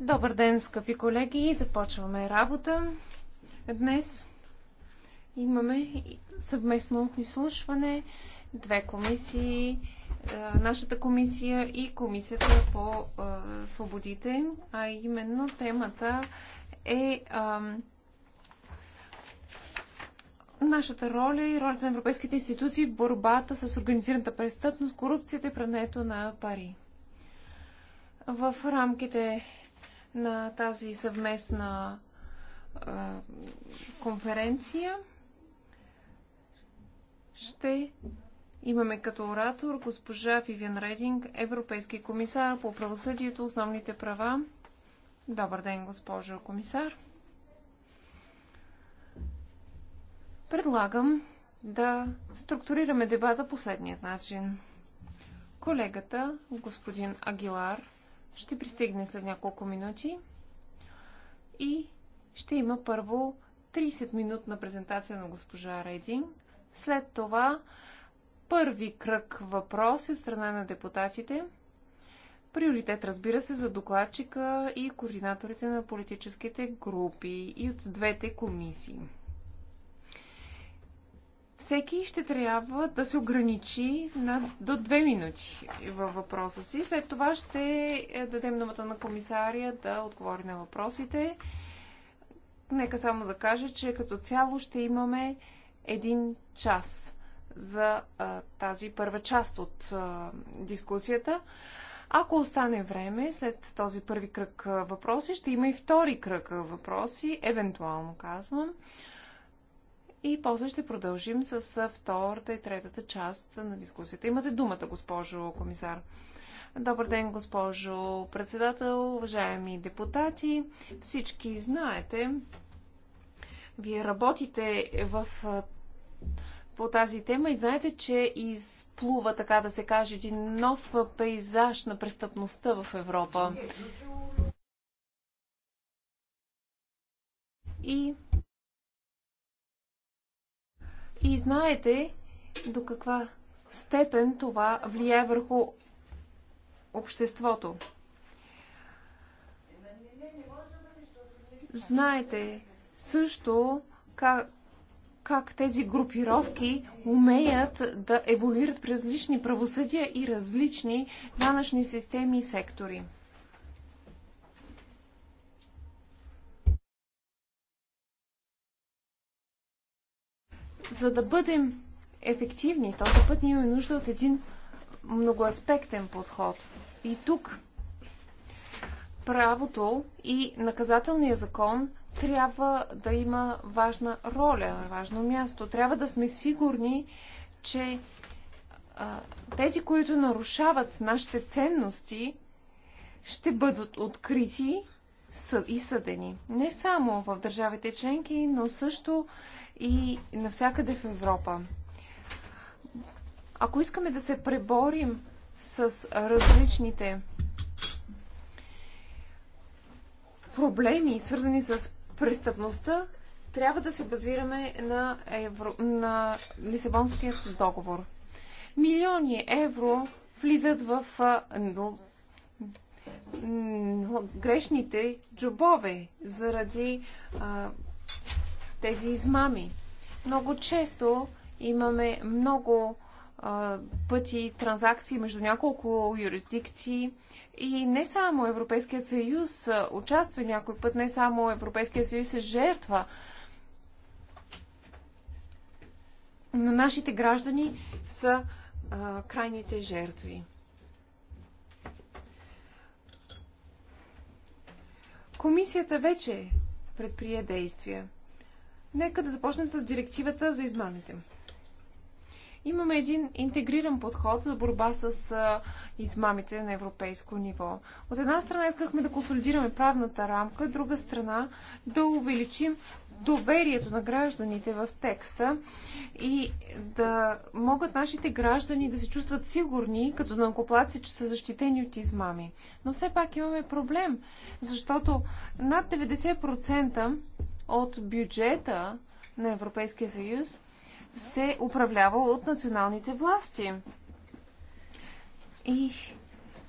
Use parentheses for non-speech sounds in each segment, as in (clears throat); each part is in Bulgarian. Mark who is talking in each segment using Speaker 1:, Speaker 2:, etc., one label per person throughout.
Speaker 1: Добър ден, скъпи колеги! Започваме работа. Днес имаме съвместно изслушване две комисии нашата комисия и комисията по свободите, а именно темата е нашата роля е и ролята на европейските институции в борбата с организираната престъпност, корупцията и прането на пари. В рамките на тази съвместна а, конференция ще имаме като оратор госпожа Вивиан Рединг, европейски комисар по правосъдието, основните права. Добър ден, госпожо комисар! Предлагам да структурираме дебата последният начин. Колегата, господин Агилар, ще пристигне след няколко минути и ще има първо 30-минутна презентация на госпожа Рединг. След това първи кръг въпроси от страна на депутатите. Приоритет, разбира се, за докладчика и координаторите на политическите групи и от двете комисии всеки ще трябва да се ограничи на, до две минути във въпроса си. След това ще е, дадем думата на комисария да отговори на въпросите. Нека само да кажа, че като цяло ще имаме един час за а, тази първа част от а, дискусията. Ако остане време, след този първи кръг въпроси, ще има и втори кръг въпроси, евентуално казвам. И после ще продължим с втората и третата част на дискусията. Имате думата, госпожо комисар. Добър ден, госпожо председател, уважаеми депутати. Всички знаете, вие работите в, по тази тема и знаете, че изплува, така да се каже, един нов пейзаж на престъпността в Европа. И и знаете до каква степен това влияе върху обществото. Знаете също как, как тези групировки умеят да еволюират през различни правосъдия и различни данъчни системи и сектори. За да бъдем ефективни, този път ние имаме нужда от един многоаспектен подход. И тук правото и наказателния закон трябва да има важна роля, важно място. Трябва да сме сигурни, че а, тези, които нарушават нашите ценности, ще бъдат открити и съдени. Не само в държавите членки, но също и навсякъде в Европа. Ако искаме да се преборим с различните проблеми, свързани с престъпността, трябва да се базираме на, евро... на Лисабонският договор. Милиони евро влизат в грешните джобове заради а, тези измами. Много често имаме много а, пъти транзакции между няколко юрисдикции и не само Европейския съюз участва някой път, не само Европейския съюз е жертва но нашите граждани са а, крайните жертви. Комисията вече предприе действия. Нека да започнем с директивата за измамите. Имаме един интегриран подход за борба с измамите на европейско ниво. От една страна искахме да консолидираме правната рамка, от друга страна да увеличим доверието на гражданите в текста и да могат нашите граждани да се чувстват сигурни, като накоплаци, че са защитени от измами. Но все пак имаме проблем, защото над 90% от бюджета на Европейския съюз се управлява от националните власти. И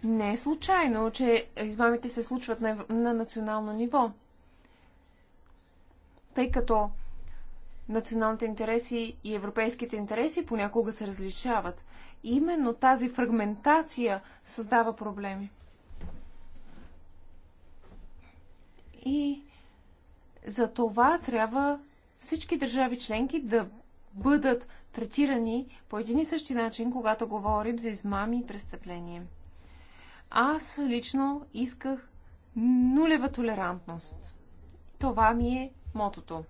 Speaker 1: не е случайно, че измамите се случват на, на национално ниво тъй като националните интереси и европейските интереси понякога се различават. И именно тази фрагментация създава проблеми. И за това трябва всички държави членки да бъдат третирани по един и същи начин, когато говорим за измами и престъпления. Аз лично исках нулева толерантност. Това ми е мотото.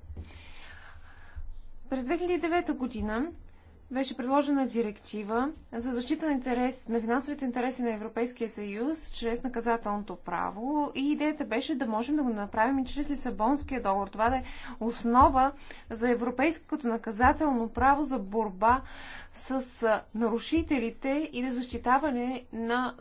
Speaker 1: През 2009 година беше предложена директива за защита на, интерес, на финансовите интереси на Европейския съюз чрез наказателното право и идеята беше да можем да го направим и чрез Лисабонския договор. Това да е основа за европейското наказателно право за борба с нарушителите и да защитаване на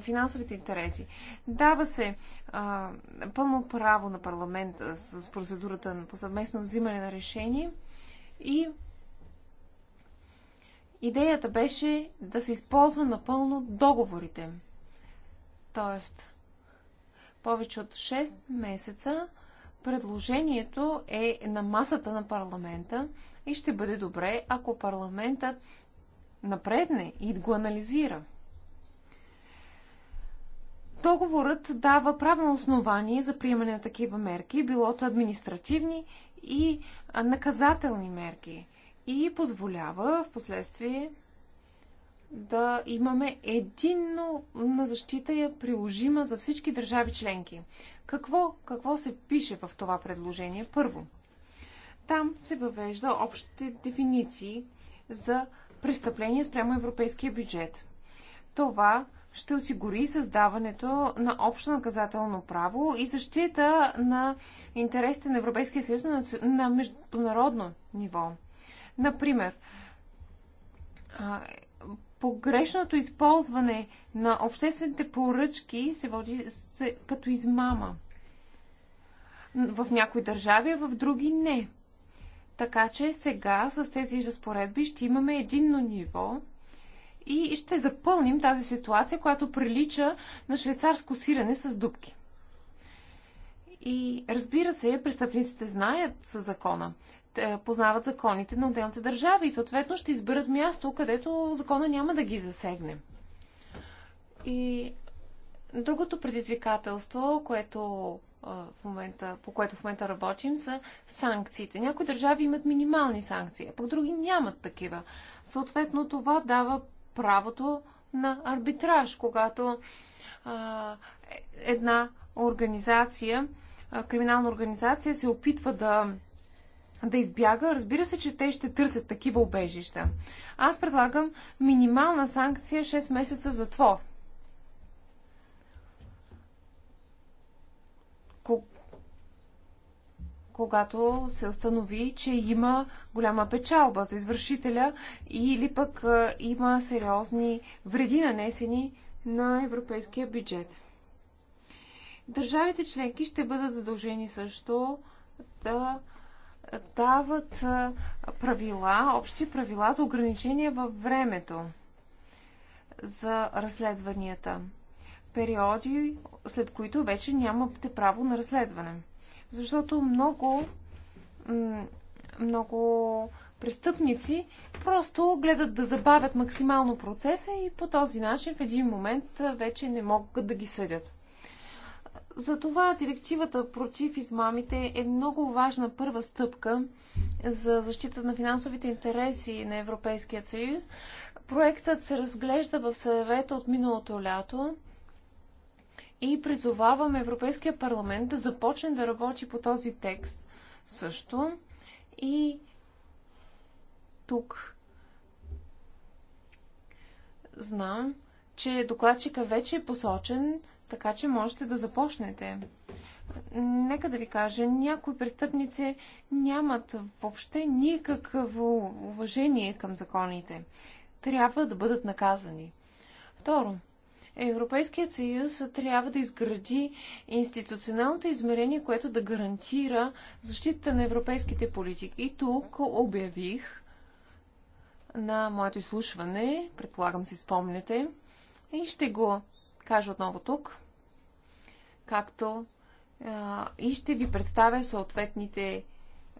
Speaker 1: финансовите интереси. Дава се а, пълно право на парламента с процедурата по съвместно взимане на решение и Идеята беше да се използва напълно договорите. Тоест, повече от 6 месеца предложението е на масата на парламента и ще бъде добре, ако парламентът напредне и го анализира. Договорът дава правно основание за приемане на такива мерки, билото административни и наказателни мерки – и позволява в последствие да имаме единно на защита я приложима за всички държави членки. Какво, какво се пише в това предложение? Първо, там се въвежда общите дефиниции за престъпление спрямо европейския бюджет. Това ще осигури създаването на общо наказателно право и защита на интересите на Европейския съюз на, на международно ниво. Например, погрешното използване на обществените поръчки се води като измама. В някои държави, а в други не. Така че сега с тези разпоредби ще имаме единно ниво и ще запълним тази ситуация, която прилича на швейцарско сирене с дубки. И разбира се, престъпниците знаят със закона. Е, познават законите на отделните държави и съответно ще изберат място, където закона няма да ги засегне. И другото предизвикателство, което е, в момента, по което в момента работим, са санкциите. Някои държави имат минимални санкции, а пък други нямат такива. Съответно, това дава правото на арбитраж, когато а, е, една организация, а, криминална организация се опитва да да избяга, разбира се, че те ще търсят такива обежища. Аз предлагам минимална санкция 6 месеца затвор. когато се установи, че има голяма печалба за извършителя или пък има сериозни вреди нанесени на европейския бюджет. Държавите членки ще бъдат задължени също да дават правила, общи правила за ограничения във времето за разследванията. Периоди, след които вече нямате право на разследване. Защото много, много престъпници просто гледат да забавят максимално процеса и по този начин в един момент вече не могат да ги съдят. Затова директивата против измамите е много важна първа стъпка за защита на финансовите интереси на Европейския съюз. Проектът се разглежда в съвета от миналото лято и призоваваме Европейския парламент да започне да работи по този текст също. И тук знам, че докладчика вече е посочен така че можете да започнете. Нека да ви кажа, някои престъпници нямат въобще никакво уважение към законите. Трябва да бъдат наказани. Второ, Европейският съюз трябва да изгради институционалното измерение, което да гарантира защита на европейските политики. И тук обявих на моето изслушване, предполагам си спомняте, и ще го кажа отново тук, както а, и ще ви представя съответните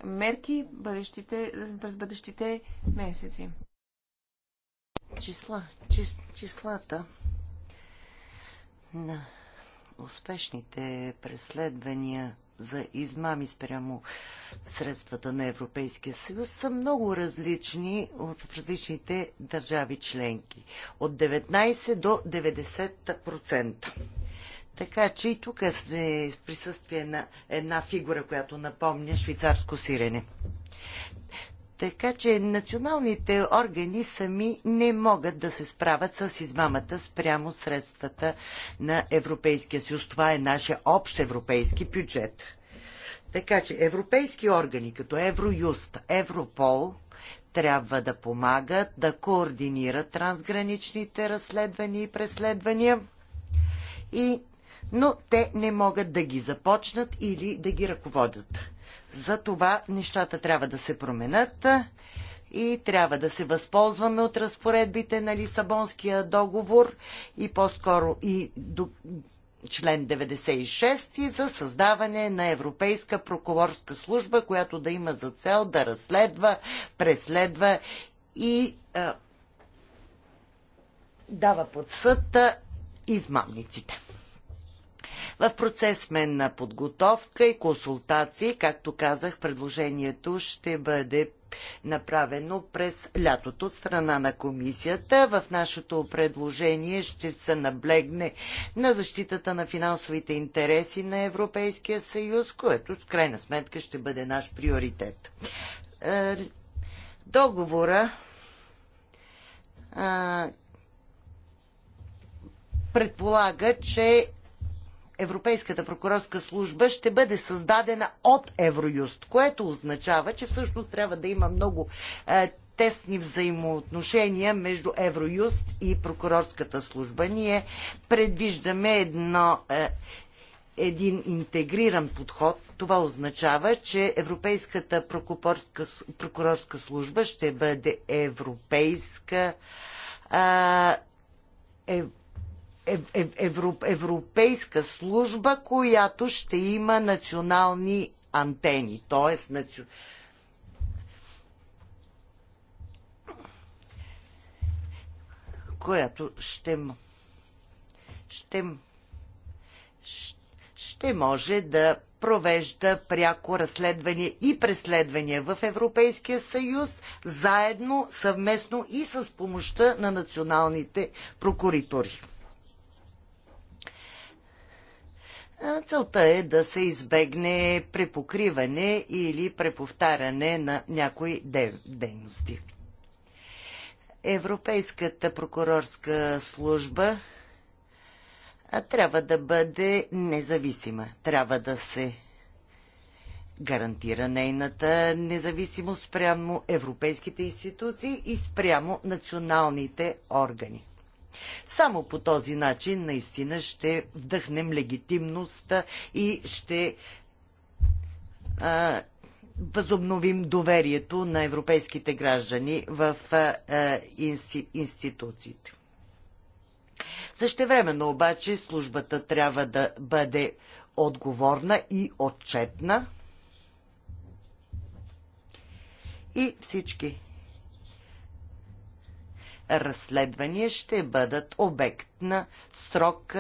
Speaker 1: мерки бъдещите, през бъдещите месеци. Числа, чис, числата
Speaker 2: на успешните преследвания за измами спрямо средствата на Европейския съюз са много различни в различните държави членки. От 19 до 90%. Така че и тук е в присъствие на една фигура, която напомня швейцарско сирене. Така че националните органи сами не могат да се справят с измамата спрямо средствата на Европейския съюз. Това е нашия общ европейски бюджет. Така че европейски органи като Евроюст, Европол трябва да помагат да координират трансграничните разследвания и преследвания. И, но те не могат да ги започнат или да ги ръководят. За това нещата трябва да се променят и трябва да се възползваме от разпоредбите на Лисабонския договор и по-скоро и до член 96 за създаване на Европейска прокурорска служба, която да има за цел да разследва, преследва и а, дава под съд измамниците. В процес сме на подготовка и консултации. Както казах, предложението ще бъде направено през лятото от страна на комисията. В нашето предложение ще се наблегне на защитата на финансовите интереси на Европейския съюз, което в крайна сметка ще бъде наш приоритет. Е, договора предполага, че Европейската прокурорска служба ще бъде създадена от Евроюст, което означава, че всъщност трябва да има много е, тесни взаимоотношения между Евроюст и прокурорската служба. Ние предвиждаме едно. Е, един интегриран подход. Това означава, че Европейската прокурорска служба ще бъде европейска, е, е европейска служба, която ще има национални антени, т.е. Наци... която ще, ще, ще може да провежда пряко разследвания и преследвания в Европейския съюз, заедно, съвместно и с помощта на националните прокуратури. Целта е да се избегне препокриване или преповтаряне на някои дейности. Европейската прокурорска служба трябва да бъде независима. Трябва да се гарантира нейната независимост спрямо европейските институции и спрямо националните органи. Само по този начин наистина ще вдъхнем легитимност и ще а, възобновим доверието на европейските граждани в а, инсти, институциите. Същевременно обаче службата трябва да бъде отговорна и отчетна. И всички разследвания ще бъдат обект на строг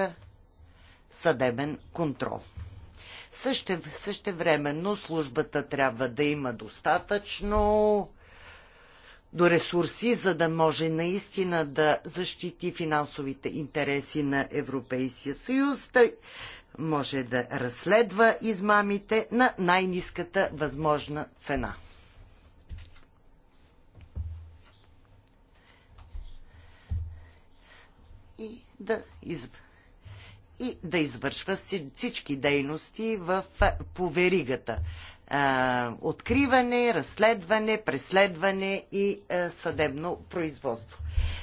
Speaker 2: съдебен контрол. Също, същевременно службата трябва да има достатъчно до ресурси, за да може наистина да защити финансовите интереси на Европейския съюз, да може да разследва измамите на най-низката възможна цена. и да, из... и да извършва всички дейности в, поверигата. А, откриване, разследване, преследване и а, съдебно производство.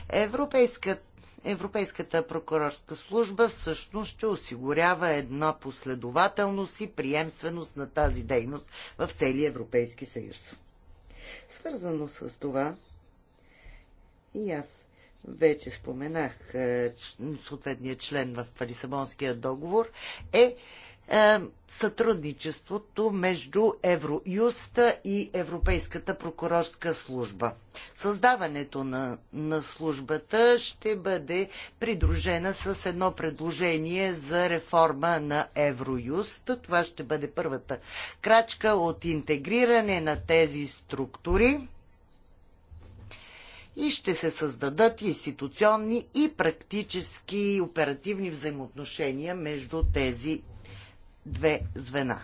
Speaker 2: Европейската Европейската прокурорска служба всъщност ще осигурява една последователност и приемственост на тази дейност в целия Европейски съюз. Свързано с това и аз вече споменах е, съответния член в Лисабонския договор, е, е сътрудничеството между Евроюста и Европейската прокурорска служба. Създаването на, на службата ще бъде придружена с едно предложение за реформа на Евроюст. Това ще бъде първата крачка от интегриране на тези структури и ще се създадат институционни и практически оперативни взаимоотношения между тези две звена.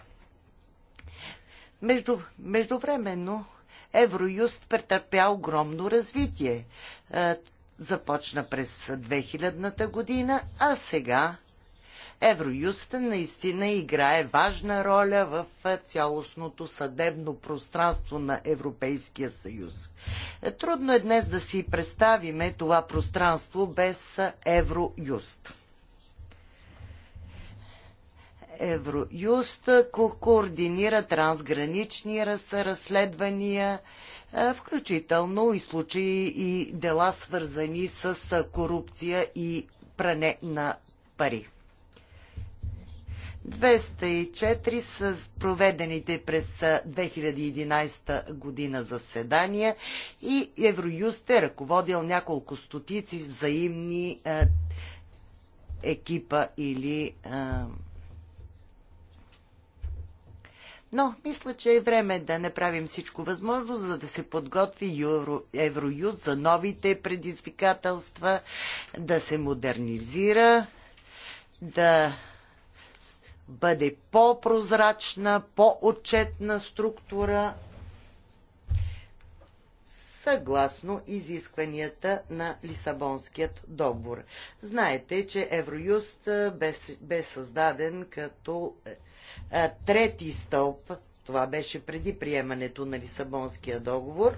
Speaker 2: Между, междувременно Евроюст претърпя огромно развитие. Е, започна през 2000-та година, а сега Евроюст наистина играе важна роля в цялостното съдебно пространство на Европейския съюз. Е, трудно е днес да си представиме това пространство без Евроюст. Евроюст ко координира трансгранични разследвания, включително и случаи и дела свързани с корупция и пране на пари. 204 с проведените през 2011 година заседания и Евроюст е ръководил няколко стотици взаимни е, екипа или е, Но мисля, че е време да направим всичко възможно, за да се подготви Евро, Евроюз за новите предизвикателства, да се модернизира, да бъде по-прозрачна, по-отчетна структура, съгласно изискванията на Лисабонският договор. Знаете, че Евроюст бе, бе създаден като трети стълб. Това беше преди приемането на Лисабонския договор.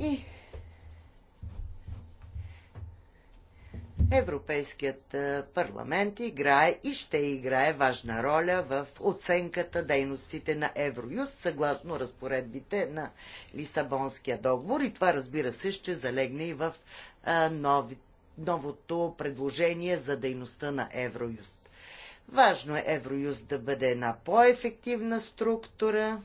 Speaker 2: И Европейският е, парламент играе и ще играе важна роля в оценката дейностите на Евроюст, съгласно разпоредбите на Лисабонския договор. И това, разбира се, ще залегне и в е, нови, новото предложение за дейността на Евроюст. Важно е Евроюст да бъде една по-ефективна структура,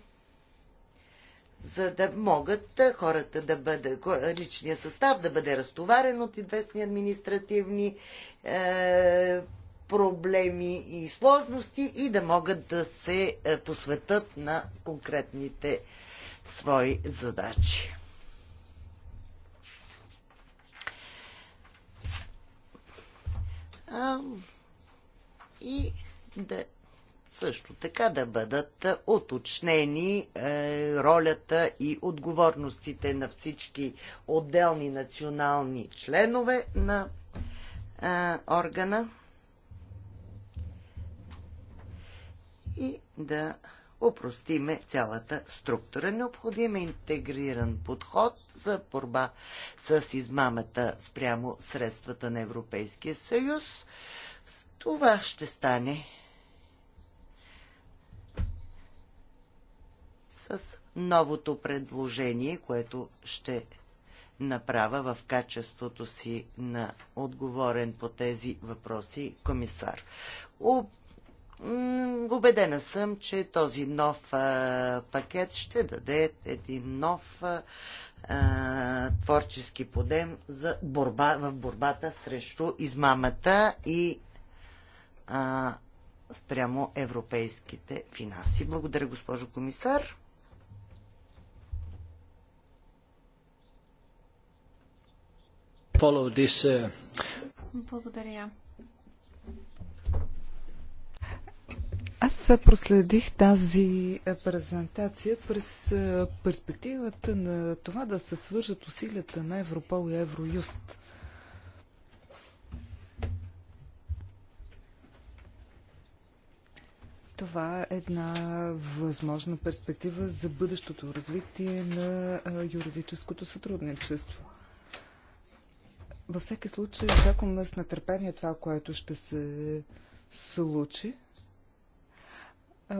Speaker 2: за да могат хората да бъде, личния състав да бъде разтоварен от известни административни е, проблеми и сложности и да могат да се е, посветат на конкретните свои задачи. А, и да също така да бъдат е, уточнени е, ролята и отговорностите на всички отделни национални членове на е, органа и да упростиме цялата структура. Необходим е интегриран подход за борба с измамата спрямо средствата на Европейския съюз. Това ще стане с новото предложение, което ще направя в качеството си на отговорен по тези въпроси комисар. Убедена съм, че този нов а, пакет ще даде един нов а, творчески подем за борба, в борбата срещу измамата и а, спрямо европейските финанси. Благодаря, госпожо комисар.
Speaker 3: Uh,
Speaker 1: Благодаря.
Speaker 4: Аз проследих тази е, презентация през е, перспективата на това да се свържат усилията на Европол и Евроюст. Това е една възможна перспектива за бъдещото развитие на е, юридическото сътрудничество. Във всеки случай очакваме с нетърпение това, което ще се случи.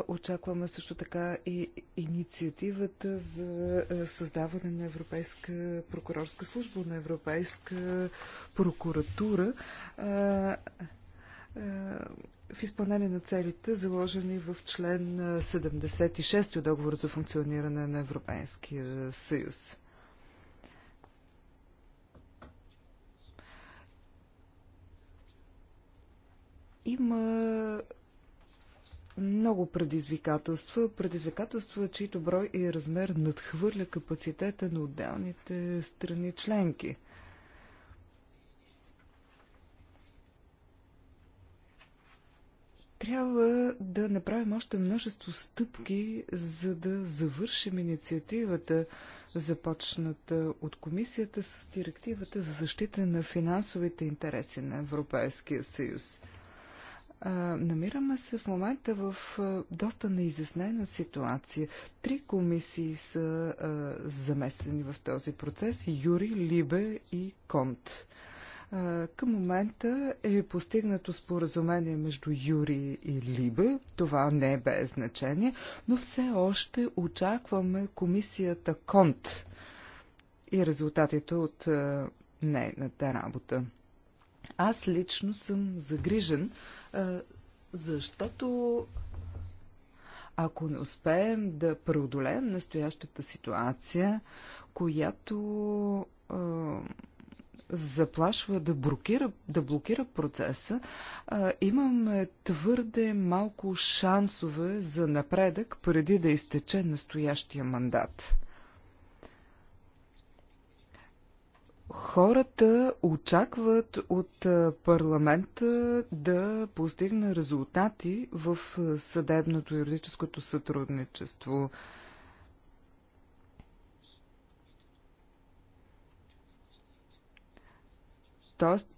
Speaker 4: Очакваме също така и инициативата за създаване на Европейска прокурорска служба, на Европейска прокуратура в изпълнение на целите, заложени в член 76 от договора за функциониране на Европейския съюз. Има много предизвикателства, предизвикателства, чието брой и размер надхвърля капацитета на отделните страни членки. Трябва да направим още множество стъпки, за да завършим инициативата, започната от комисията с директивата за защита на финансовите интереси на Европейския съюз намираме се в момента в доста неизяснена ситуация. Три комисии са замесени в този процес Юри, Либе и Конт. Към момента е постигнато споразумение между Юри и Либе. Това не е без значение, но все още очакваме комисията Конт и резултатите от нейната работа. Аз лично съм загрижен, защото ако не успеем да преодолеем настоящата ситуация, която заплашва да блокира, да блокира процеса, имаме твърде малко шансове за напредък преди да изтече настоящия мандат. хората очакват от парламента да постигне резултати в съдебното юридическото сътрудничество. Тоест,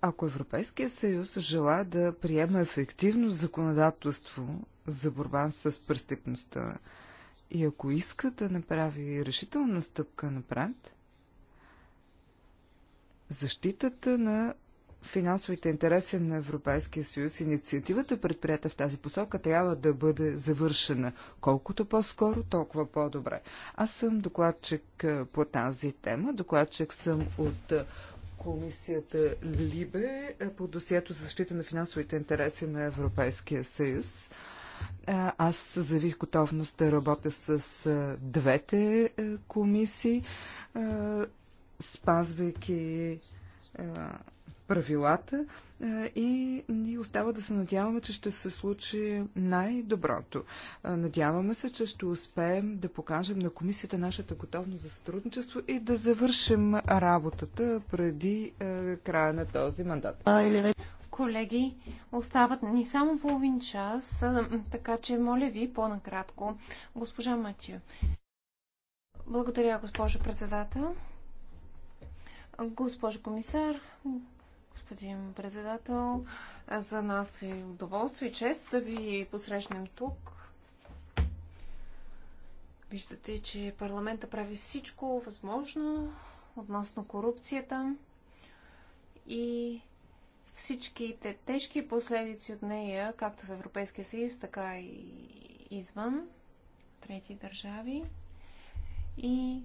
Speaker 4: ако Европейския съюз желая да приема ефективно законодателство за борба с престъпността и ако иска да направи решителна стъпка напред, защитата на финансовите интереси на Европейския съюз, инициативата предприята в тази посока трябва да бъде завършена. Колкото по-скоро, толкова по-добре. Аз съм докладчик по тази тема. Докладчик съм от комисията Либе по досието за защита на финансовите интереси на Европейския съюз. Аз заявих готовност да работя с двете комисии спазвайки е, правилата е, и ни остава да се надяваме, че ще се случи най-доброто. Е, надяваме се, че ще успеем да покажем на комисията нашата готовност за сътрудничество и да завършим работата преди края на този мандат.
Speaker 1: Колеги, остават ни само половин час, така че моля ви по-накратко. Госпожа Матио. Благодаря, госпожо председател. Госпожо комисар, господин председател, за нас е удоволствие и чест да ви посрещнем тук. Виждате, че парламента прави всичко възможно относно корупцията и всичките тежки последици от нея, както в Европейския съюз, така и извън трети държави. И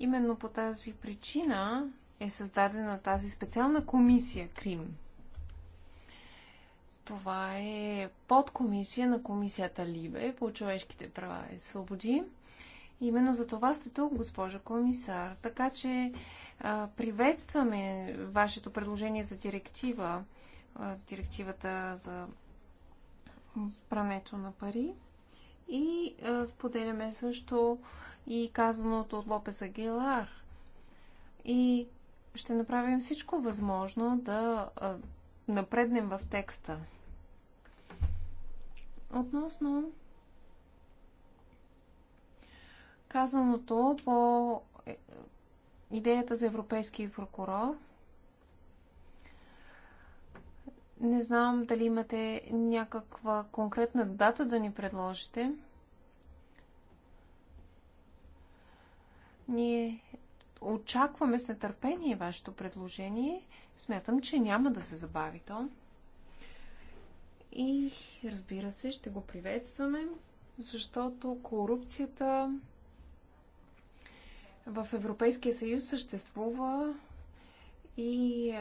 Speaker 1: Именно по тази причина е създадена тази специална комисия Крим. Това е подкомисия на комисията Либе по човешките права и свободи. Именно за това сте тук, госпожа комисар. Така че а, приветстваме вашето предложение за директива, а, директивата за прането на пари. И а, споделяме също и казаното от Лопес Агилар. И ще направим всичко възможно да напреднем в текста. Относно казаното по е, идеята за европейски прокурор, не знам дали имате някаква конкретна дата да ни предложите. Ние очакваме с нетърпение вашето предложение. Смятам, че няма да се забави то. И разбира се, ще го приветстваме, защото корупцията в Европейския съюз съществува и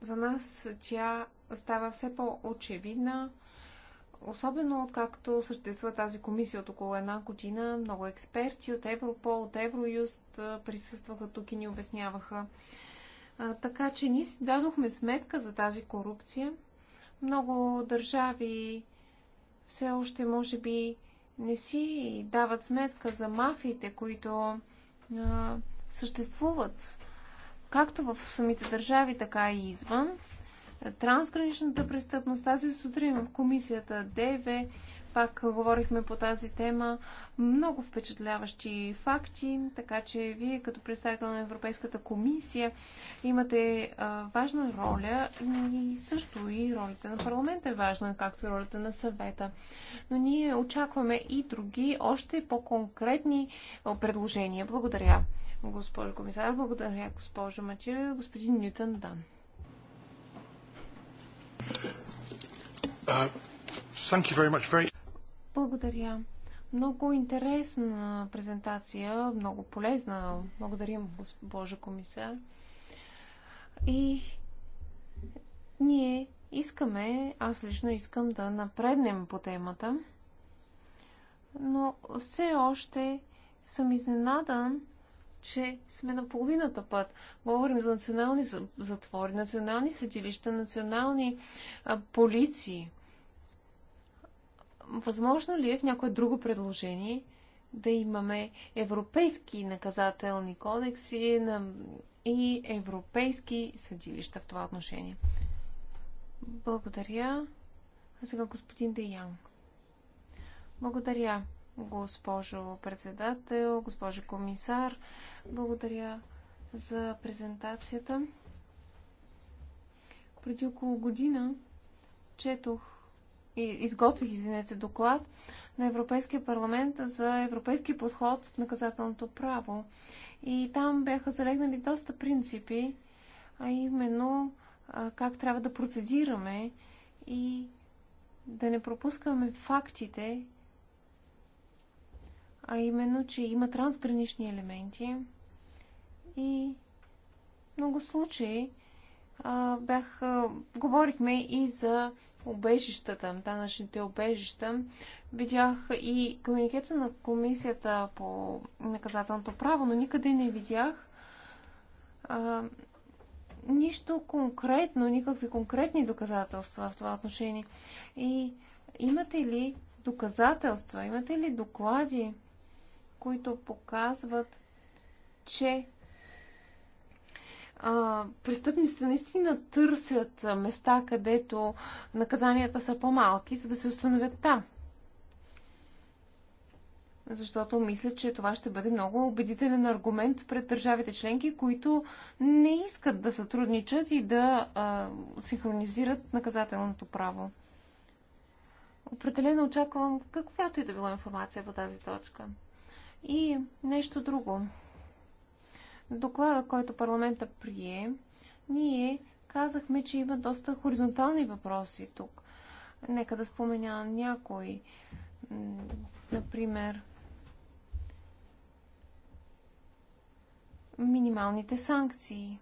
Speaker 1: за нас тя става все по-очевидна особено откакто съществува тази комисия от около една година, много експерти от Европол, от Евроюст присъстваха тук и ни обясняваха. А, така че ние си дадохме сметка за тази корупция. Много държави все още, може би, не си дават сметка за мафиите, които а, съществуват както в самите държави, така и извън трансграничната престъпност. Тази сутрин в комисията ДВ пак говорихме по тази тема. Много впечатляващи факти, така че вие като представител на Европейската комисия имате а, важна роля и също и ролята на парламента е важна, както и ролята на съвета. Но ние очакваме и други, още по-конкретни предложения. Благодаря, госпожо комисар, благодаря, госпожо Матио и господин Нютън Дан. Uh, Благодаря. Много интересна презентация, много полезна. Благодарим, госпожа комисар. И ние искаме, аз лично искам да напреднем по темата, но все още съм изненадан, че сме на половината път. Говорим за национални затвори, национални съдилища, национални а, полиции. Възможно ли е в някое друго предложение да имаме европейски наказателни кодекси и европейски съдилища в това отношение? Благодаря. А сега господин Деян. Благодаря госпожо председател, госпожо комисар. Благодаря за презентацията. Преди около година четох и изготвих, извинете, доклад на Европейския парламент за европейски подход в наказателното право. И там бяха залегнали доста принципи, а именно как трябва да процедираме и да не пропускаме фактите а именно, че има трансгранични елементи и много случаи а, бях, а, говорихме и за обежищата, данъчните обежища. Видях и комуникета на комисията по наказателното право, но никъде не видях а, нищо конкретно, никакви конкретни доказателства в това отношение. И имате ли доказателства, имате ли доклади които показват, че а, престъпниците наистина търсят места, където наказанията са по-малки, за да се установят там. Защото мисля, че това ще бъде много убедителен аргумент пред държавите членки, които не искат да сътрудничат и да а, синхронизират наказателното право. Определено очаквам каквато и да била информация по тази точка. И нещо друго. Доклада, който парламента прие, ние казахме, че има доста хоризонтални въпроси тук. Нека да спомена някой. Например, минималните санкции.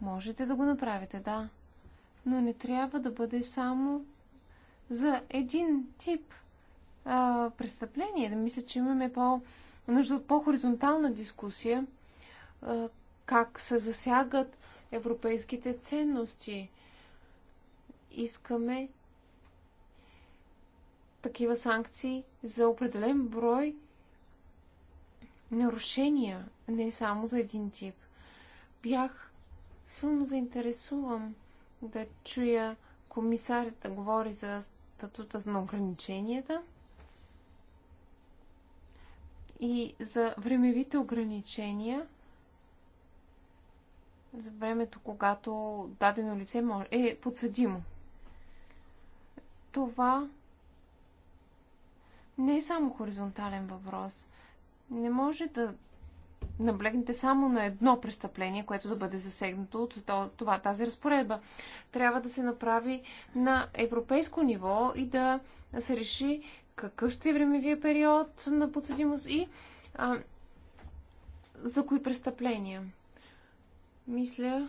Speaker 1: Можете да го направите, да. Но не трябва да бъде само за един тип а, престъпление. Мисля, че имаме по, нужда от по-хоризонтална дискусия а, как се засягат европейските ценности. Искаме такива санкции за определен брой нарушения, не само за един тип. Бях силно заинтересувам да чуя комисарят да говори за статута на ограниченията и за времевите ограничения за времето, когато дадено лице е подсъдимо. Това не е само хоризонтален въпрос. Не може да наблегнете само на едно престъпление, което да бъде засегнато от това, тази разпоредба. Трябва да се направи на европейско ниво и да се реши какъв ще е времевия период на подсъдимост и а, за кои престъпления. Мисля,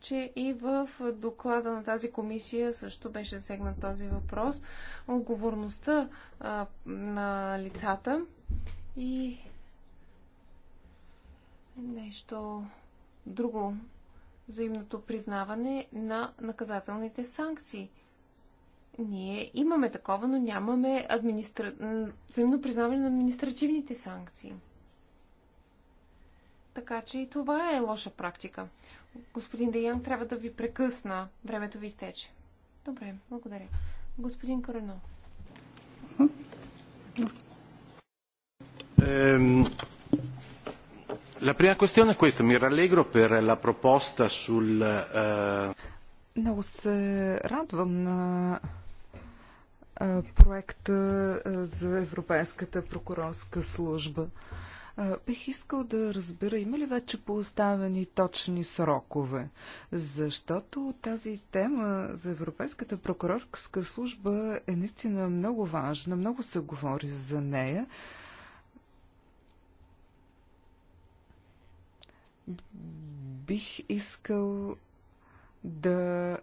Speaker 1: че и в доклада на тази комисия също беше засегнат този въпрос. Отговорността а, на лицата и нещо друго взаимното признаване на наказателните санкции. Ние имаме такова, но нямаме администра... взаимно признаване на административните санкции. Така че и това е лоша практика. Господин Деян, трябва да ви прекъсна. Времето ви изтече. Добре, благодаря. Господин Корено. La prima questione è questa. Mi rallegro per la proposta sul... Uh...
Speaker 4: Много се радвам на е, проекта е, за Европейската прокурорска служба. Е, бих искал да разбера, има ли вече поставени точни срокове? Защото тази тема за Европейската прокурорска служба е наистина много важна, много се говори за нея. бих искал да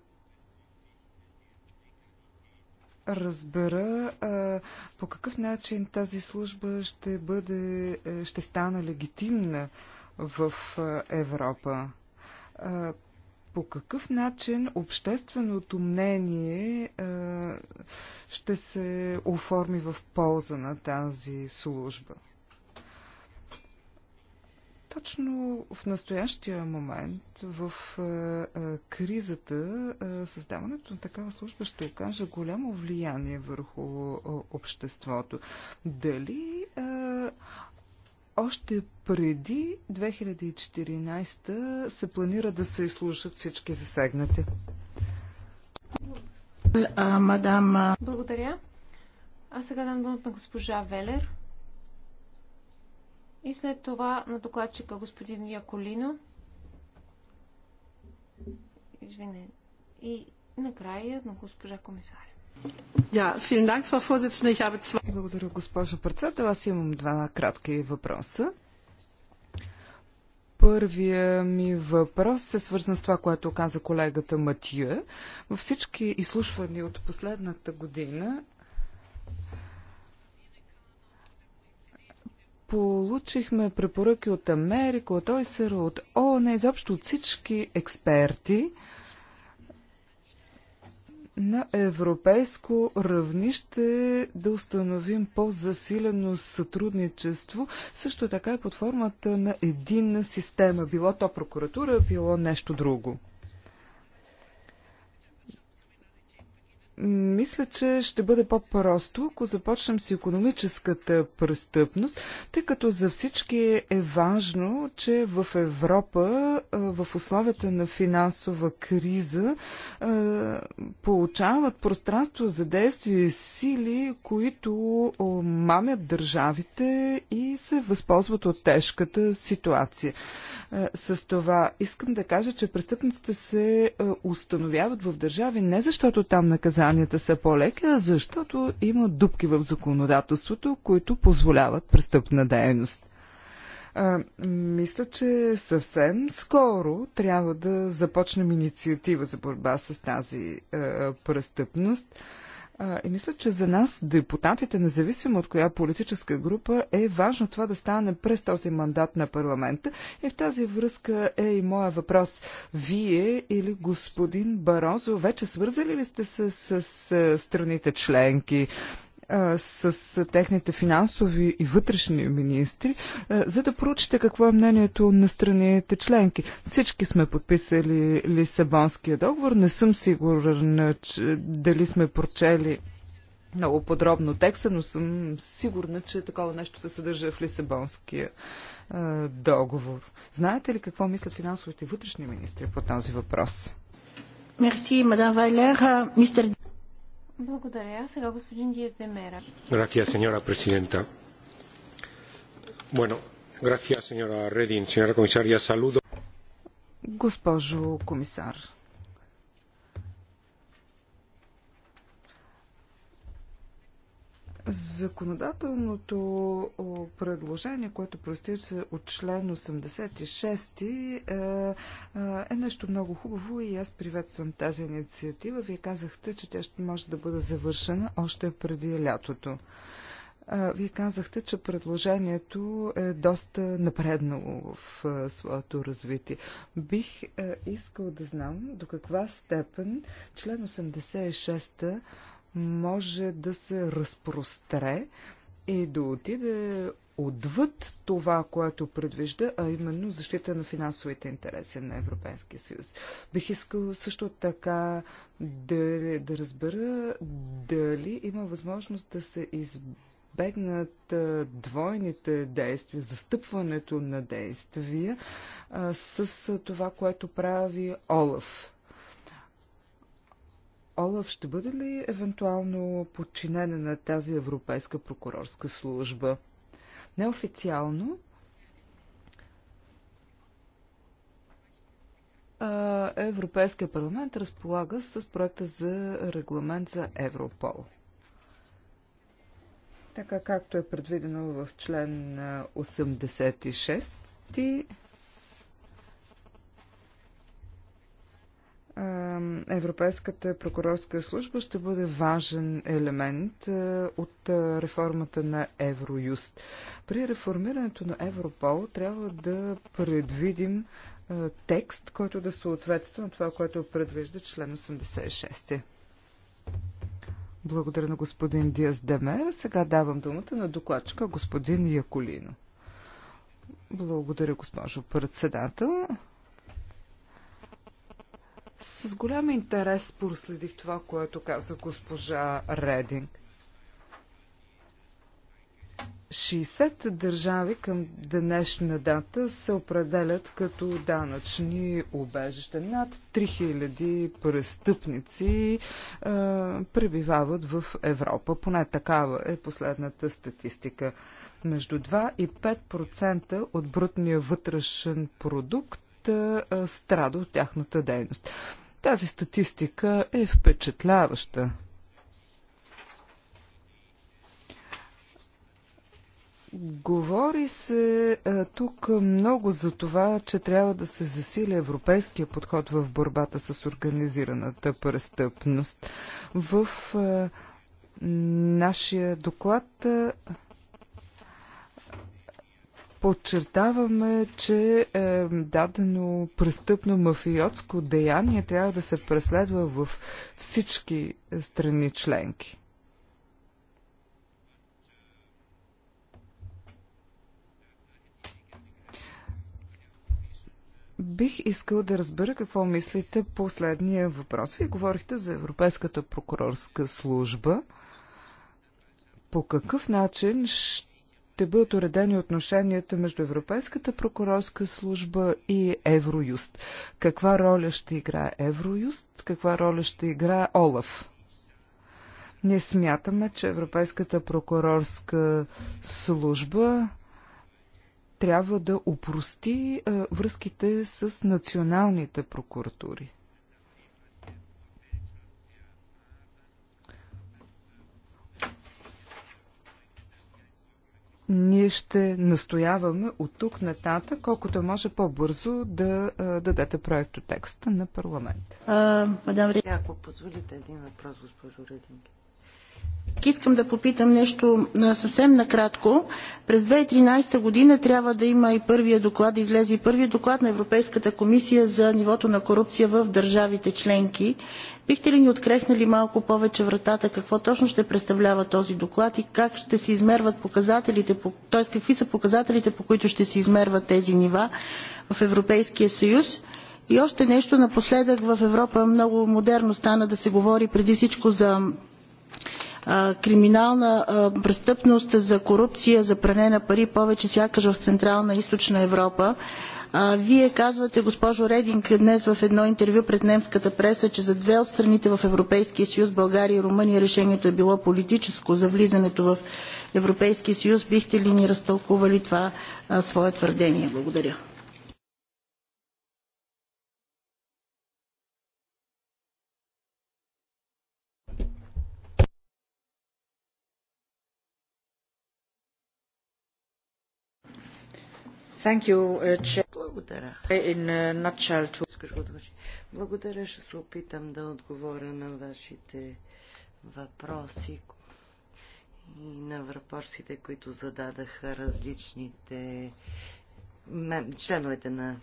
Speaker 4: разбера а, по какъв начин тази служба ще бъде, е, ще стане легитимна в Европа. А, по какъв начин общественото мнение а, ще се оформи в полза на тази служба? Точно в настоящия момент, в е, е, кризата, е, създаването на такава служба ще окаже голямо влияние върху обществото. Дали още преди 2014 се планира да се изслушат всички засегнати?
Speaker 1: Благодаря. А сега дам думата на госпожа Велер. И след това на докладчика господин Яколино. Извине. И накрая на госпожа комисаря.
Speaker 4: zwei... Благодаря, госпожо председател. Аз имам два кратки въпроса. Първия ми въпрос е свързан с това, което каза колегата Матия. Във всички изслушвания от последната година Получихме препоръки от Америка, от ОСР, от ООН, изобщо от всички експерти на европейско равнище да установим по-засилено сътрудничество, също така и под формата на единна система, било то прокуратура, било нещо друго. мисля, че ще бъде по-просто, ако започнем с економическата престъпност, тъй като за всички е важно, че в Европа в условията на финансова криза получават пространство за действие и сили, които мамят държавите и се възползват от тежката ситуация. С това искам да кажа, че престъпниците се установяват в държави не защото там наказание наказанията са по-леки, защото има дупки в законодателството, които позволяват престъпна дейност. А, мисля, че съвсем скоро трябва да започнем инициатива за борба с тази а, престъпност. И мисля, че за нас, депутатите, независимо от коя политическа група, е важно това да стане през този мандат на парламента. И в тази връзка е и моя въпрос. Вие или господин Барозо вече свързали ли сте се с, с страните членки? с техните финансови и вътрешни министри, за да проучите какво е мнението на страните членки. Всички сме подписали Лисабонския договор. Не съм сигурен дали сме прочели много подробно текста, но съм сигурна, че такова нещо се съдържа в Лисабонския договор. Знаете ли какво мислят финансовите вътрешни министри по този въпрос? Мерси, мадам Вайлер. Мистер
Speaker 3: Gracias, señora presidenta. Bueno,
Speaker 4: gracias, señora
Speaker 3: Reding, señora comisaria. saludo.
Speaker 4: Госпожо комисар, Законодателното предложение, което проистича от член 86, е, е, е нещо много хубаво и аз приветствам тази инициатива. Вие казахте, че тя ще може да бъде завършена още преди лятото. Е, вие казахте, че предложението е доста напреднало в своето развитие. Бих искал да знам до каква степен член 86 може да се разпростре и да отиде отвъд това, което предвижда, а именно защита на финансовите интереси на Европейския съюз. Бих искал също така да, да разбера дали има възможност да се избегнат двойните действия, застъпването на действия а, с това, което прави Олаф. Олаф ще бъде ли евентуално подчинена на тази Европейска прокурорска служба? Неофициално Европейския парламент разполага с проекта за регламент за Европол. Така както е предвидено в член 86 Европейската прокурорска служба ще бъде важен елемент от реформата на Евроюст. При реформирането на Европол трябва да предвидим текст, който да съответства на това, което предвижда член 86. Благодаря на господин Диас Демер. Сега давам думата на докладчика господин Яколино. Благодаря, госпожо председател. С голям интерес проследих това, което каза госпожа Рединг. 60 държави към днешна дата се определят като данъчни убежища. Над 3000 престъпници е, пребивават в Европа. Поне такава е последната статистика. Между 2 и 5% от брутния вътрешен продукт страда от тяхната дейност. Тази статистика е впечатляваща. Говори се а, тук много за това, че трябва да се засили европейския подход в борбата с организираната престъпност. В а, нашия доклад а, подчертаваме, че е, дадено престъпно мафиотско деяние трябва да се преследва в всички страни членки. Бих искал да разбера какво мислите по следния въпрос. Вие говорихте за Европейската прокурорска служба. По какъв начин ще ще бъдат уредени отношенията между Европейската прокурорска служба и Евроюст. Каква роля ще играе Евроюст, каква роля ще играе Олаф? Ние смятаме, че Европейската прокурорска служба трябва да упрости връзките с националните прокуратури. ние ще настояваме от тук нататък, колкото може по-бързо да дадете проекто текста на парламент. А, мадам... Ако
Speaker 2: позволите един въпрос, госпожо Рединки.
Speaker 3: Искам да попитам нещо съвсем накратко. През 2013 година трябва да има и първия доклад, да излезе и първия доклад на Европейската комисия за нивото на корупция в държавите членки. Бихте ли ни открехнали малко повече вратата, какво точно ще представлява този доклад и как ще се измерват показателите, т.е. какви са показателите, по които ще се измерват тези нива в Европейския съюз? И още нещо напоследък в Европа много модерно стана да се говори преди всичко за криминална престъпност, за корупция, за пране на пари повече сякаш в Централна и Източна Европа. Вие казвате, госпожо Рединг, днес в едно интервю пред немската преса, че за две от страните в Европейския съюз, България и Румъния, решението е било политическо за влизането в Европейския съюз. Бихте ли ни разтълкували това свое твърдение? Благодаря. Uh, Благодаря.
Speaker 2: Благодаря, ще се опитам да отговоря на вашите въпроси и на въпросите, които зададаха различните членовете на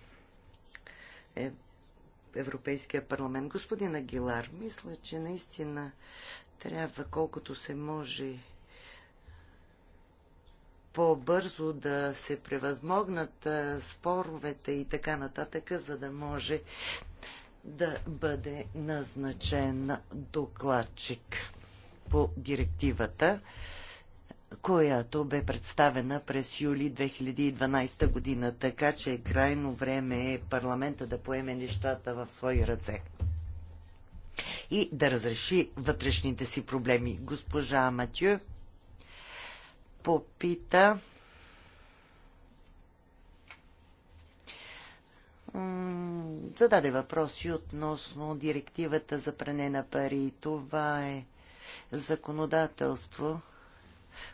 Speaker 2: е, Европейския парламент. Господин Агилар, мисля, че наистина трябва колкото се може по-бързо да се превъзмогнат споровете и така нататък, за да може да бъде назначен докладчик по директивата, която бе представена през юли 2012 година, така че е крайно време е парламента да поеме нещата в свои ръце и да разреши вътрешните си проблеми. Госпожа Матю попита зададе въпроси относно директивата за пране на пари. Това е законодателство,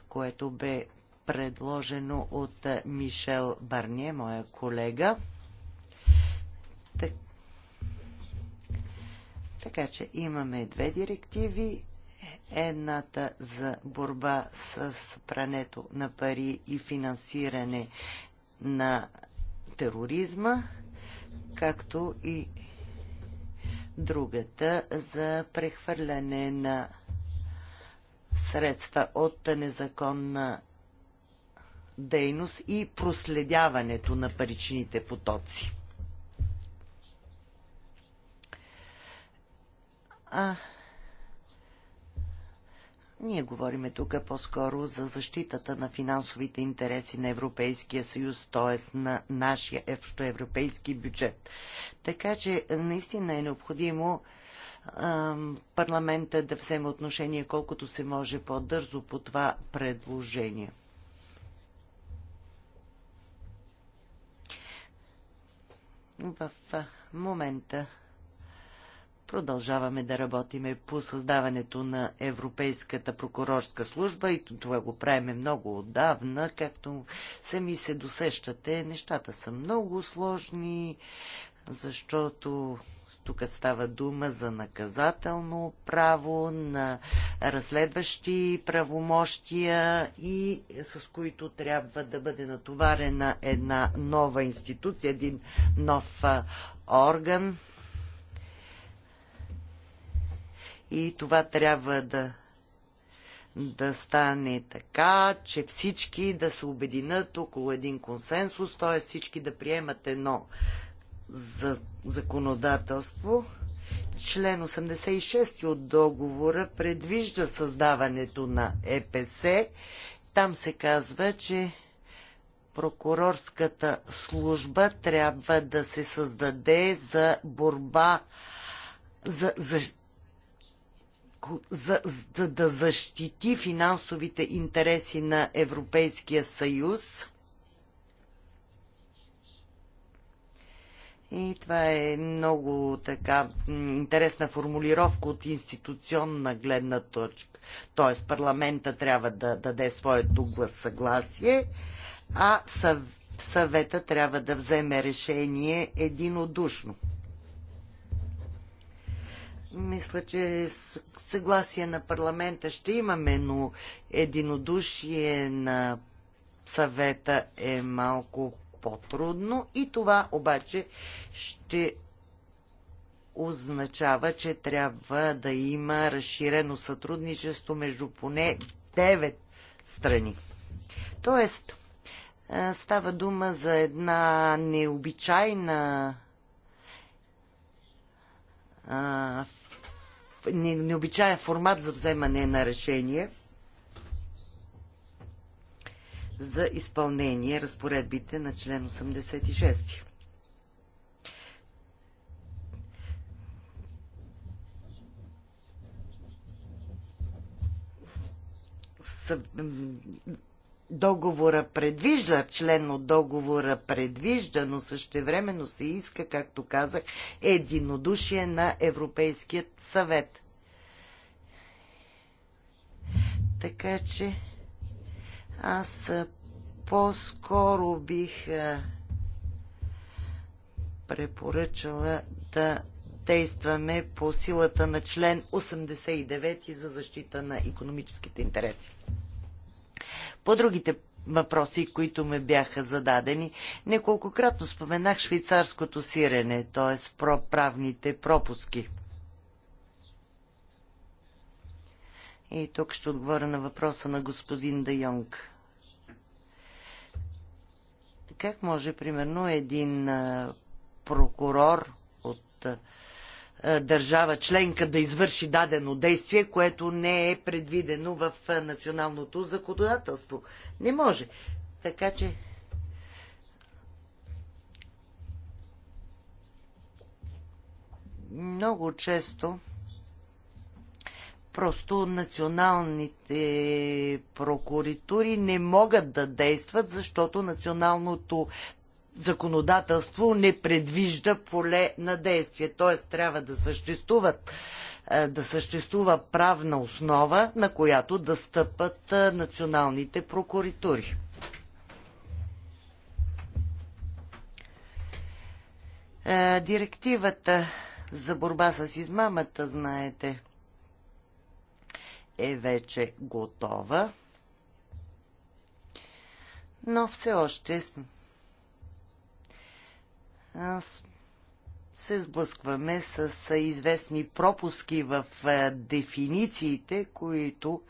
Speaker 2: което бе предложено от Мишел Барние, моя колега. Така че имаме две директиви едната за борба с прането на пари и финансиране на тероризма, както и другата за прехвърляне на средства от незаконна дейност и проследяването на паричните потоци. А, ние говориме тук по-скоро за защитата на финансовите интереси на Европейския съюз, т.е. на нашия европейски бюджет. Така че наистина е необходимо парламента да вземе отношение колкото се може по-дързо по това предложение. В момента Продължаваме да работиме по създаването на Европейската прокурорска служба и това го правиме много отдавна. Както сами се досещате, нещата са много сложни, защото тук става дума за наказателно право, на разследващи правомощия и с които трябва да бъде натоварена една нова институция, един нов орган. И това трябва да, да стане така, че всички да се обединят около един консенсус, т.е. всички да приемат едно за, законодателство. Член 86 от договора предвижда създаването на ЕПС. Там се казва, че прокурорската служба трябва да се създаде за борба за, за за, за да защити финансовите интереси на Европейския съюз. И това е много така интересна формулировка от институционна гледна точка. Тоест парламента трябва да даде своето глас съгласие, а съв, съвета трябва да вземе решение единодушно. Мисля, че съгласие на парламента ще имаме, но единодушие на съвета е малко по-трудно и това обаче ще означава, че трябва да има разширено сътрудничество между поне 9 страни. Тоест, става дума за една необичайна необичаен формат за вземане на решение за изпълнение разпоредбите на член 86 договора предвижда, член от договора предвижда, но същевременно се иска, както казах, единодушие на Европейският съвет. Така че аз по-скоро бих препоръчала да действаме по силата на член 89 за защита на економическите интереси. По другите въпроси, които ме бяха зададени. Неколкократно споменах швейцарското сирене, т.е. правните пропуски. И тук ще отговоря на въпроса на господин Де Йонг. Как може, примерно, един прокурор от е, държава членка да извърши дадено действие, което не е предвидено в е, националното законодателство. Не може. Така че. Много често просто националните прокуратури не могат да действат, защото националното законодателство не предвижда поле на действие. Т.е. трябва да съществуват е, да съществува правна основа, на която да стъпат е, националните прокуратури. Е, директивата за борба с измамата, знаете, е вече готова, но все още сме се сблъскваме с известни пропуски в дефинициите, които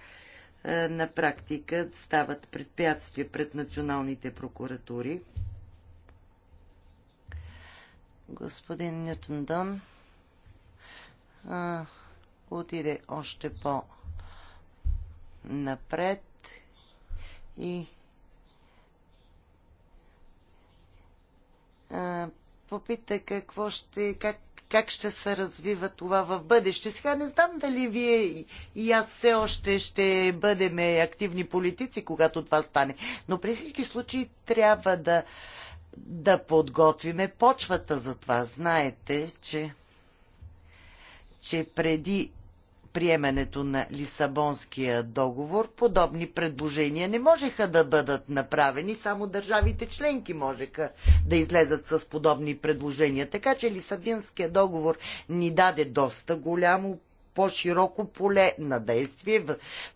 Speaker 2: на практика стават предпятствия пред националните прокуратури. Господин Нютон Дон отиде още по-напред и попита какво ще, как, как ще се развива това в бъдеще. Сега не знам дали вие и аз все още ще бъдем активни политици, когато това стане. Но при всички случаи трябва да, да подготвиме почвата за това. Знаете, че, че преди приемането на Лисабонския договор подобни предложения не можеха да бъдат направени, само държавите членки можеха да излезат с подобни предложения. Така че Лисабонския договор ни даде доста голямо по-широко поле на действие,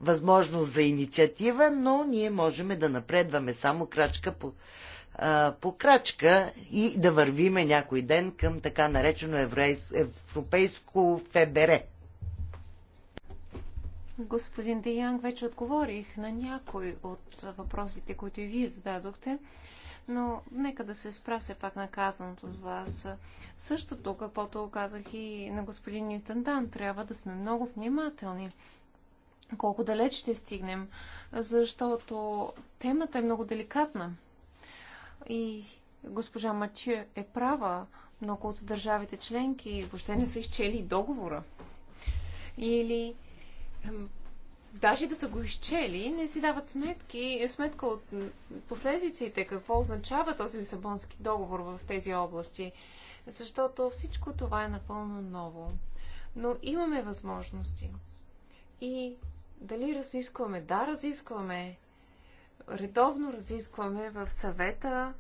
Speaker 2: възможност за инициатива, но ние можем да напредваме само крачка по, а, по крачка и да вървиме някой ден към така наречено европейско ФБР.
Speaker 1: Господин Деянг, вече отговорих на някой от въпросите, които и вие зададохте, но нека да се спра все пак на казаното от вас. Също тук, каквото казах и на господин Ньютон Дан, трябва да сме много внимателни колко далеч ще стигнем, защото темата е много деликатна. И госпожа Матю е права, много от държавите членки въобще не са изчели договора. Или даже да са го изчели, не си дават сметки, сметка от последиците, какво означава този Лисабонски договор в тези области, защото всичко това е напълно ново. Но имаме възможности. И дали разискваме? Да, разискваме. Редовно разискваме в съвета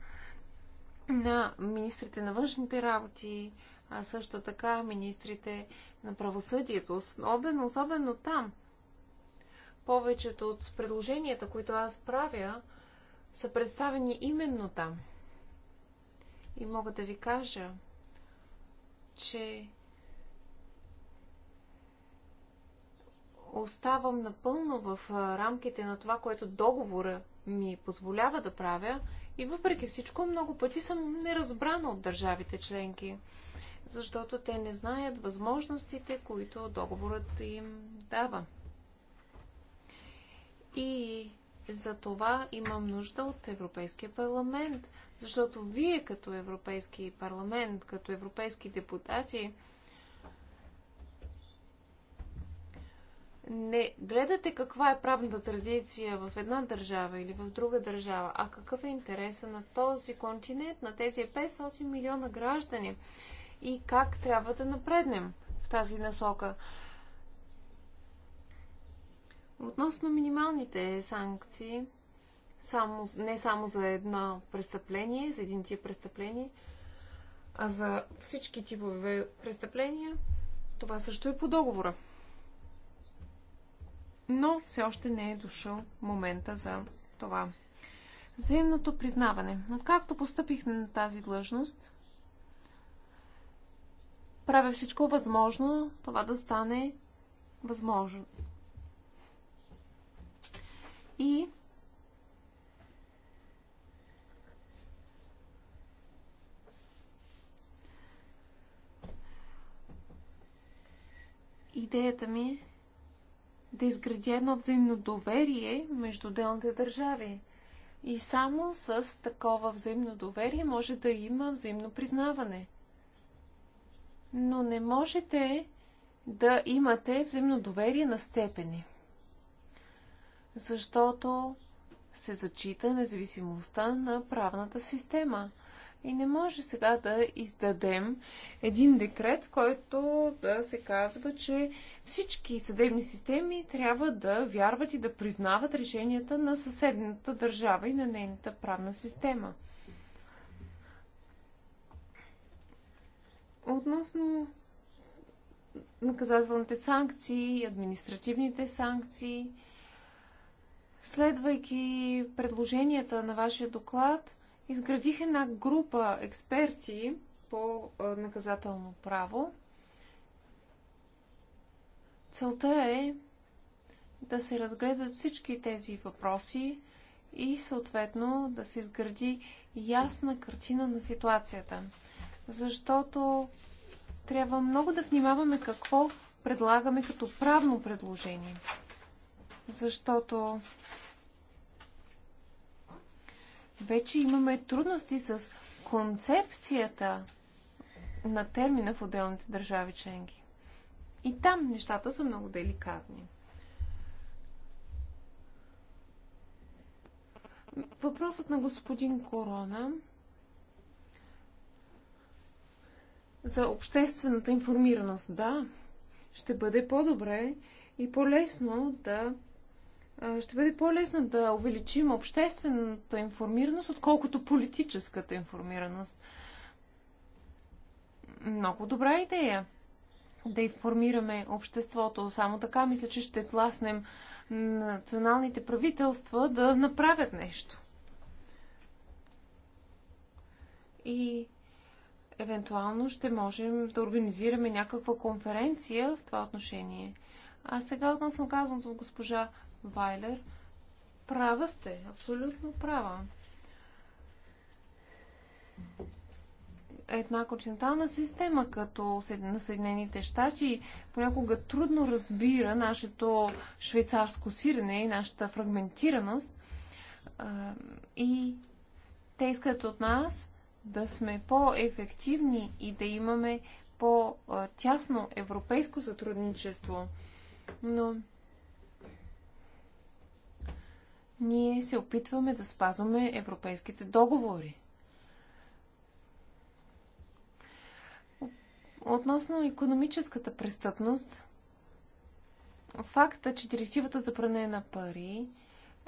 Speaker 1: на министрите на външните работи, а също така министрите на правосъдието, особено, особено там. Повечето от предложенията, които аз правя, са представени именно там. И мога да ви кажа, че оставам напълно в рамките на това, което договора ми позволява да правя и въпреки всичко много пъти съм неразбрана от държавите членки защото те не знаят възможностите, които договорът им дава. И за това имам нужда от Европейския парламент, защото вие като Европейски парламент, като европейски депутати, не гледате каква е правната традиция в една държава или в друга държава, а какъв е интереса на този континент, на тези 500 милиона граждани и как трябва да напреднем в тази насока. Относно минималните санкции, само, не само за едно престъпление, за един тип престъпление, а за всички типове престъпления, това също е по договора. Но все още не е дошъл момента за това. Взаимното признаване. Откакто поступихме на тази длъжност, правя всичко възможно това да стане възможно. И идеята ми е да изгради едно взаимно доверие между отделните държави. И само с такова взаимно доверие може да има взаимно признаване – но не можете да имате взаимно доверие на степени. Защото се зачита независимостта на правната система. И не може сега да издадем един декрет, в който да се казва, че всички съдебни системи трябва да вярват и да признават решенията на съседната държава и на нейната правна система. Относно наказателните санкции административните санкции, следвайки предложенията на вашия доклад, изградих една група експерти по наказателно право. Целта е да се разгледат всички тези въпроси и съответно да се изгради ясна картина на ситуацията защото трябва много да внимаваме какво предлагаме като правно предложение. Защото вече имаме трудности с концепцията на термина в отделните държави членки. И там нещата са много деликатни. Въпросът на господин Корона за обществената информираност. Да, ще бъде по-добре и по-лесно да ще бъде по-лесно да увеличим обществената информираност, отколкото политическата информираност. Много добра идея да информираме обществото. Само така мисля, че ще тласнем националните правителства да направят нещо. И евентуално ще можем да организираме някаква конференция в това отношение. А сега относно казаното от госпожа Вайлер, права сте, абсолютно права. Една континентална система, като на Съединените щати, понякога трудно разбира нашето швейцарско сирене и нашата фрагментираност. И те искат от нас да сме по-ефективни и да имаме по-тясно европейско сътрудничество. Но ние се опитваме да спазваме европейските договори. Относно економическата престъпност, факта, че директивата за пране на пари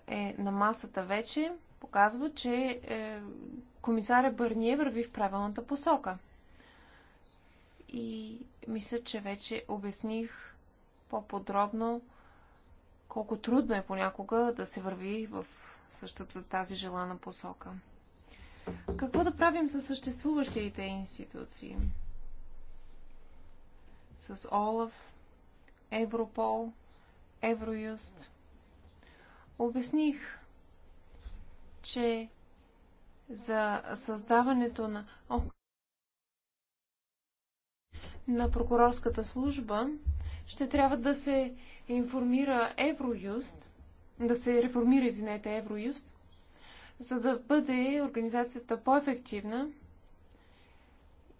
Speaker 1: е на масата вече, показва, че е, комисаря Бърние върви в правилната посока. И мисля, че вече обясних по-подробно колко трудно е понякога да се върви в същата тази желана посока. Какво да правим с съществуващите институции? С ОЛАВ, Европол, Евроюст. Обясних, че за създаването на, на прокурорската служба, ще трябва да се информира Евроюст, да се реформира, извинете, Евроюст, за да бъде организацията по-ефективна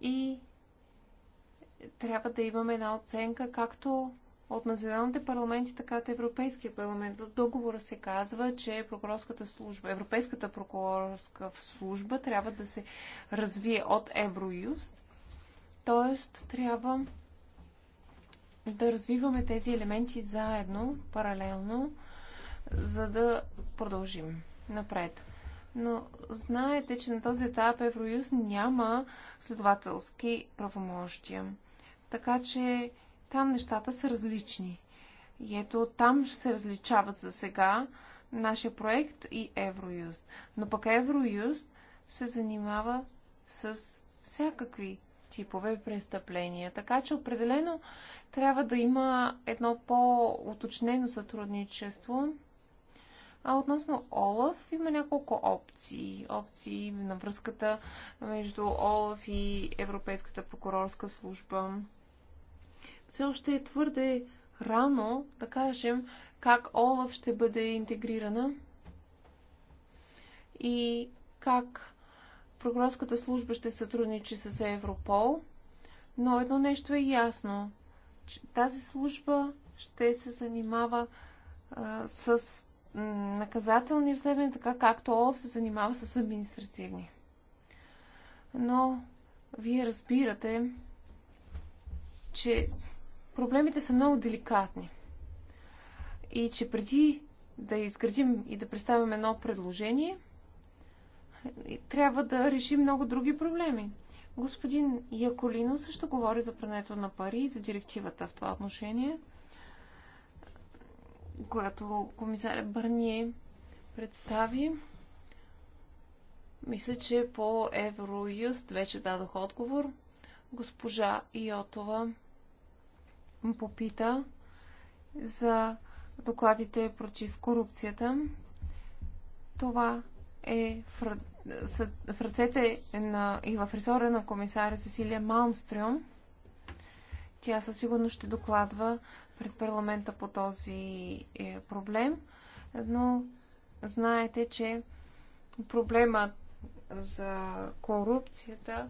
Speaker 1: и трябва да имаме една оценка както от националните парламенти, така и Европейския парламент. В договора се казва, че прокурорската служба, Европейската прокурорска служба трябва да се развие от Евроюст. Тоест, трябва да развиваме тези елементи заедно, паралелно, за да продължим напред. Но знаете, че на този етап Евроюз няма следователски правомощия. Така че там нещата са различни. И ето там ще се различават за сега нашия проект и Евроюст. Но пък Евроюст се занимава с всякакви типове престъпления. Така че определено трябва да има едно по-уточнено сътрудничество. А относно Олаф има няколко опции. Опции на връзката между Олаф и Европейската прокурорска служба все още е твърде рано да кажем как Олаф ще бъде интегрирана и как прокурорската служба ще сътрудничи с Европол. Но едно нещо е ясно, че тази служба ще се занимава а, с наказателни разследвания, така както Олаф се занимава с административни. Но вие разбирате, че проблемите са много деликатни. И че преди да изградим и да представим едно предложение, трябва да решим много други проблеми. Господин Яколино също говори за прането на пари и за директивата в това отношение, която комисаря Бърние представи. Мисля, че по Евроюст вече дадох отговор. Госпожа Йотова му попита за докладите против корупцията. Това е в, в ръцете на, и в ресора на комисаря Сесилия Малмстрюм. Тя със сигурност ще докладва пред парламента по този е, проблем, но знаете, че проблемът за корупцията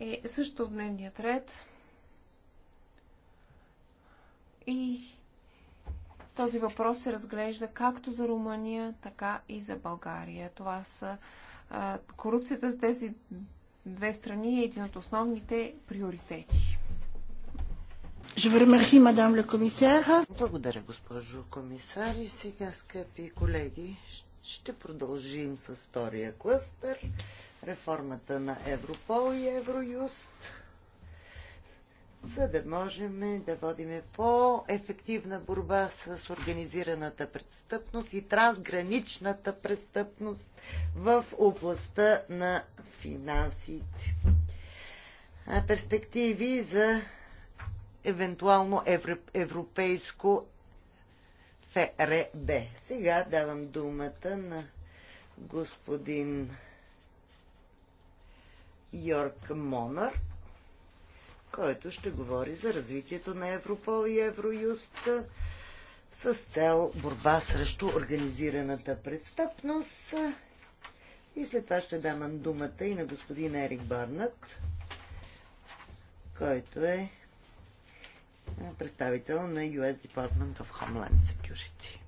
Speaker 1: е също в дневният ред. И този въпрос се разглежда както за Румъния, така и за България. Това са корупцията с тези две страни е един от основните приоритети.
Speaker 3: Благодаря,
Speaker 2: госпожо комисар. И сега, скъпи колеги, ще продължим с втория клъстър. Реформата на Европол и Евроюст за да можем да водим по-ефективна борба с организираната престъпност и трансграничната престъпност в областта на финансите. Перспективи за евентуално европейско ФРБ. Сега давам думата на господин Йорк Монарк който ще говори за развитието на Европол и Евроюст с цел борба срещу организираната престъпност. И след това ще дам думата и на господин Ерик Барнат, който е представител на US Department of Homeland Security.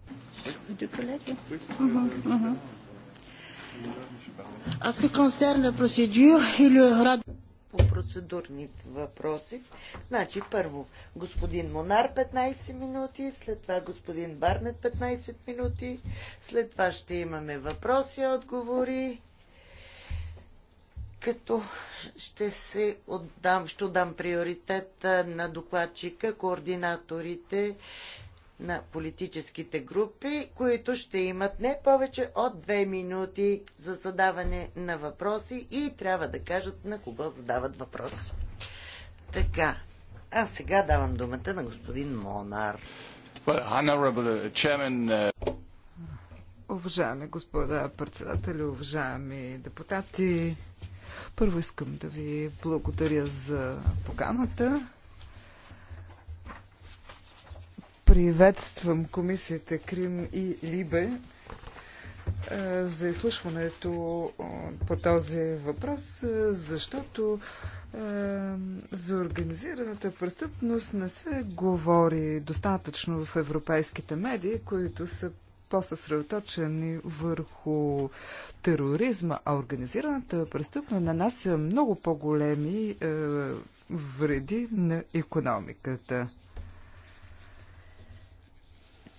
Speaker 3: Аз ви qui процедура или procédure,
Speaker 2: по процедурните въпроси. Значи първо господин Монар 15 минути, след това господин Барнет 15 минути, след това ще имаме въпроси, отговори, като ще се отдам, ще отдам приоритет на докладчика, координаторите на политическите групи, които ще имат не повече от две минути за задаване на въпроси и трябва да кажат на кого задават въпроси. Така, а сега давам думата на господин Монар.
Speaker 1: Uh, uh,
Speaker 4: уважаеми господа председатели, уважаеми депутати, първо искам да ви благодаря за поканата. Приветствам комисията Крим и Либе е, за изслушването е, по този въпрос, е, защото за организираната престъпност не се говори достатъчно в европейските медии, които са по-съсредоточени върху тероризма, а организираната престъпност нанася много по-големи вреди на економиката.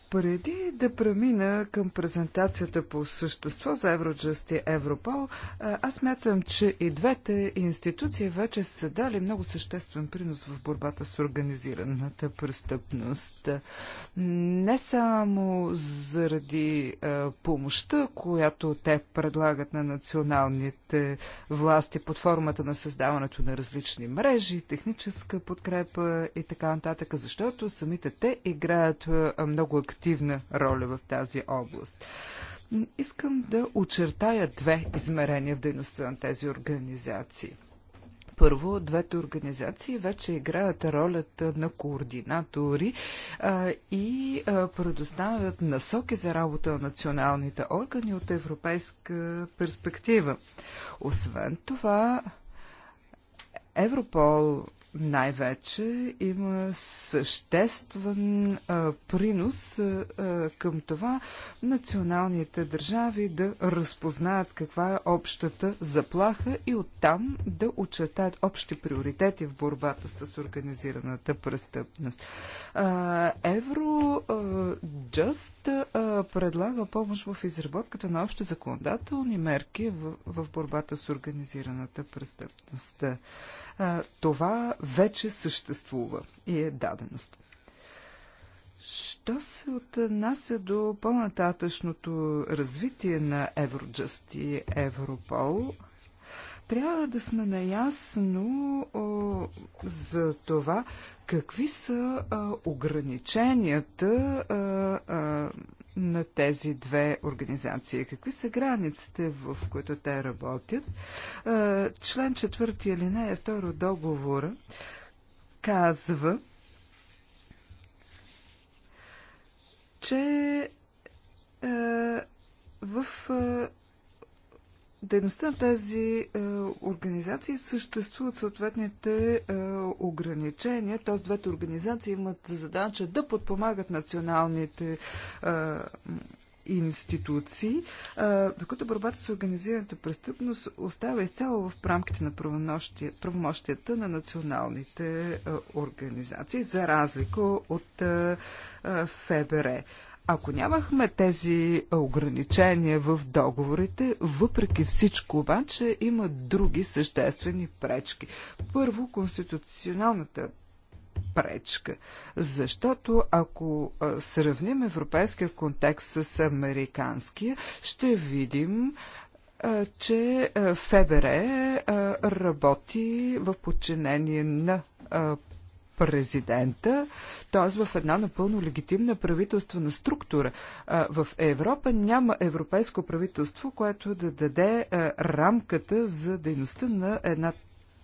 Speaker 4: Преди да премина към презентацията по същество за Евроджаст и Европол, аз мятам, че и двете институции вече са дали много съществен принос в борбата с организираната престъпност. Не само заради помощта, която те предлагат на националните власти под формата на създаването на различни мрежи, техническа подкрепа и така нататък, защото самите те играят много активно активна роля в тази област. Искам да очертая две измерения в дейността на тези организации. Първо, двете организации вече играят ролята на координатори а, и а, предоставят насоки за работа на националните органи от европейска перспектива. Освен това, Европол най-вече има съществен а, принос а, към това националните държави да разпознаят каква е общата заплаха и оттам да очертаят общи приоритети в борбата с организираната престъпност. Евроджъст предлага помощ в изработката на общи законодателни мерки в, в борбата с организираната престъпност това вече съществува и е даденост. Що се отнася до по-нататъчното развитие на Евроджаст и Европол, трябва да сме наясно о, за това какви са о, ограниченията О, о, на тези две организации? Какви са границите, в които те работят? Член 4 не е второ договора казва, че в Дейността на тази е, организации съществуват съответните е, ограничения, т.е. двете организации имат задача да подпомагат националните е, институции, е, докато борбата с организираната престъпност остава изцяло в рамките на правомощията на националните е, организации, за разлика от е, ФБР. Ако нямахме тези ограничения в договорите, въпреки всичко обаче има други съществени пречки. Първо, конституционалната пречка. Защото ако сравним европейския контекст с американския, ще видим, че ФБР работи в подчинение на президента, т.е. в една напълно легитимна правителствена структура. В Европа няма европейско правителство, което да даде рамката за дейността на една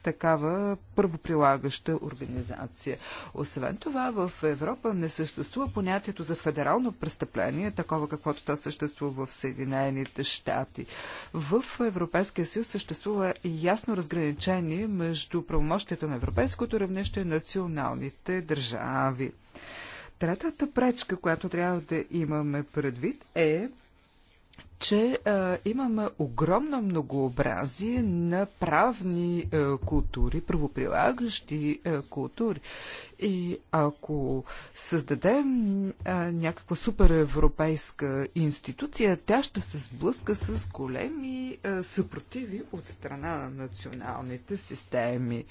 Speaker 4: такава първоприлагаща организация. Освен това, в Европа не съществува понятието за федерално престъпление, такова каквото то съществува в Съединените щати. В Европейския съюз съществува ясно разграничение между правомощията на европейското равнище и националните държави. Третата пречка, която трябва да имаме предвид е че а, имаме огромно многообразие на правни а, култури, правоприлагащи а, култури. И ако създадем а, някаква суперевропейска институция, тя ще се сблъска с големи а, съпротиви от страна на националните системи.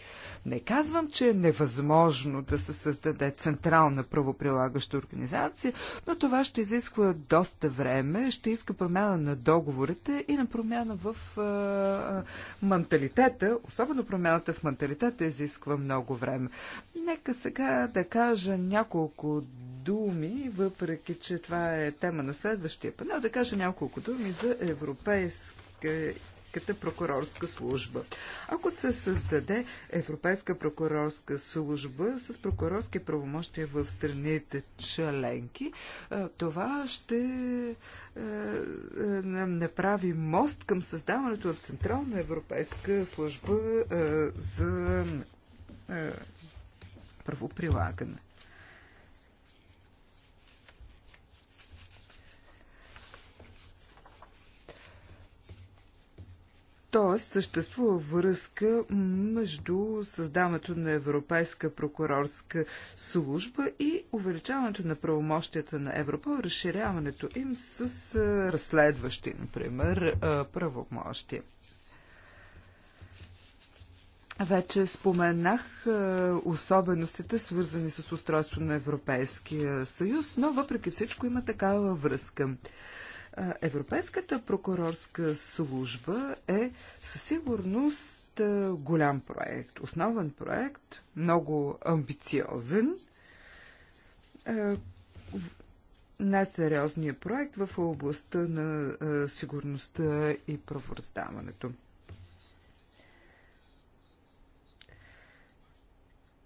Speaker 4: Не казвам, че е невъзможно да се създаде централна правоприлагаща организация, но това ще изисква доста време, ще иска промяна на договорите и на промяна в а, менталитета, особено промяната в менталитета изисква много време. Нека се сега да кажа няколко думи, въпреки че това е тема на следващия панел, да кажа няколко думи за Европейската прокурорска служба. Ако се създаде Европейска прокурорска служба с прокурорски правомощия в страните членки, това ще направи мост към създаването на Централна европейска служба за правоприлагане. Тоест, съществува връзка между създаването на Европейска прокурорска служба и увеличаването на правомощията на Европол, разширяването им с разследващи, например, правомощия. Вече споменах е, особеностите, свързани с устройство на Европейския съюз, но въпреки всичко има такава връзка. Е, Европейската прокурорска служба е със сигурност е, голям проект, основен проект, много амбициозен, най-сериозният проект в областта на сигурността и правораздаването.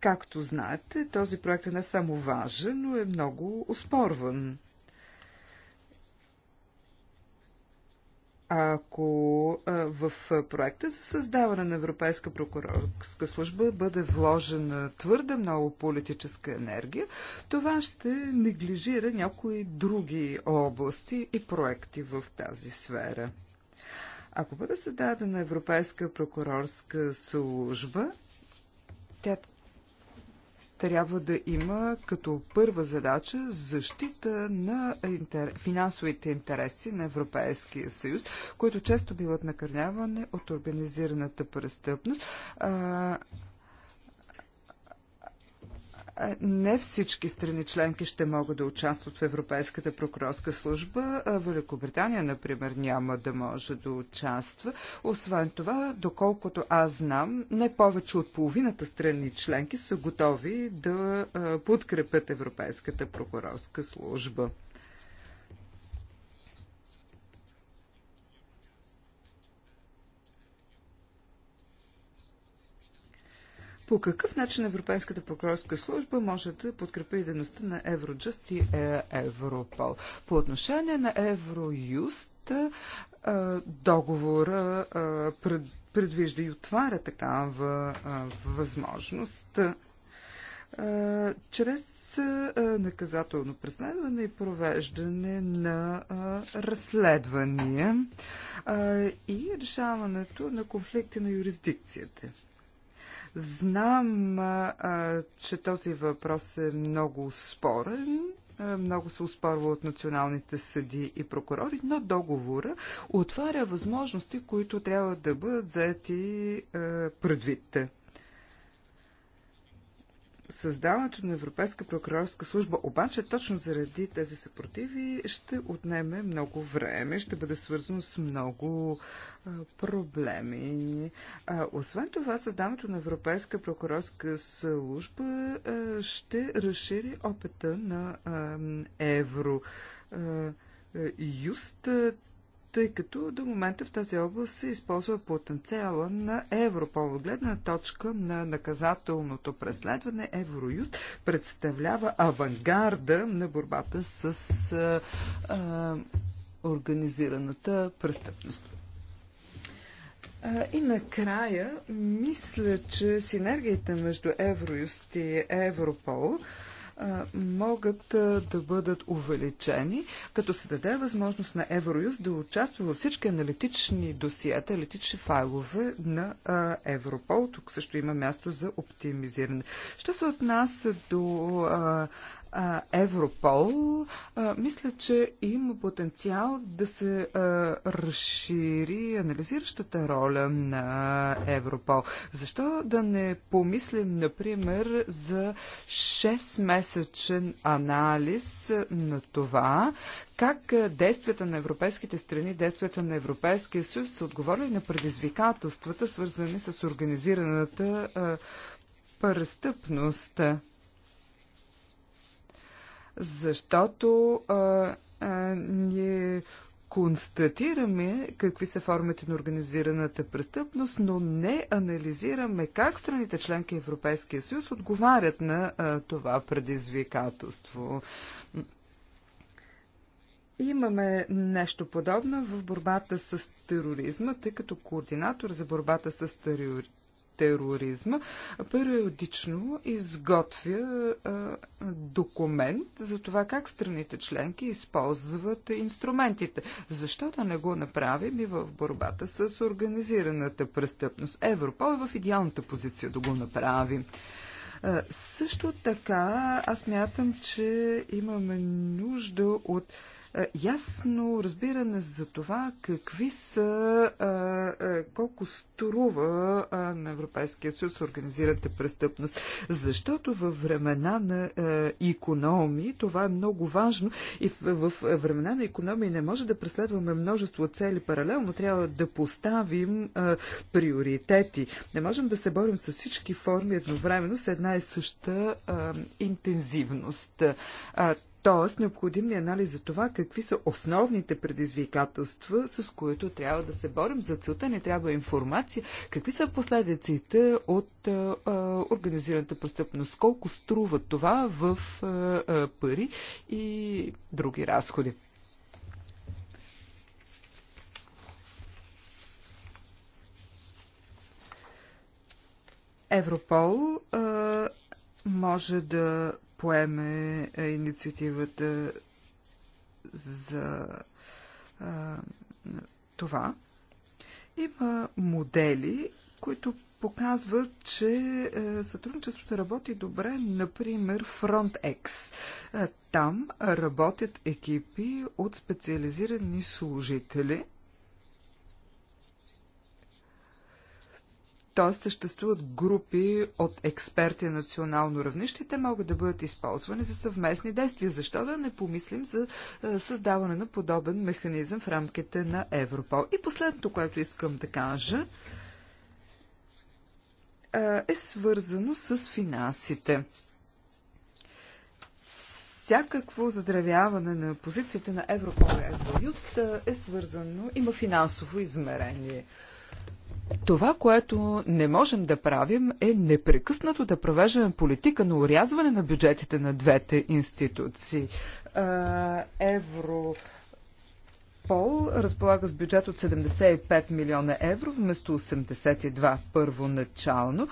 Speaker 4: Както знаете, този проект е не само важен, но е много оспорван. ако в проекта за създаване на Европейска прокурорска служба бъде вложена твърде много политическа енергия, това ще неглижира някои други области и проекти в тази сфера. Ако бъде създадена Европейска прокурорска служба, тя трябва да има като първа задача защита на интер... финансовите интереси на Европейския съюз, които често биват накърнявани от организираната престъпност. А, не всички страни членки ще могат да участват в Европейската прокурорска служба. Великобритания, например, няма да може да участва. Освен това, доколкото аз знам, не повече от половината страни членки са готови да подкрепят Европейската прокурорска служба. По какъв начин Европейската прокурорска служба може да подкрепи дейността на Евроджуст и е, Европол? По отношение на Евроюст, е, договора е, предвижда и отваря такава възможност чрез наказателно преследване и провеждане на разследвания и решаването на конфликти на юрисдикцията. Знам, че този въпрос е много спорен. Много се успорва от националните съди и прокурори, но договора отваря възможности, които трябва да бъдат заети предвид. Създаването на Европейска прокурорска служба, обаче точно заради тези съпротиви, ще отнеме много време, ще бъде свързано с много а, проблеми. А, освен това, създаването на Европейска прокурорска служба а, ще разшири опита на а, Евро. А, Юст тъй като до момента в тази област се използва потенциала на Европол. гледна точка на наказателното преследване, Евроюст представлява авангарда на борбата с а, а, организираната престъпност. И накрая, мисля, че синергията между Евроюст и Европол могат да бъдат увеличени, като се даде възможност на Евроюз да участва във всички аналитични досиета, аналитични файлове на Европол. Тук също има място за оптимизиране. Що се отнася до Европол, мисля, че има потенциал да се разшири анализиращата роля на Европол. Защо да не помислим, например, за 6-месечен анализ на това, как действията на европейските страни, действията на Европейския съюз са отговорили на предизвикателствата, свързани с организираната престъпност защото а, а, ние констатираме какви са формите на организираната престъпност, но не анализираме как страните членки Европейския съюз отговарят на а, това предизвикателство. Имаме нещо подобно в борбата с тероризма, тъй като координатор за борбата с тероризма тероризма, периодично изготвя документ за това как страните членки използват инструментите. Защо да не го направим и в борбата с организираната престъпност? Европол е в идеалната позиция да го направи. също така, аз мятам, че имаме нужда от е, ясно разбиране за това какви са, е, е, колко струва на Европейския съюз организирате престъпност. Защото във времена на економии това е много важно и в времена на економии не може да преследваме множество цели паралелно, трябва да поставим приоритети. Не можем да се борим с всички форми едновременно с една и съща интензивност. Тоест, необходим ли е анализ за това какви са основните предизвикателства, с които трябва да се борим. За целта ни трябва информация. Какви са последиците от а, а, организираната престъпност? Колко струва това в а, а, пари и други разходи? Европол а, може да поеме е, инициативата за а, това. Има модели, които показват, че е, сътрудничеството работи добре, например FrontEx. Е, там работят екипи от специализирани служители – т.е. съществуват групи от експерти на национално равнище и те могат да бъдат използвани за съвместни действия. Защо да не помислим за е, създаване на подобен механизъм в рамките на Европол? И последното, което искам да кажа, е, е свързано с финансите всякакво заздравяване на позицията на Европол и Евроюст е, е свързано, има финансово измерение. Това, което не можем да правим е непрекъснато да провеждаме политика на урязване на бюджетите на двете институции. Евро Пол разполага с бюджет от 75 милиона евро вместо 82 първоначално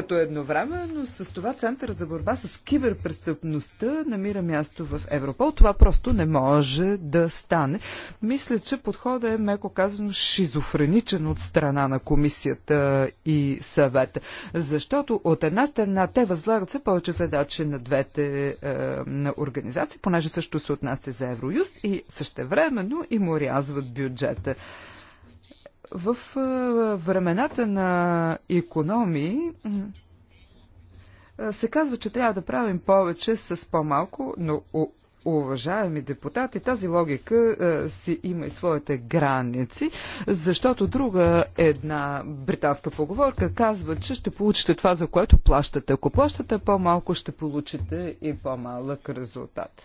Speaker 4: като едновременно с това Центъра за борба с киберпрестъпността намира място в Европол. Това просто не може да стане. Мисля, че подходът е, меко казано, шизофреничен от страна на комисията и съвета. Защото от една страна те възлагат се повече задачи на двете е, на организации, понеже също се отнася за Евроюст и същевременно им урязват бюджета. В времената на економии се казва, че трябва да правим повече с по-малко, но уважаеми депутати, тази логика си има и своите граници, защото друга една британска поговорка казва, че ще получите това, за което плащате. Ако плащате по-малко, ще получите и по-малък резултат.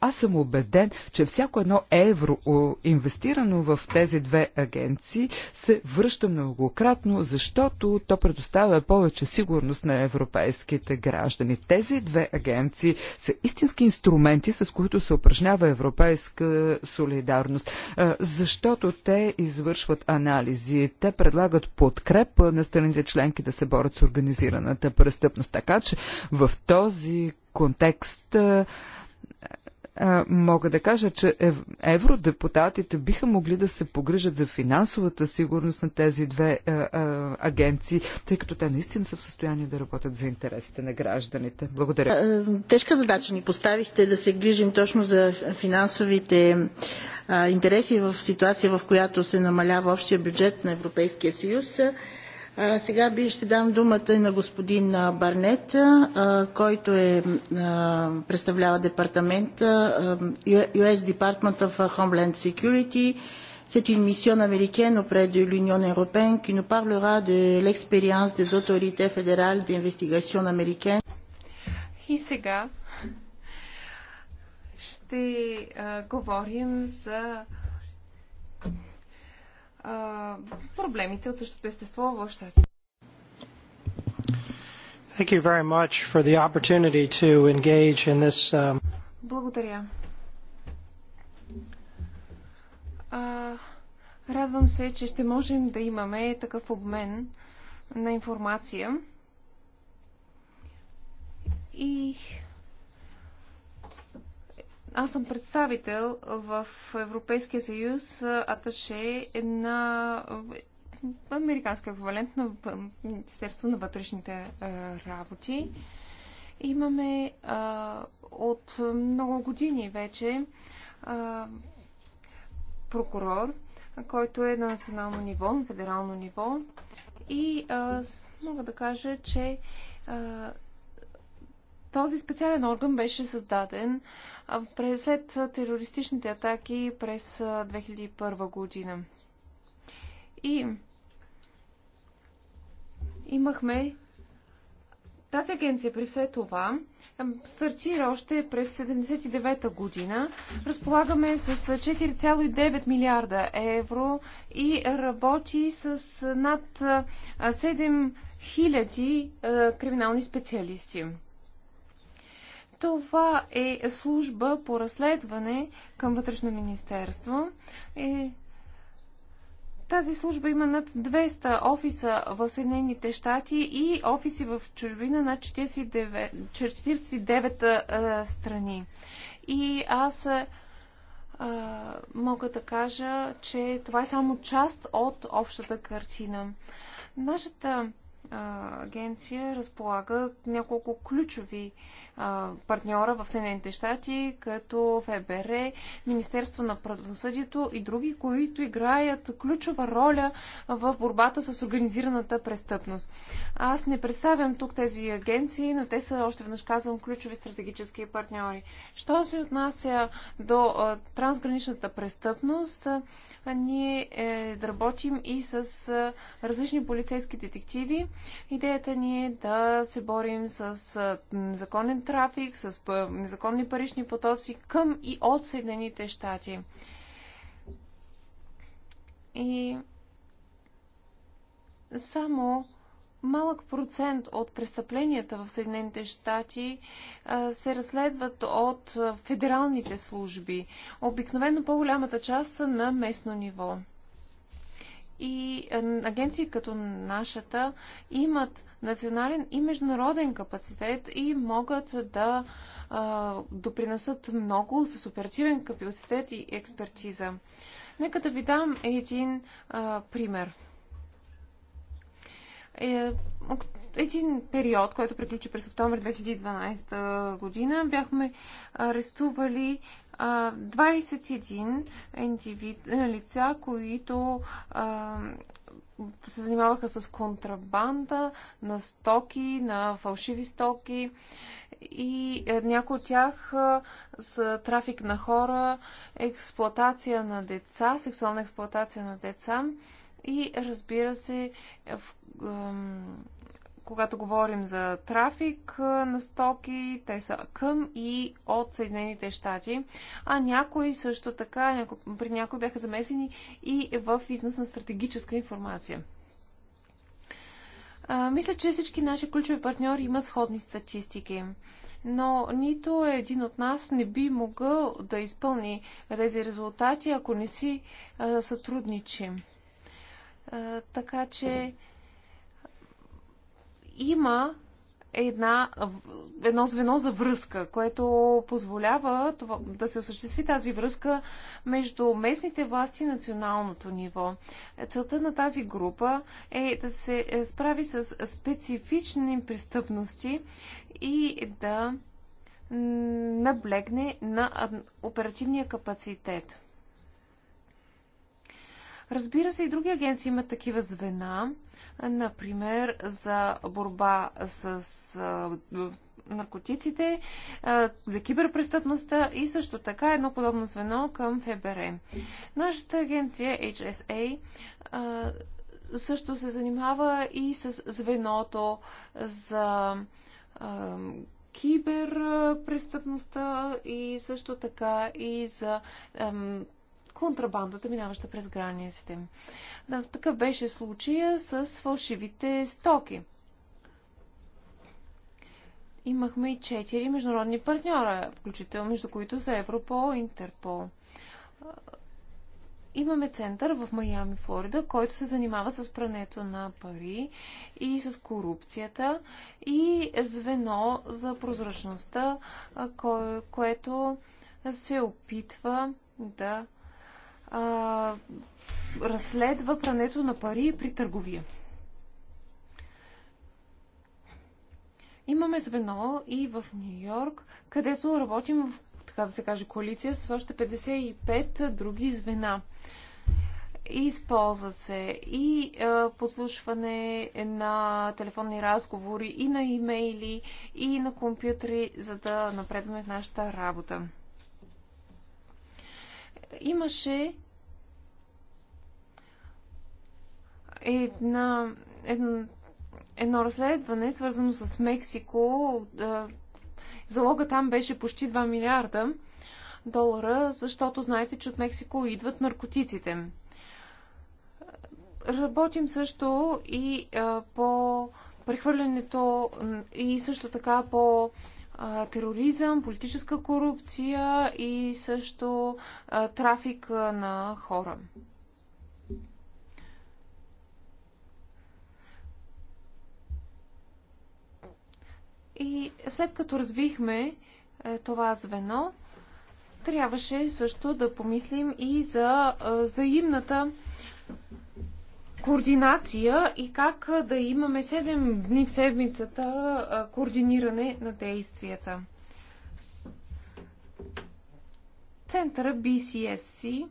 Speaker 4: Аз съм убеден, че всяко едно евро, инвестирано в тези две агенции, се връща многократно, защото то предоставя повече сигурност на европейските граждани. Тези две агенции са истински инструменти, с които се упражнява европейска солидарност, защото те извършват анализи, те предлагат подкрепа на страните членки да се борят с организираната престъпност. Така че в този контекст мога да кажа, че евродепутатите биха могли да се погрижат за финансовата сигурност на тези две агенции, тъй като те наистина са в състояние да работят за интересите на гражданите. Благодаря.
Speaker 3: Тежка задача ни поставихте да се грижим точно за финансовите интереси в ситуация, в която се намалява общия бюджет на Европейския съюз. Сега би ще дам думата на господин Барнет, който е, представлява департамента US Department of Homeland Security. C'est une mission américaine auprès de l'Union européenne qui nous parlera de l'expérience des autorités fédérales d'investigation américaine.
Speaker 1: И сега ще а, говорим за проблемите от същото естество в Штатите. Thank you very much for the opportunity to engage in this. Um... Благодаря. А, радвам се, че ще можем да имаме такъв обмен на информация. И аз съм представител в Европейския съюз, аташе е на американска еквивалент на Министерство на вътрешните работи. Имаме а, от много години вече а, прокурор, който е на национално ниво, на федерално ниво. И а, мога да кажа, че а, този специален орган беше създаден а, след терористичните атаки през 2001 година. И имахме тази агенция при все това стартира още през 79-та година. Разполагаме с 4,9 милиарда евро и работи с над 7 хиляди криминални специалисти. Това е служба по разследване към Вътрешно министерство. И тази служба има над 200 офиса в Съединените щати и офиси в чужбина на 49, 49 страни. И аз мога да кажа, че това е само част от общата картина. Нашата агенция разполага няколко ключови партньора в Съединените щати, като ФБР, Министерство на правосъдието и други, които играят ключова роля в борбата с организираната престъпност. Аз не представям тук тези агенции, но те са, още веднъж казвам, ключови стратегически партньори. Що се отнася до трансграничната престъпност, ние е, да работим и с различни полицейски детективи. Идеята ни е да се борим с законен трафик, с незаконни парични потоци към и от Съединените щати. И само малък процент от престъпленията в Съединените щати се разследват от федералните служби. Обикновено по-голямата част са на местно ниво. И агенции като нашата имат национален и международен капацитет и могат да а, допринесат много с оперативен капацитет и експертиза. Нека да ви дам един а, пример. Е, един период, който приключи през октомври 2012 година, бяхме арестували 21 индивид, лица, които се занимаваха с контрабанда на стоки, на фалшиви стоки и е, някои от тях е, с трафик на хора, експлоатация на деца, сексуална експлоатация на деца и разбира се в, когато говорим за трафик на стоки, те са към и от Съединените щати, а някои също така, при някои бяха замесени и в износ на стратегическа информация. А, мисля, че всички наши ключови партньори имат сходни статистики но нито един от нас не би могъл да изпълни тези резултати, ако не си а, сътрудничим. А, така че има една, едно звено за връзка, което позволява това, да се осъществи тази връзка между местните власти и националното ниво. Целта на тази група е да се справи с специфични престъпности и да наблегне на оперативния капацитет. Разбира се, и други агенции имат такива звена, например, за борба с наркотиците, за киберпрестъпността и също така едно подобно звено към ФБР. Нашата агенция HSA също се занимава и с звеното за киберпрестъпността и също така и за контрабандата, минаваща през границите. Да, такъв беше случая с фалшивите стоки. Имахме и четири международни партньора, включително между които са Европол и Интерпол. Имаме център в Майами, Флорида, който се занимава с прането на пари и с корупцията и звено за прозрачността, кое, което се опитва да а, разследва прането на пари при търговия. Имаме звено и в Нью Йорк, където работим в, така да се каже, коалиция с още 55 други звена. Използва се и е, послушване на телефонни разговори, и на имейли, и на компютри, за да напредваме в нашата работа имаше една, едно, едно разследване, свързано с Мексико. Залога там беше почти 2 милиарда долара, защото знаете, че от Мексико идват наркотиците. Работим също и а, по прехвърлянето и също така по тероризъм, политическа корупция и също трафик на хора. И след като развихме е, това звено, трябваше също да помислим и за взаимната координация и как да имаме 7 дни в седмицата координиране на действията. Центъра BCSC,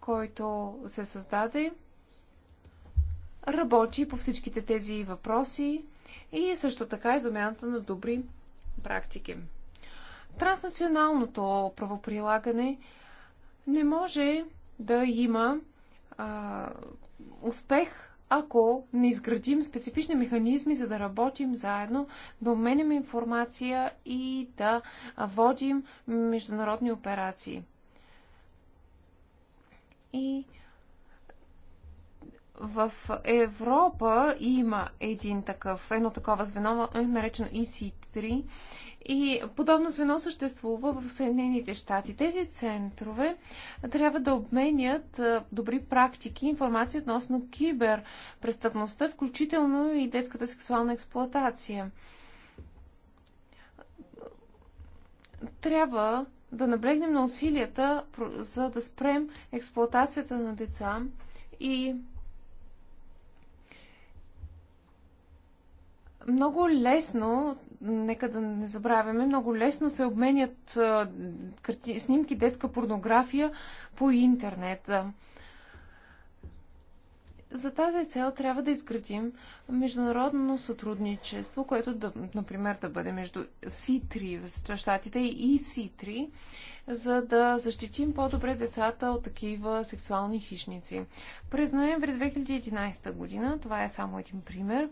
Speaker 1: който се създаде, работи по всичките тези въпроси и е също така изумяната на добри практики. Транснационалното правоприлагане не може да има а, успех, ако не изградим специфични механизми, за да работим заедно, да обменяме информация и да водим международни операции. И в Европа има един такъв, едно такова звено, наречено EC3 и подобно звено съществува в Съединените щати. Тези центрове трябва да обменят добри практики, информация относно киберпрестъпността, включително и детската сексуална експлоатация. Трябва да наблегнем на усилията, за да спрем експлоатацията на деца и много лесно, нека да не забравяме, много лесно се обменят карти, снимки детска порнография по интернет. За тази цел трябва да изградим международно сътрудничество, което, да, например, да бъде между C3 в щатите и C3, за да защитим по-добре децата от такива сексуални хищници. През ноември 2011 година, това е само един пример,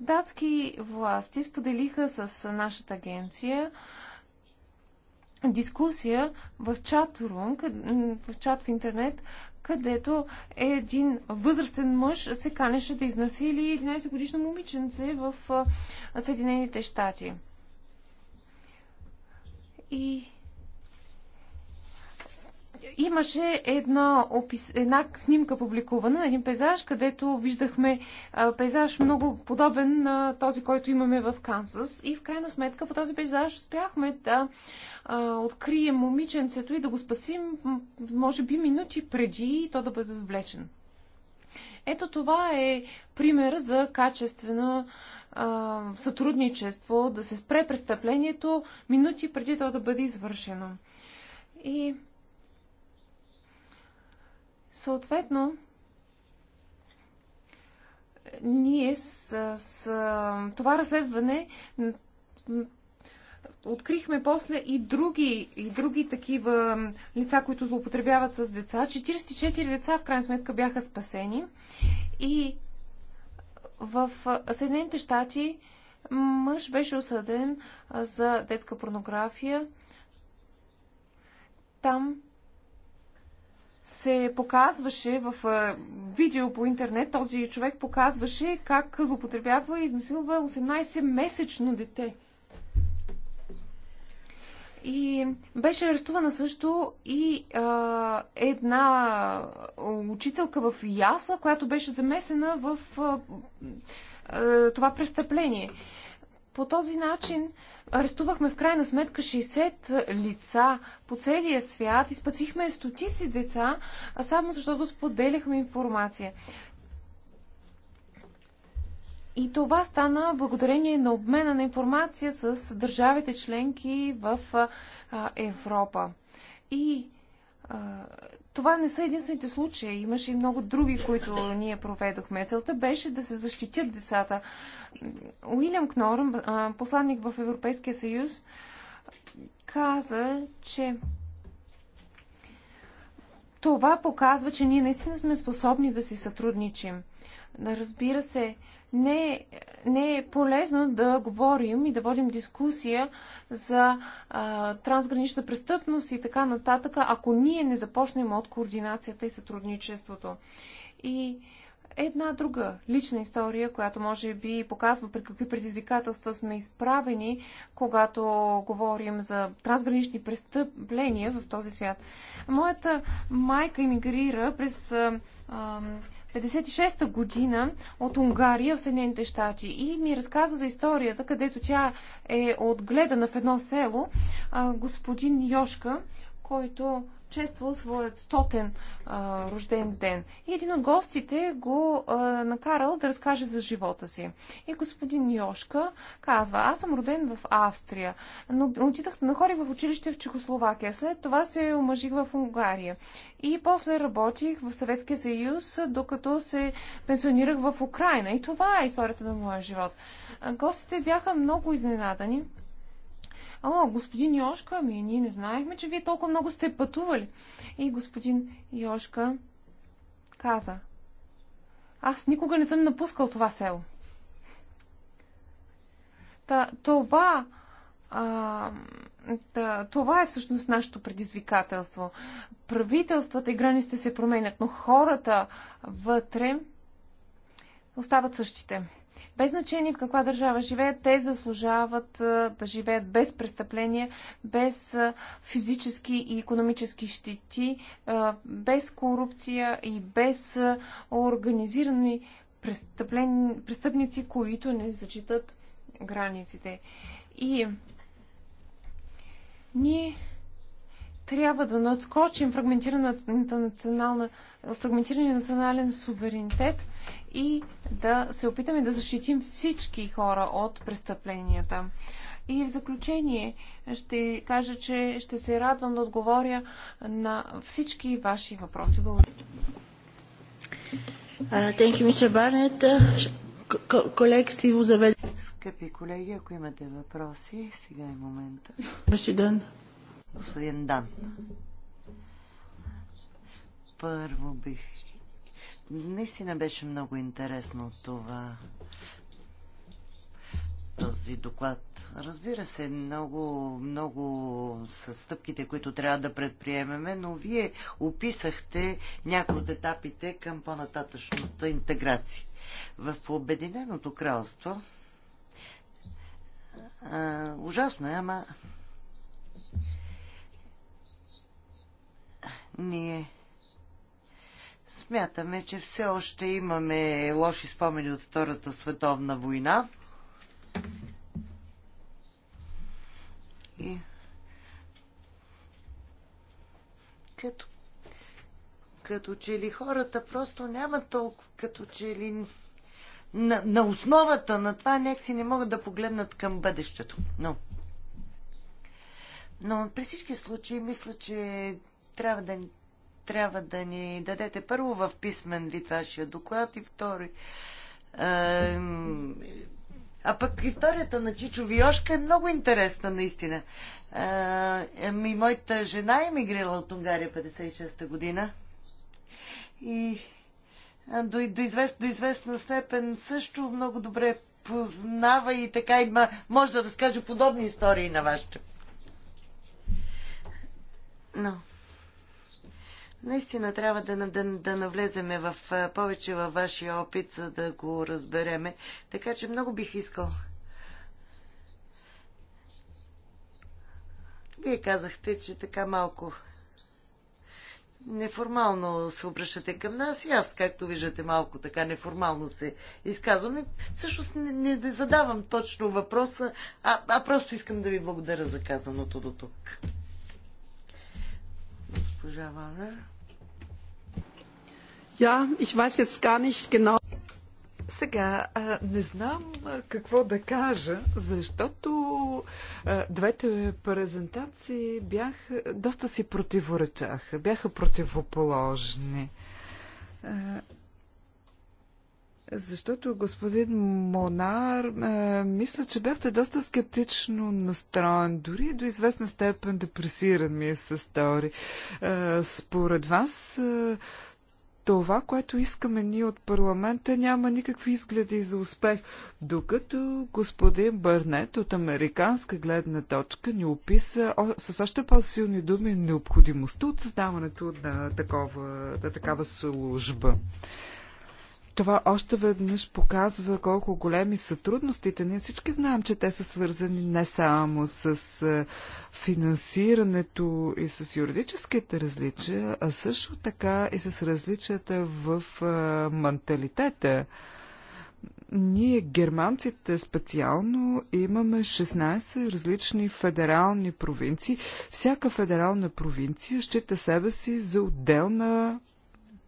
Speaker 1: датски власти споделиха с нашата агенция дискусия в чат в чат в интернет, където един възрастен мъж се канеше да изнасили 11 годишно момиченце в Съединените щати. И имаше една, опис... една снимка публикувана на един пейзаж, където виждахме пейзаж много подобен на този, който имаме в Кансас, И в крайна сметка по този пейзаж успяхме да открием момиченцето и да го спасим, може би, минути преди то да бъде отвлечен. Ето това е пример за качествено сътрудничество, да се спре престъплението минути преди то да бъде извършено. И Съответно, ние с, с това разследване открихме после и други, и други такива лица, които злоупотребяват с деца. 44 деца в крайна сметка бяха спасени. И в Съединените щати мъж беше осъден за детска порнография. Там се показваше в видео по интернет, този човек показваше как злоупотребява и изнасилва 18-месечно дете. И беше арестувана също и а, една учителка в Ясла, която беше замесена в а, а, това престъпление. По този начин арестувахме в крайна сметка 60 лица по целия свят и спасихме стотици деца, а само защото споделяхме информация. И това стана благодарение на обмена на информация с държавите членки в Европа. И това не са единствените случаи. Имаше и много други, които ние проведохме. Целта беше да се защитят децата. Уилям Кнорм, посланник в Европейския съюз, каза, че това показва, че ние наистина сме способни да си сътрудничим. Да, разбира се, не, не е полезно да говорим и да водим дискусия за а, трансгранична престъпност и така нататък, ако ние не започнем от координацията и сътрудничеството. И една друга лична история, която може би показва пред какви предизвикателства сме изправени, когато говорим за трансгранични престъпления в този свят. Моята майка иммигрира през а, 56-та година от Унгария в Съединените щати и ми разказа за историята, където тя е отгледана в едно село, господин Йошка, който чествал своят стотен а, рожден ден. И един от гостите го а, накарал да разкаже за живота си. И господин Йошка казва, аз съм роден в Австрия, но отидах, находих в училище в Чехословакия. След това се омъжих в Унгария. И после работих в Съветския съюз, докато се пенсионирах в Украина. И това е историята на моя живот. Гостите бяха много изненадани а, господин Йошка, ми ние не знаехме, че вие толкова много сте пътували. И господин Йошка каза, аз никога не съм напускал това село. Та, това, а, та, това е всъщност нашето предизвикателство. Правителствата и границите се променят, но хората вътре остават същите. Без значение в каква държава живеят, те заслужават да живеят без престъпления, без физически и економически щети, без корупция и без организирани престъпници, които не зачитат границите. И ние трябва да надскочим национална, фрагментирания национален суверенитет и да се опитаме да защитим всички хора от престъпленията. И в заключение ще кажа, че ще се радвам да отговоря на всички ваши въпроси. Благодаря.
Speaker 2: Скъпи колеги, ако имате въпроси, сега е момента господин Дан. Първо бих... Наистина беше много интересно това този доклад. Разбира се, много, много са стъпките, които трябва да предприемеме, но вие описахте някои от етапите към по-нататъчната интеграция. В Обединеното кралство а, ужасно е, ама Ние смятаме, че все още имаме лоши спомени от Втората световна война. И като, като че ли хората просто няма толкова, като че ли на, на основата на това някакси не могат да погледнат към бъдещето. Но, но при всички случаи мисля, че трябва да, трябва да ни дадете първо в писмен вид вашия доклад и втори. А, а пък историята на Чичо Виошка е много интересна, наистина. А, ми, моята жена е мигрила от Унгария 56-та година. И до, до, извест, до известна степен също много добре познава и така има, може да разкаже подобни истории на вашите. Но. No. Наистина трябва да, да, да навлеземе в, повече във вашия опит, за да го разбереме. Така че много бих искал. Вие казахте, че така малко неформално се обръщате към нас и аз, както виждате, малко така неформално се изказвам. Също всъщност не, не, задавам точно въпроса, а, а просто искам да ви благодаря за казаното до тук.
Speaker 4: Госпожа Вана. Ja, ich weiß jetzt gar nicht genau. Сега не знам какво да кажа, защото двете презентации бях, доста си противоречаха, бяха противоположни. защото господин Монар, мисля, че бяхте доста скептично настроен, дори до известна степен депресиран ми е се стори. според вас това, което искаме ние от парламента, няма никакви изгледи за успех, докато господин Бърнет от американска гледна точка ни описа с още по-силни думи необходимостта от създаването на, такова, на такава служба. Това още веднъж показва колко големи са трудностите. Ние всички знаем, че те са свързани не само с е, финансирането и с юридическите различия, а също така и с различията в е, менталитета. Ние, германците специално, имаме 16 различни федерални провинции. Всяка федерална провинция счита себе си за отделна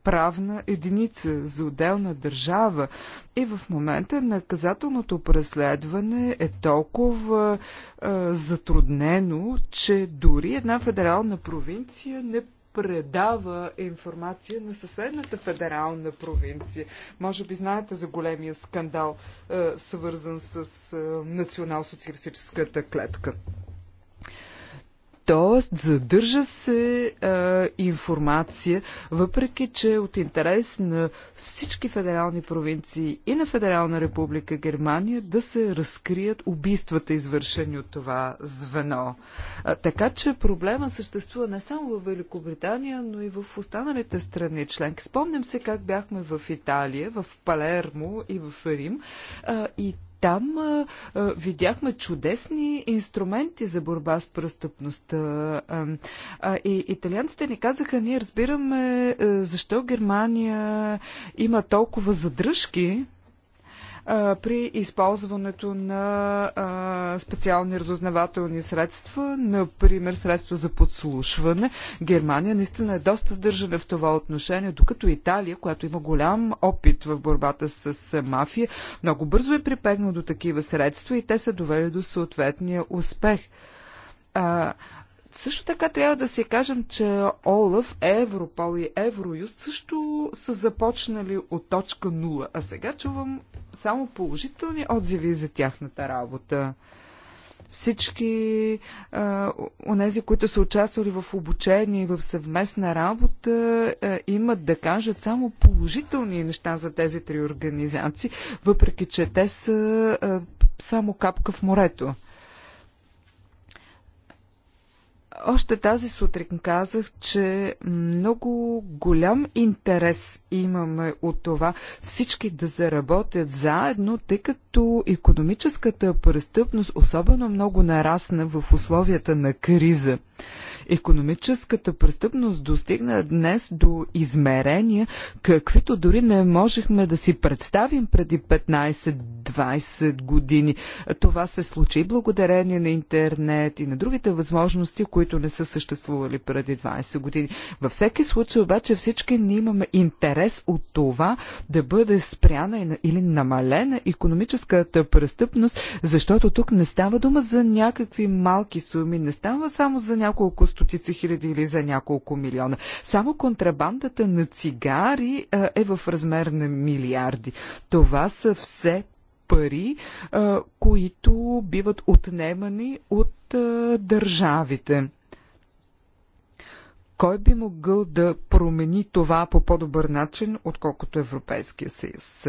Speaker 4: правна единица за отделна държава. И в момента наказателното преследване е толкова а, затруднено, че дори една федерална провинция не предава информация на съседната федерална провинция. Може би знаете за големия скандал, е, свързан с е, национал-социалистическата клетка. Тоест, задържа се а, информация, въпреки че е от интерес на всички федерални провинции и на Федерална република Германия да се разкрият убийствата, извършени от това звено. А, така че проблема съществува не само в Великобритания, но и в останалите страни членки. Спомням се как бяхме в Италия, в Палермо и в Рим. А, и там а, а, видяхме чудесни инструменти за борба с престъпността. А, а, и италианците ни казаха, ние разбираме а, защо Германия има толкова задръжки при използването на специални разузнавателни средства, например средства за подслушване. Германия наистина е доста сдържана в това отношение, докато Италия, която има голям опит в борбата с мафия, много бързо е припегнал до такива средства и те са довели до съответния успех. А, също така трябва да си кажем, че Олаф, Европол и Евроюст също са започнали от точка 0, а сега чувам само положителни отзиви за тяхната работа всички онези, които са участвали в обучение и в съвместна работа, а, имат да кажат само положителни неща за тези три организации, въпреки че те са а, само капка в морето. Още тази сутрин казах, че много голям интерес имаме от това всички да заработят заедно, тъй като економическата престъпност особено много нарасна в условията на криза. Економическата престъпност достигна днес до измерения, каквито дори не можехме да си представим преди 15-20 години. Това се случи благодарение на интернет и на другите възможности, които които не са съществували преди 20 години. Във всеки случай обаче всички ние имаме интерес от това да бъде спряна или намалена економическата престъпност, защото тук не става дума за някакви малки суми, не става само за няколко стотици хиляди или за няколко милиона. Само контрабандата на цигари е в размер на милиарди. Това са все пари, които биват отнемани от държавите. Кой би могъл да промени това по по-добър начин, отколкото Европейския съюз?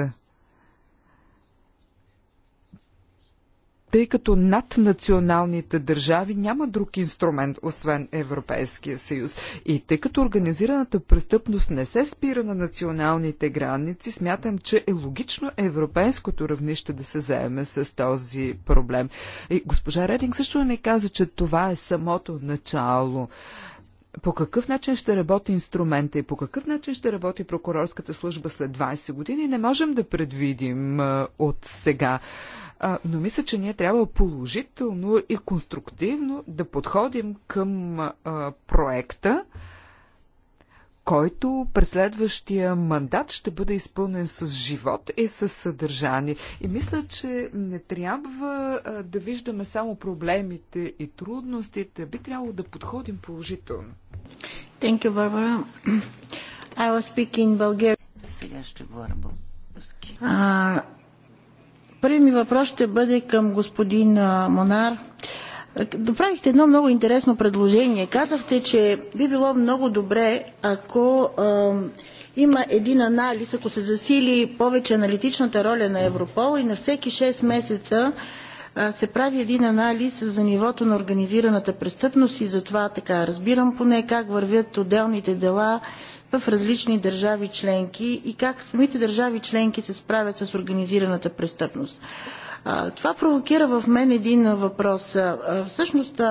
Speaker 4: тъй като над националните държави няма друг инструмент, освен Европейския съюз. И тъй като организираната престъпност не се спира на националните граници, смятам, че е логично европейското равнище да се заеме с този проблем. И госпожа Рединг също не каза, че това е самото начало по какъв начин ще работи инструмента и по какъв начин ще работи прокурорската служба след 20 години, не можем да предвидим от сега. Но мисля, че ние трябва положително и конструктивно да подходим към проекта, който през следващия мандат ще бъде изпълнен с живот и с съдържание. И мисля, че не трябва да виждаме само проблемите и трудностите, би трябвало да подходим положително.
Speaker 3: Thank you, Barbara. I Bulgarian.
Speaker 2: Сега ще говоря български.
Speaker 3: Първият ми въпрос ще бъде към господин а, Монар. Доправихте едно много интересно предложение. Казахте, че би било много добре, ако а, има един анализ, ако се засили повече аналитичната роля на Европол и на всеки 6 месеца се прави един анализ за нивото на организираната престъпност и затова така разбирам поне как вървят отделните дела в различни държави членки и как самите държави членки се справят с организираната престъпност. Това провокира в мен един въпрос. Всъщност,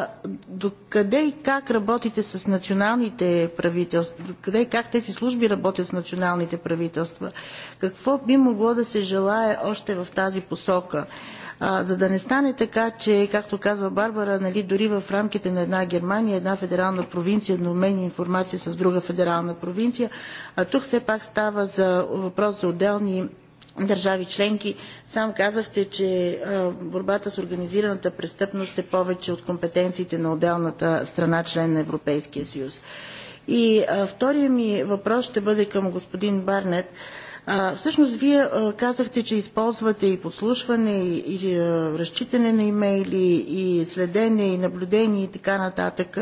Speaker 3: докъде и как работите с националните правителства? Докъде и как тези служби работят с националните правителства? Какво би могло да се желае още в тази посока? за да не стане така, че, както казва Барбара, нали, дори в рамките на една Германия, една федерална провинция но мен информация с друга федерална провинция, а тук все пак става за въпрос за отделни държави членки. Сам казахте, че борбата с организираната престъпност е повече от компетенциите на отделната страна член на Европейския съюз. И втория ми въпрос ще бъде към господин Барнет. А, всъщност, вие а, казахте, че използвате и подслушване, и, и а, разчитане на имейли, и следене, и наблюдение, и така нататък.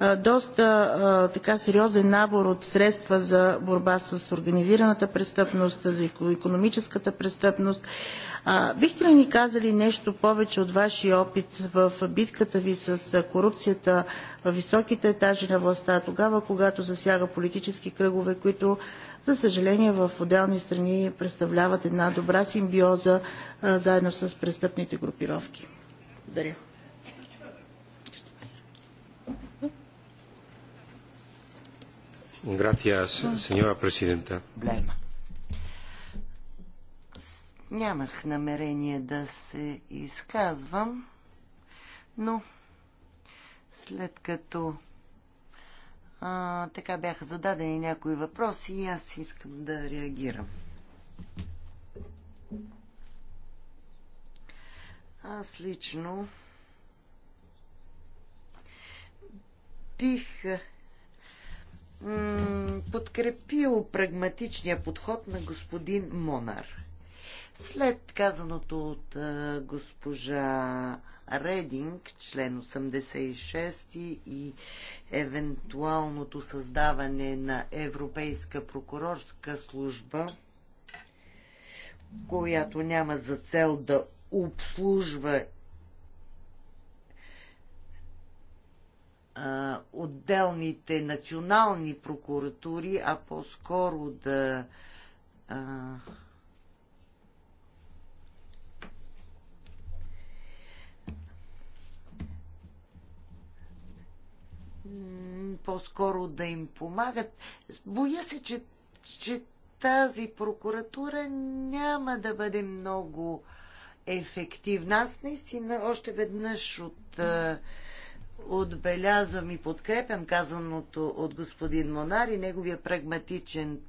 Speaker 3: А, доста а, така сериозен набор от средства за борба с организираната престъпност, за економическата престъпност. А, бихте ли ни казали нещо повече от вашия опит в битката ви с корупцията в високите етажи на властта, тогава когато засяга политически кръгове, които за съжаление в отделни страни представляват една добра симбиоза а, заедно с престъпните групировки? Благодаря. Gracias, señora presidenta. Blema.
Speaker 2: Нямах намерение да се изказвам, но след като а, така бяха зададени някои въпроси и аз искам да реагирам. Аз лично бих подкрепил прагматичния подход на господин Монар. След казаното от госпожа Рединг, член 86 и евентуалното създаване на Европейска прокурорска служба, която няма за цел да обслужва а, отделните национални прокуратури, а по-скоро да а, по-скоро да им помагат. Боя се, че, че тази прокуратура няма да бъде много ефективна. Аз наистина още веднъж от, отбелязвам и подкрепям казаното от господин Монар и неговия прагматичен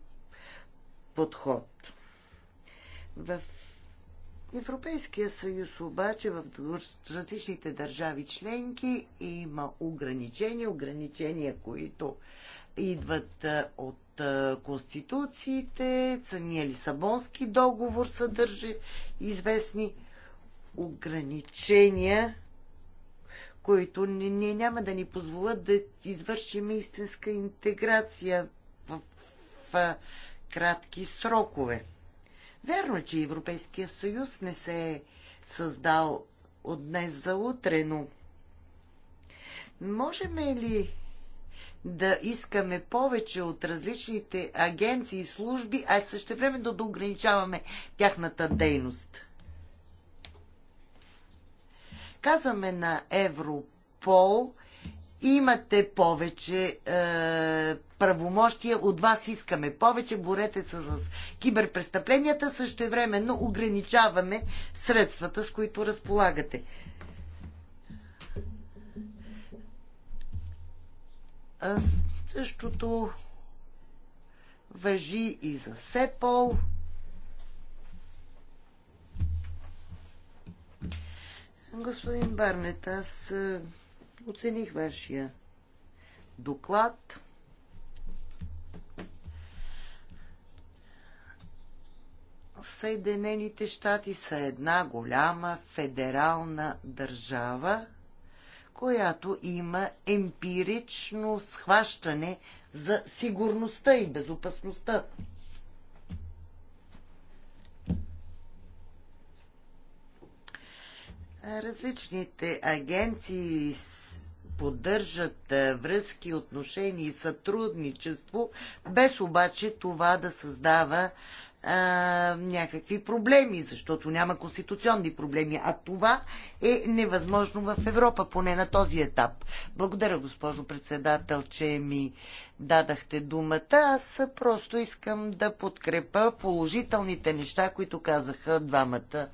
Speaker 2: подход. В Европейския съюз обаче в различните държави членки има ограничения, ограничения, които идват от конституциите, самия е Лисабонски договор съдържа известни ограничения, които не, не, няма да ни позволят да извършим истинска интеграция в, в, в кратки срокове. Верно е, че Европейския съюз не се е създал от днес за утре, но можем ли да искаме повече от различните агенции и служби, а също време да, да ограничаваме тяхната дейност? Казваме на Европол – имате повече е, правомощия, от вас искаме повече, борете се с киберпрестъпленията, същевременно ограничаваме средствата, с които разполагате. Аз същото въжи и за Сепол. Господин Барнет, аз е, оцених вашия доклад. Съединените щати са една голяма федерална държава, която има емпирично схващане за сигурността и безопасността. Различните агенции поддържат е, връзки, отношения и сътрудничество, без обаче това да създава а, е, някакви проблеми, защото няма конституционни проблеми. А това е невъзможно в Европа, поне на този етап. Благодаря, госпожо председател, че ми дадахте думата. Аз просто искам да подкрепа положителните неща, които казаха двамата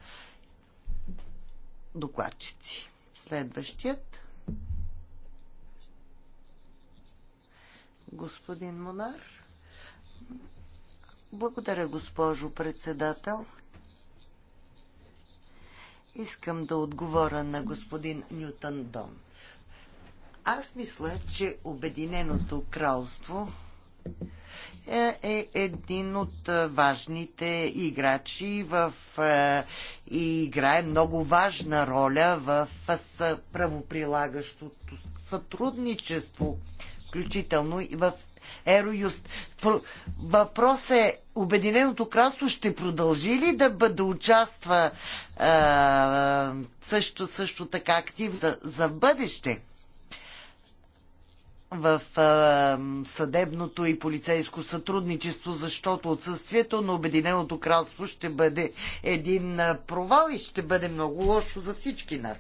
Speaker 2: докладчици. Следващият. господин Монар. Благодаря, госпожо председател. Искам да отговоря на господин Нютън Дон. Аз мисля, че Обединеното кралство е, е един от е, важните играчи в, е, и играе много важна роля в е, правоприлагащото сътрудничество включително и в Ероюст. Въпрос е, Обединеното кралство ще продължи ли да, да участва а, също, също така активно за, за бъдеще? в а, съдебното и полицейско сътрудничество, защото отсъствието на Обединеното кралство ще бъде един провал и ще бъде много лошо за всички нас.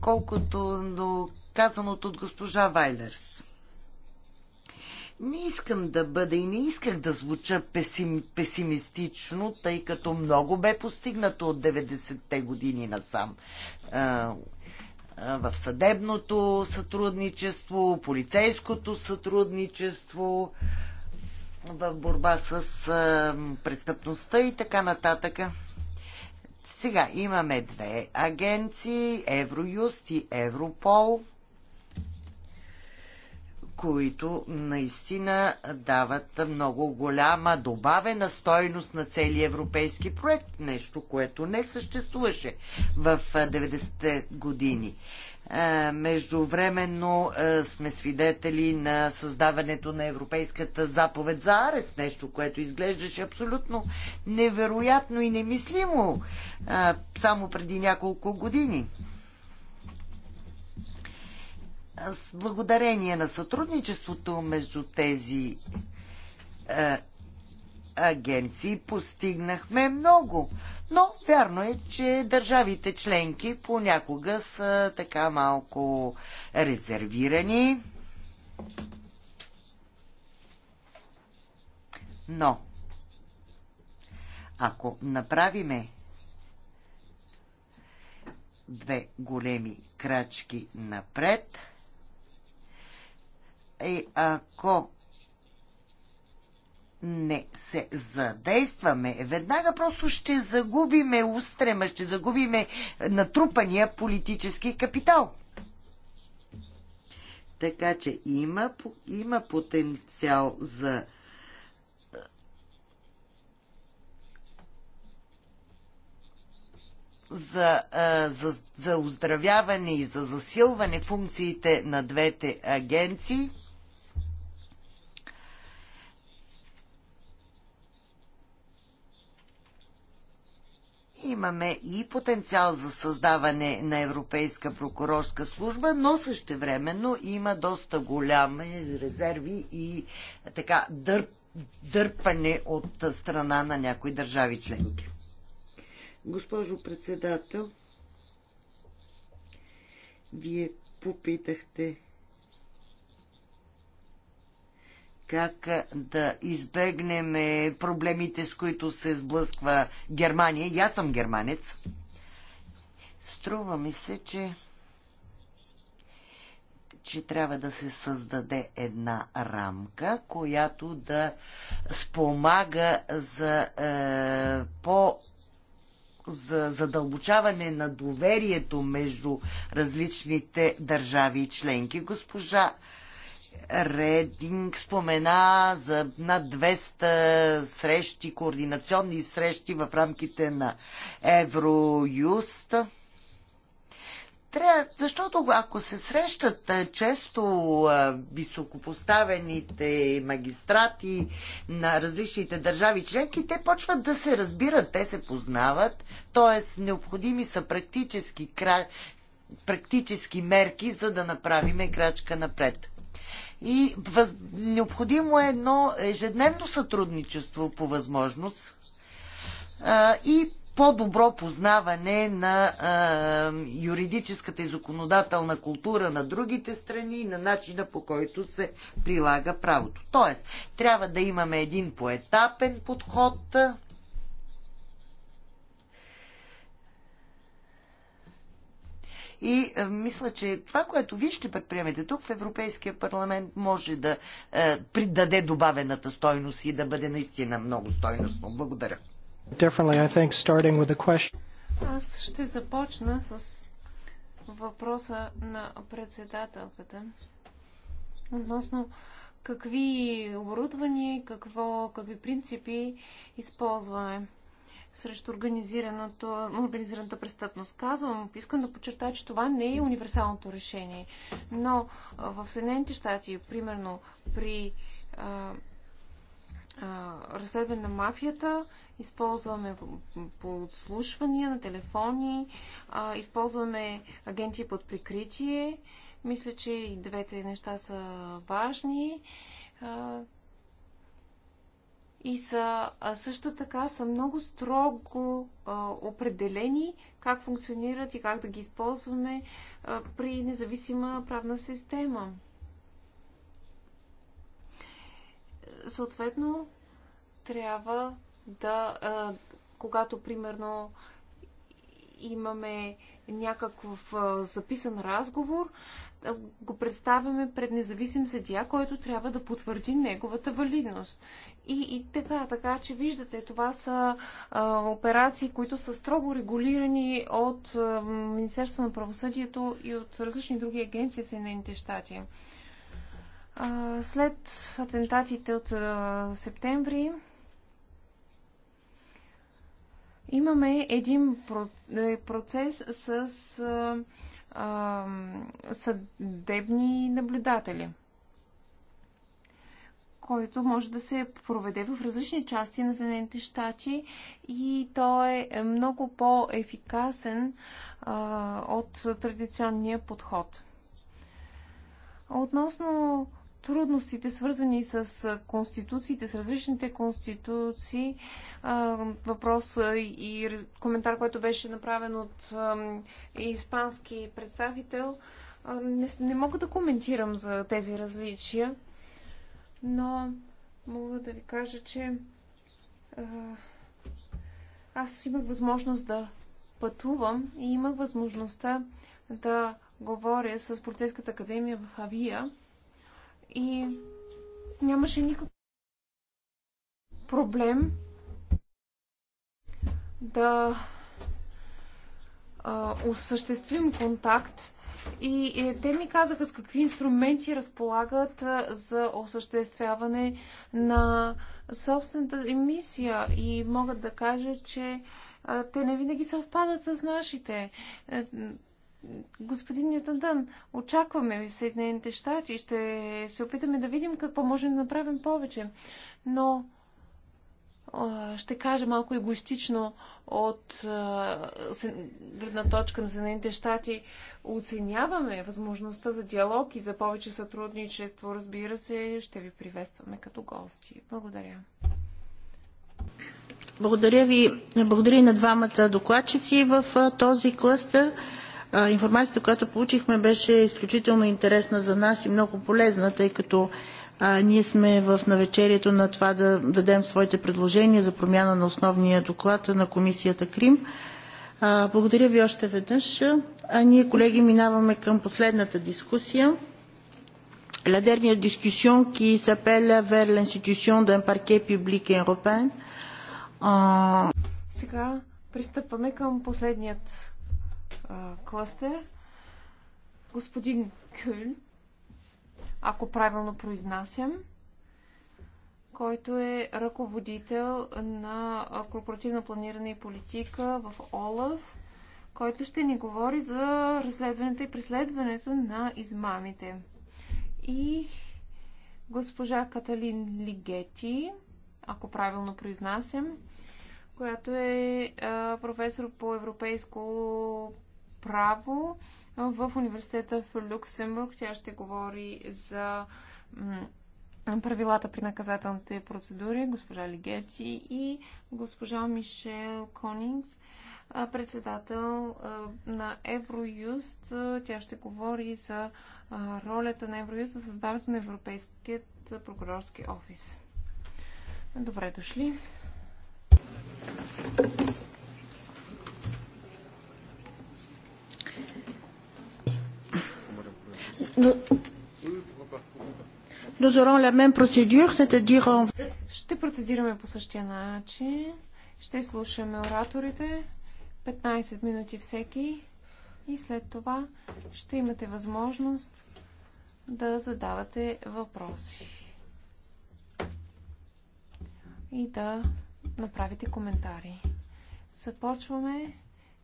Speaker 2: Колкото до казаното от госпожа Вайлерс. Не искам да бъда и не исках да звуча песим, песимистично, тъй като много бе постигнато от 90-те години насам. А, в съдебното сътрудничество, полицейското сътрудничество, в борба с а, престъпността и така нататък. Сега имаме две агенции, Евроюст и Европол – които наистина дават много голяма добавена стойност на целия европейски проект. Нещо, което не съществуваше в 90-те години. Междувременно сме свидетели на създаването на Европейската заповед за арест, нещо, което изглеждаше абсолютно невероятно и немислимо само преди няколко години благодарение на сътрудничеството между тези е, агенции постигнахме много. Но вярно е, че държавите членки понякога са така малко резервирани. Но, ако направиме две големи крачки напред, и е, ако не се задействаме, е, веднага просто ще загубиме устрема, ще загубиме е, натрупания политически капитал. Така че има, има потенциал за за, за, за оздравяване и за засилване функциите на двете агенции – Имаме и потенциал за създаване на Европейска прокурорска служба, но същевременно има доста голями резерви и така дърп, дърпане от страна на някои държави членки. Госпожо председател, вие попитахте как да избегнем е, проблемите, с които се сблъсква Германия. И аз съм германец. Струва ми се, че че трябва да се създаде една рамка, която да спомага за е, по за задълбочаване на доверието между различните държави и членки. Госпожа Рединг спомена за над 200 срещи, координационни срещи в рамките на Евроюст. Трябва, защото ако се срещат е, често е, високопоставените магистрати на различните държави членки, те почват да се разбират, те се познават, т.е. необходими са практически, практически мерки, за да направиме крачка напред. И въз... необходимо е едно ежедневно сътрудничество по възможност а, и по-добро познаване на а, юридическата и законодателна култура на другите страни и на начина по който се прилага правото. Тоест, трябва да имаме един поетапен подход. А, И а, е, мисля, че това, което вие ще предприемете тук в Европейския парламент, може да а, е, придаде добавената стойност и да бъде наистина много стойностно. Благодаря.
Speaker 1: Аз ще започна с въпроса на председателката относно какви оборудвания, какво, какви принципи използваме срещу организираната престъпност. Казвам, искам да подчертая, че това не е универсалното решение. Но в Съединените щати, примерно при а, а, разследване на мафията, използваме подслушвания на телефони, а, използваме агенти под прикритие. Мисля, че и двете неща са важни и са също така са много строго а, определени как функционират и как да ги използваме а, при независима правна система. Съответно, трябва да, а, когато примерно имаме някакъв записан разговор, го представяме пред независим съдия, който трябва да потвърди неговата валидност. И, и така, така че виждате, това са а, операции, които са строго регулирани от а, Министерство на правосъдието и от различни други агенции Съединените щати. след атентатите от а, септември имаме един е, процес с а, а, съдебни наблюдатели – който може да се проведе в различни части на Съединените щати и той е много по-ефикасен от традиционния подход. Относно трудностите, свързани с конституциите, с различните конституции, въпрос и коментар, който беше направен от испански представител, не, не мога да коментирам за тези различия но мога да ви кажа, че аз имах възможност да пътувам и имах възможността да говоря с полицейската академия в Авия и нямаше никакъв проблем да а, осъществим контакт и е, те ми казаха с какви инструменти разполагат за осъществяване на собствената емисия. И могат да кажа, че те не винаги съвпадат с нашите. Е, господин Ньютон Дън, очакваме ви в Съединените щати и ще се опитаме да видим какво можем да направим повече. Но ще кажа малко егоистично от гледна точка на Съединените щати, оценяваме възможността за диалог и за повече сътрудничество. Разбира се, ще ви приветстваме като гости. Благодаря.
Speaker 3: Благодаря ви. Благодаря и на двамата докладчици в този клъстър. Информацията, която получихме, беше изключително интересна за нас и много полезна, тъй като а, ние сме в навечерието на това да дадем своите предложения за промяна на основния доклад на комисията Крим. А, благодаря ви още веднъж. А ние, колеги, минаваме към последната дискусия. La dernière discussion qui s'appelle vers l'institution d'un parquet public européen.
Speaker 1: Сега пристъпваме към последният а, кластер. Господин Кюль ако правилно произнасям, който е ръководител на корпоративно планиране и политика в ОЛАВ, който ще ни говори за разследването и преследването на измамите. И госпожа Каталин Лигети, ако правилно произнасям, която е професор по европейско право в университета в Люксембург. Тя ще говори за правилата при наказателните процедури, госпожа Лигети и госпожа Мишел Конингс, председател на Евроюст. Тя ще говори за ролята на Евроюст в създаването на Европейският прокурорски офис. Добре дошли! Ще процедираме по същия начин. Ще слушаме ораторите. 15 минути всеки. И след това ще имате възможност да задавате въпроси. И да направите коментари. Започваме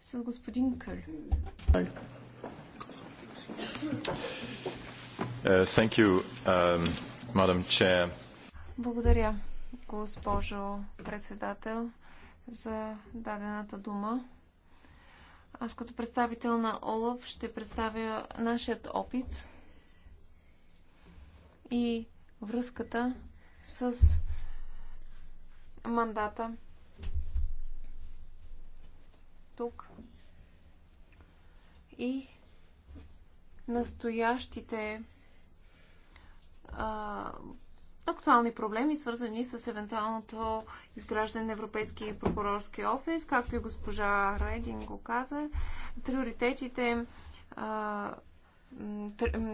Speaker 1: с господин Кюль.
Speaker 3: Uh, thank you, um, Madam Chair.
Speaker 1: Благодаря, госпожо председател, за дадената дума. Аз като представител на ОЛАВ ще представя нашият опит и връзката с мандата тук и настоящите актуални проблеми, свързани с евентуалното изграждане на Европейски прокурорски офис, както и госпожа Рейдин го каза. Приоритетите,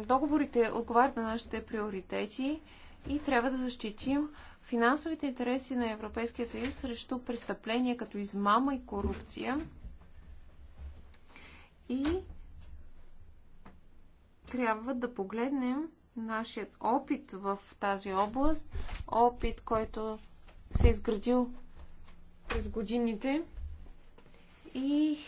Speaker 1: договорите отговарят на нашите приоритети и трябва да защитим финансовите интереси на Европейския съюз срещу престъпления като измама и корупция. И трябва да погледнем нашият опит в тази област, опит, който се е изградил през годините и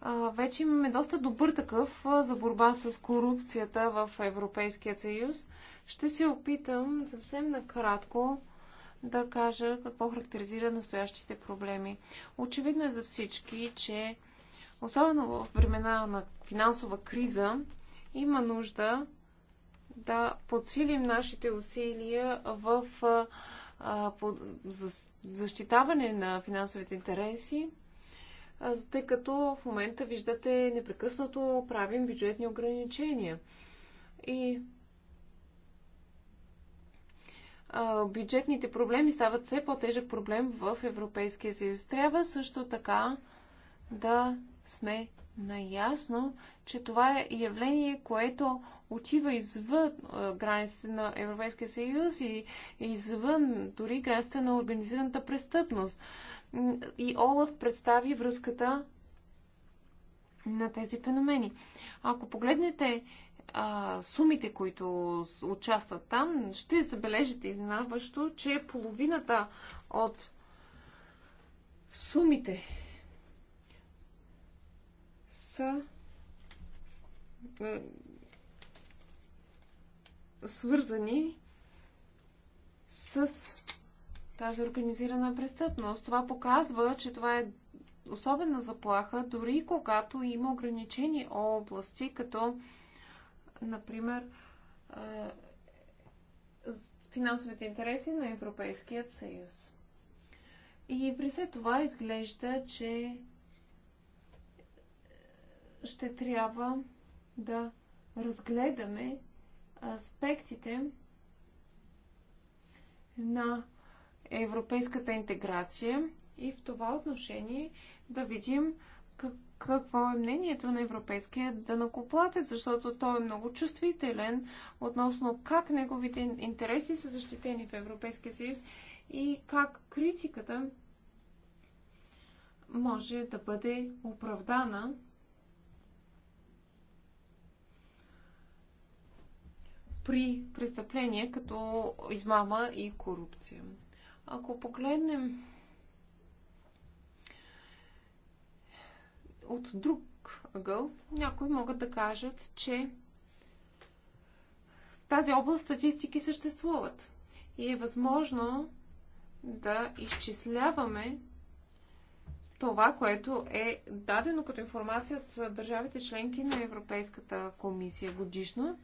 Speaker 1: а, вече имаме доста добър такъв а, за борба с корупцията в Европейския съюз. Ще се опитам съвсем накратко да кажа какво характеризира настоящите проблеми. Очевидно е за всички, че особено в времена на финансова криза има нужда да подсилим нашите усилия в а, по, за, защитаване на финансовите интереси, а, тъй като в момента виждате непрекъснато правим бюджетни ограничения. И а, бюджетните проблеми стават все по-тежък проблем в Европейския съюз. Трябва също така да сме наясно, че това е явление, което отива извън границите на Европейския съюз и извън дори границите на организираната престъпност. И Олаф представи връзката на тези феномени. Ако погледнете а, сумите, които участват там, ще забележите изненадващо, че половината от сумите са свързани с тази организирана престъпност. Това показва, че това е особена заплаха, дори когато има ограничени области, като, например, финансовите интереси на Европейският съюз. И при все това изглежда, че ще трябва да разгледаме аспектите на европейската интеграция и в това отношение да видим как, какво е мнението на европейския дънакоплатец, защото той е много чувствителен относно как неговите интереси са защитени в Европейския съюз и как критиката може да бъде оправдана при престъпления като измама и корупция. Ако погледнем от друг ъгъл, някои могат да кажат, че в тази област статистики съществуват и е възможно да изчисляваме това, което е дадено като информация от държавите членки на Европейската комисия годишно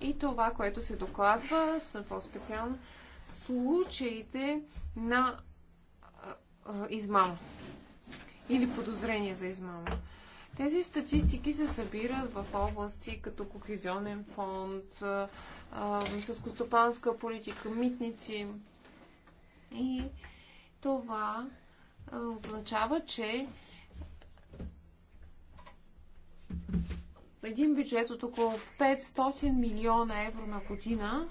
Speaker 1: и това, което се докладва, са по-специално случаите на измама или подозрение за измама. Тези статистики се събират в области като Кохезионен фонд, съскостопанска политика, митници. И това означава, че един бюджет от около 500 милиона евро на година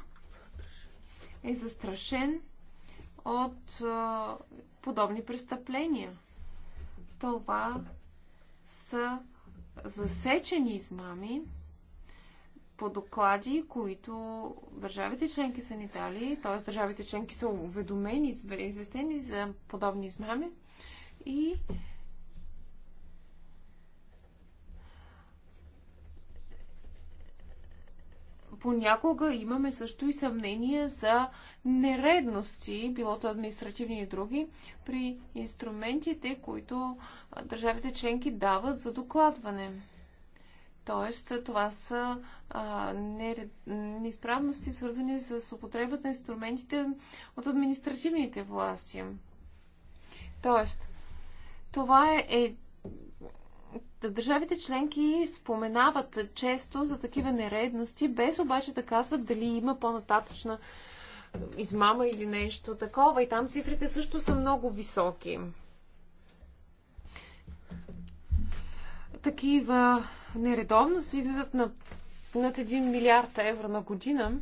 Speaker 1: е застрашен от а, подобни престъпления. Това са засечени измами по доклади, които държавите членки са ни дали, т.е. държавите членки са уведомени, известени за подобни измами и понякога имаме също и съмнение за нередности, било то административни и други, при инструментите, които държавите членки дават за докладване. Тоест, това са неисправности, неизправности, свързани с употребата на инструментите от административните власти. Тоест, това е, е държавите членки споменават често за такива нередности, без обаче да казват дали има по-нататъчна измама или нещо такова. И там цифрите също са много високи. Такива нередовности излизат на, над 1 милиард евро на година.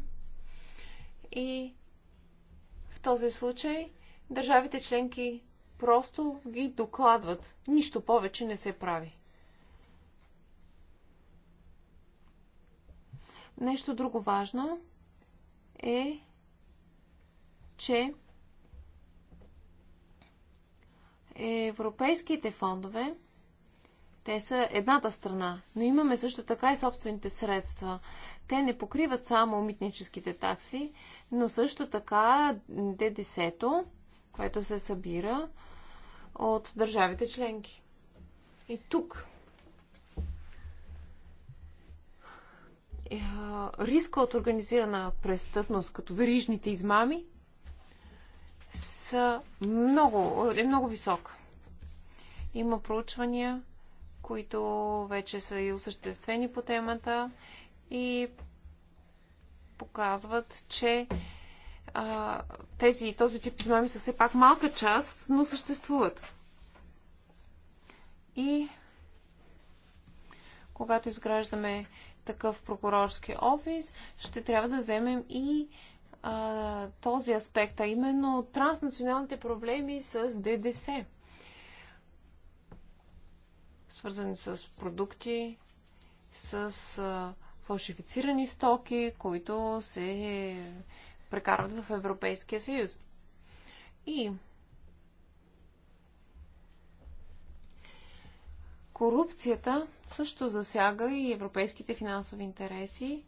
Speaker 1: И в този случай държавите членки Просто ги докладват. Нищо повече не се прави. Нещо друго важно е, че европейските фондове, те са едната страна, но имаме също така и собствените средства. Те не покриват само митническите такси, но също така ДДС-то, което се събира, от държавите членки. И тук е, риска от организирана престъпност, като верижните измами, са много, е много висок. Има проучвания, които вече са и осъществени по темата и показват, че тези, този тип измами са все пак малка част, но съществуват. И когато изграждаме такъв прокурорски офис, ще трябва да вземем и а, този аспект, а именно транснационалните проблеми с ДДС, свързани с продукти, с а, фалшифицирани стоки, които се прекарват в Европейския съюз. И корупцията също засяга и европейските финансови интереси.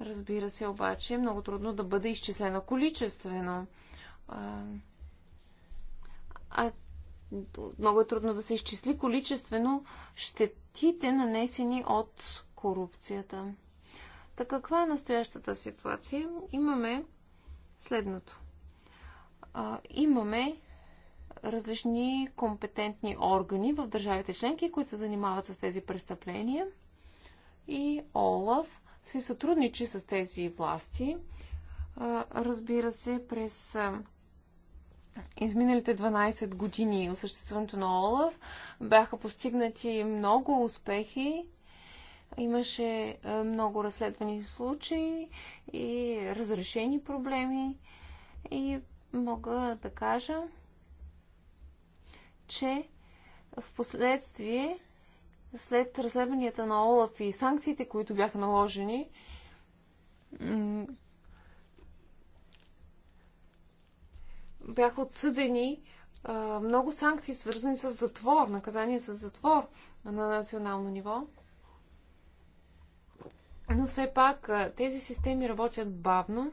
Speaker 1: Разбира се, обаче много трудно да бъде изчислена количествено. А, много е трудно да се изчисли количествено щетите нанесени от корупцията. Така каква е настоящата ситуация? Имаме следното. Имаме различни компетентни органи в държавите членки, които се занимават с тези престъпления. И Олаф се сътрудничи с тези власти. Разбира се, през изминалите 12 години осъществуването на Олаф бяха постигнати много успехи Имаше е, много разследвани случаи и разрешени проблеми. И мога да кажа, че в последствие, след разследванията на Олаф и санкциите, които бяха наложени, бяха отсъдени е, много санкции, свързани с затвор, наказания с затвор на национално ниво. Но все пак тези системи работят бавно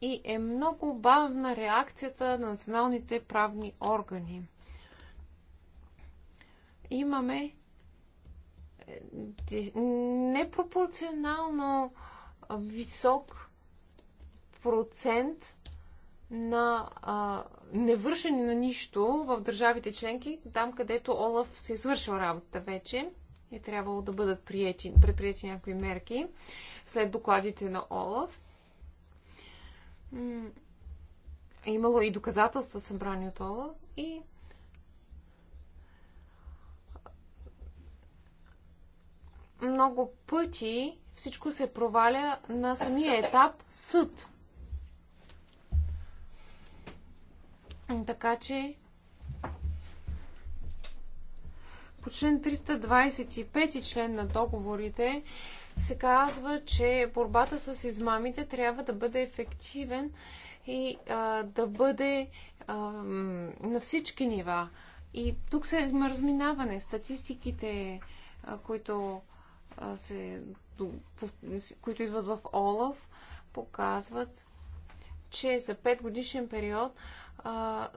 Speaker 1: и е много бавна реакцията на националните правни органи. Имаме е, непропорционално висок процент на а, невършене на нищо в държавите членки, там където Олаф се свършил работата вече е трябвало да бъдат приети, предприяти някакви мерки след докладите на Олаф. Е имало и доказателства събрани от Олаф и много пъти всичко се проваля на самия етап съд. Така че По член 325 и член на договорите се казва, че борбата с измамите трябва да бъде ефективен и а, да бъде а, на всички нива. И тук се разминаване. Статистиките, а, които, а, се, които идват в ОЛАВ, показват, че за 5 годишен период а,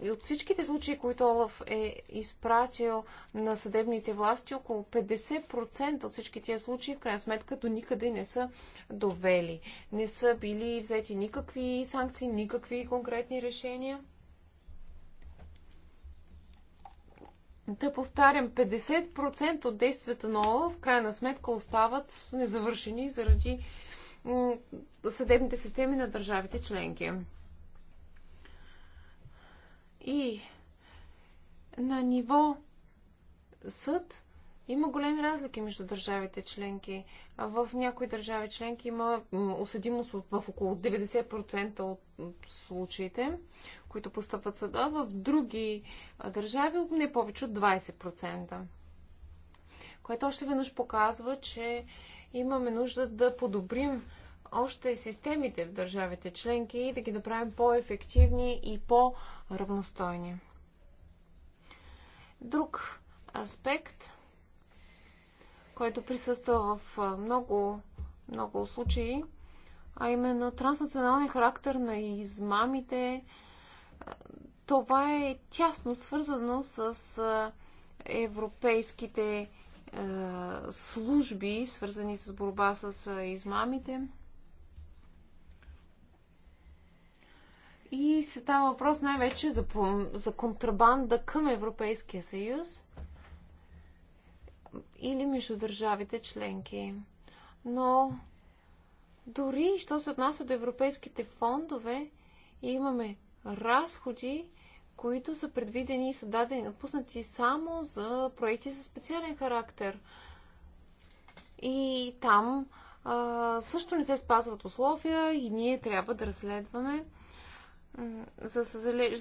Speaker 1: и от всичките случаи, които Олаф е изпратил на съдебните власти, около 50% от всички тия случаи, в крайна сметка, до никъде не са довели. Не са били взети никакви санкции, никакви конкретни решения. Да повтарям, 50% от действията на Олаф, в крайна сметка, остават незавършени заради съдебните системи на държавите членки. И на ниво съд има големи разлики между държавите членки. В някои държави членки има осъдимост в около 90% от случаите, които постъпват съда. В други държави не повече от 20%. Което още веднъж показва, че имаме нужда да подобрим още системите в държавите членки и да ги направим по-ефективни и по-равностойни. Друг аспект, който присъства в много, много случаи, а именно транснационалния характер на измамите, това е тясно свързано с европейските служби, свързани с борба с измамите. И се става въпрос най-вече за, за контрабанда към Европейския съюз или между държавите членки. Но дори, що се отнася до европейските фондове, имаме разходи, които са предвидени и са дадени, отпуснати само за проекти със специален характер. И там а, също не се спазват условия и ние трябва да разследваме за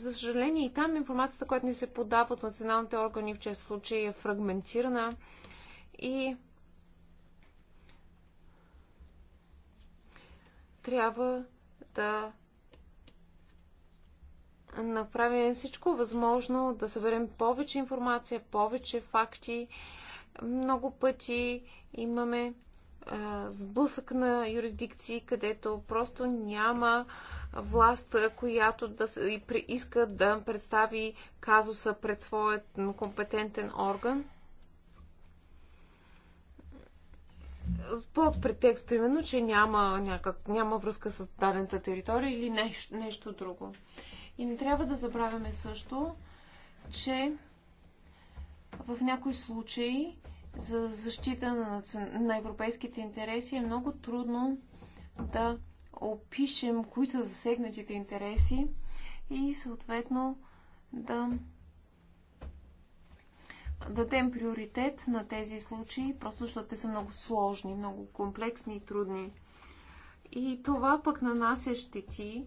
Speaker 1: съжаление и там информацията, която ни се подава от националните органи в чест случай е фрагментирана и трябва да направим всичко възможно, да съберем повече информация, повече факти. Много пъти имаме а, сблъсък на юрисдикции, където просто няма а, власт, която да иска да представи казуса пред своят компетентен орган. Под претекст, примерно, че няма, някак, няма връзка с дадената територия или нещо, нещо друго. И не трябва да забравяме също, че в някои случаи за защита на, на европейските интереси е много трудно да опишем кои са засегнатите интереси и съответно да дадем приоритет на тези случаи, просто защото те са много сложни, много комплексни и трудни. И това пък нанася щети,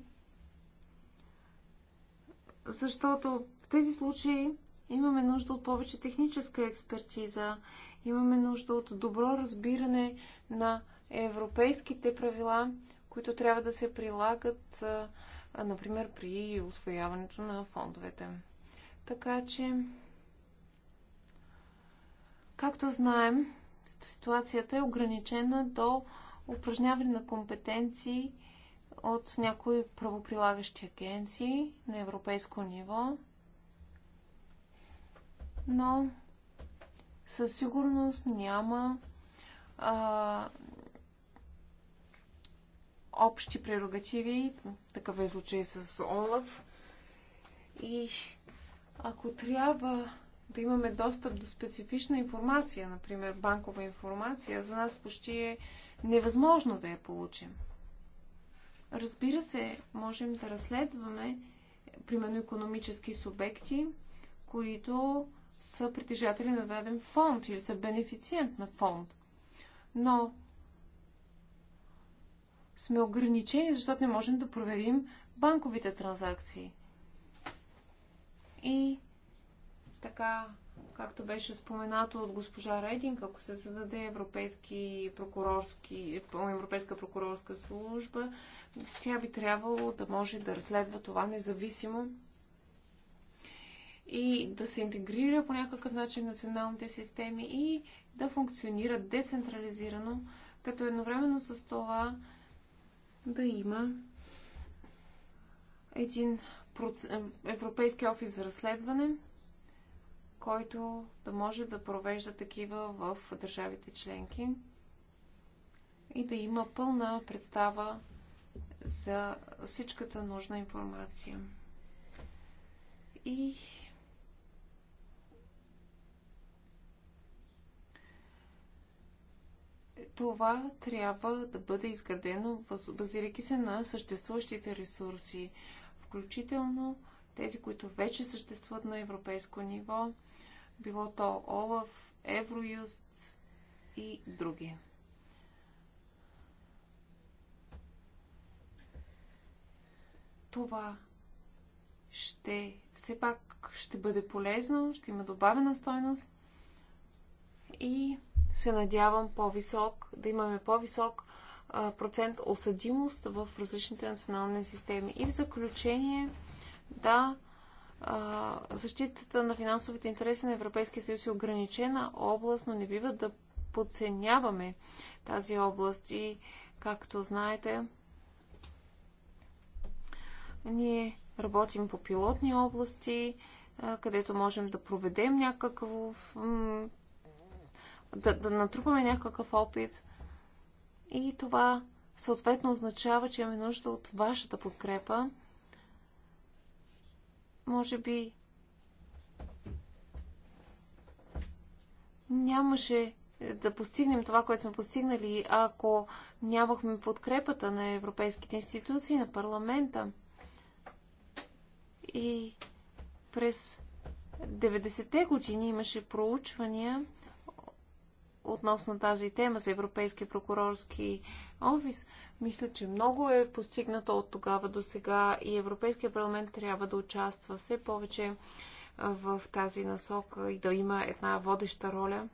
Speaker 1: защото в тези случаи имаме нужда от повече техническа експертиза, имаме нужда от добро разбиране на европейските правила които трябва да се прилагат, например, при освояването на фондовете. Така че, както знаем, ситуацията е ограничена до упражняване на компетенции от някои правоприлагащи агенции на европейско ниво, но със сигурност няма а, общи прерогативи. Такъв е случай с Олаф. И ако трябва да имаме достъп до специфична информация, например банкова информация, за нас почти е невъзможно да я получим. Разбира се, можем да разследваме, примерно, економически субекти, които са притежатели на даден фонд или са бенефициент на фонд. Но сме ограничени, защото не можем да проверим банковите транзакции. И така, както беше споменато от госпожа Рейдинг, ако се създаде европейски прокурорски, Европейска прокурорска служба, тя би трябвало да може да разследва това независимо и да се интегрира по някакъв начин в националните системи и да функционира децентрализирано, като едновременно с това да има един европейски офис за разследване, който да може да провежда такива в държавите членки и да има пълна представа за всичката нужна информация. И това трябва да бъде изградено, базирайки се на съществуващите ресурси, включително тези, които вече съществуват на европейско ниво, било то ОЛАФ, Евроюст и други. Това ще все пак ще бъде полезно, ще има добавена стойност и се надявам по-висок, да имаме по-висок процент осъдимост в различните национални системи. И в заключение, да, защитата на финансовите интереси на Европейския съюз е ограничена област, но не бива да подценяваме тази област. И, както знаете, ние работим по пилотни области, където можем да проведем някакво да, да натрупаме някакъв опит. И това съответно означава, че имаме нужда от вашата подкрепа. Може би нямаше да постигнем това, което сме постигнали, ако нямахме подкрепата на европейските институции, на парламента. И през 90-те години имаше проучвания, относно тази тема за Европейския прокурорски офис, мисля, че много е постигнато от тогава до сега и Европейския парламент трябва да участва все повече в тази насока и да има една водеща роля,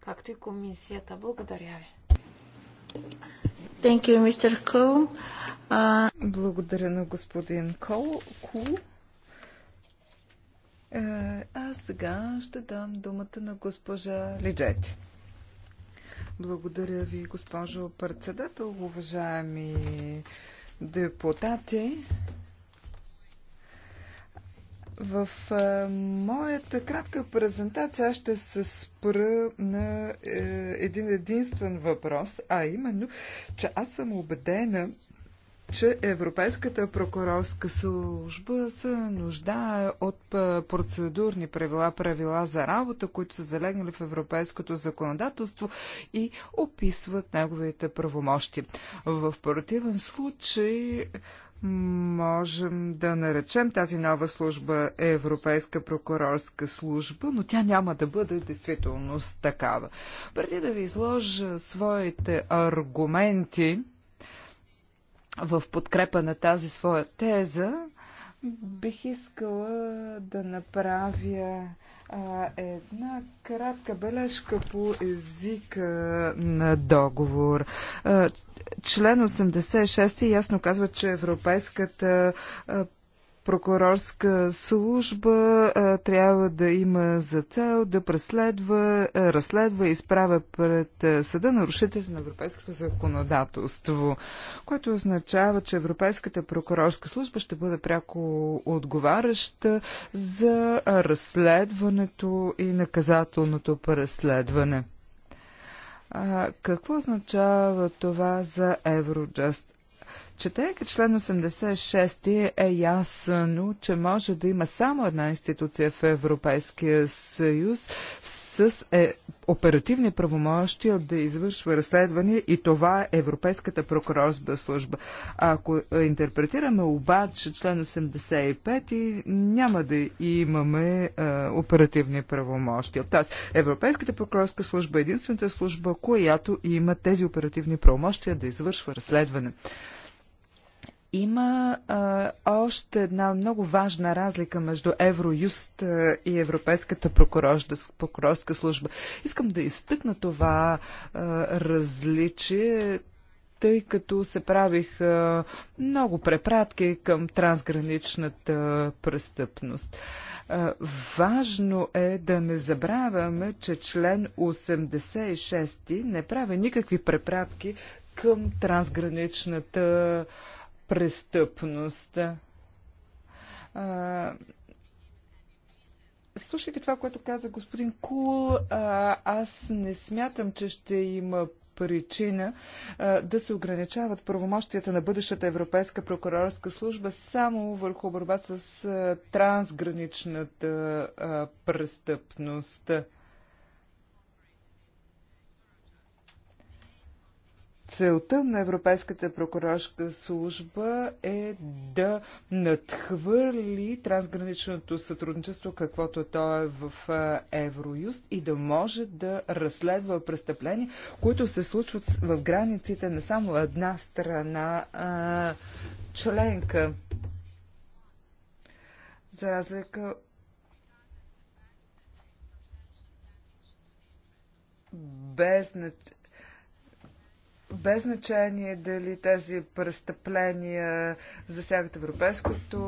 Speaker 1: както и комисията. Благодаря ви.
Speaker 3: Thank you, Mr. Cole.
Speaker 4: Uh... Благодаря на господин Кол. Кул. Е, а сега ще дам думата на госпожа Лиджети. Благодаря ви, госпожо председател, уважаеми депутати. В а, моята кратка презентация ще се спра на е, един единствен въпрос, а именно, че аз съм убедена, че Европейската прокурорска служба се нуждае от процедурни правила, правила за работа, които са залегнали в европейското законодателство и описват неговите правомощи. В противен случай можем да наречем тази нова служба Европейска прокурорска служба, но тя няма да бъде действителност такава. Преди да ви изложа своите аргументи, в подкрепа на тази своя теза, бих искала да направя а, една кратка бележка по езика на договор. А, член 86 ясно казва, че Европейската прокурорска служба трябва да има за цел да преследва, разследва и изправя пред съда нарушителите на европейското законодателство, което означава, че Европейската прокурорска служба ще бъде пряко отговаряща за разследването и наказателното преследване. А, какво означава това за Евроджаст? Четейки член 86 е ясно, че може да има само една институция в Европейския съюз с е, оперативни правомощия да извършва разследване и това е Европейската прокурорска служба. Ако е, интерпретираме обаче член 85, няма да имаме е, оперативни правомощия. Тоест, Европейската прокурорска служба е единствената служба, която има тези оперативни правомощия да извършва разследване. Има а, още една много важна разлика между Евроюст и Европейската прокурорска служба. Искам да изтъкна това а, различие, тъй като се правих а, много препратки към трансграничната престъпност. А, важно е да не забравяме, че член 86 не прави никакви препратки към трансграничната а, престъпността. А, слушайки това, което каза господин Кул, а, аз не смятам, че ще има причина а, да се ограничават правомощията на бъдещата Европейска прокурорска служба само върху борба с а, трансграничната а, престъпност. Целта на Европейската прокурорска служба е да надхвърли трансграничното сътрудничество, каквото то е в Евроюст и да може да разследва престъпления, които се случват в границите на само една страна а, членка. За разлика без, без значение дали тези престъпления засягат европейското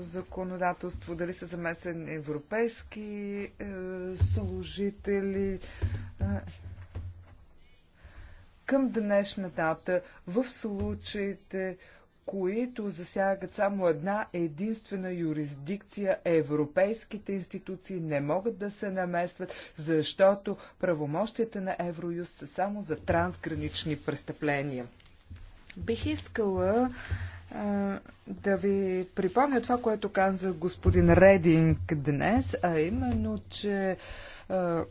Speaker 4: законодателство, дали са замесени европейски е, служители. Е, към днешна дата, в случаите, които засягат само една единствена юрисдикция. Европейските институции не могат да се намесват, защото правомощията на Евроюз са само за трансгранични престъпления. Бих искала а, да ви припомня това, което каза господин Рединг днес, а именно, че а,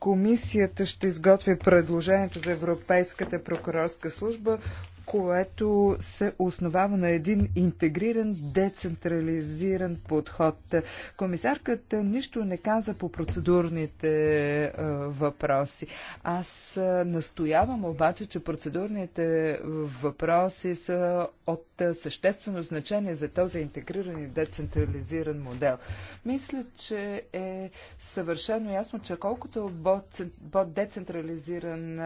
Speaker 4: комисията ще изготви предложението за Европейската прокурорска служба, което се основава на един интегриран, децентрализиран подход. Комисарката нищо не каза по процедурните а, въпроси. Аз настоявам обаче, че процедурните въпроси са от съществено значение за този интегриран и децентрализиран модел. Мисля, че е съвършено ясно, че колкото по-децентрализиран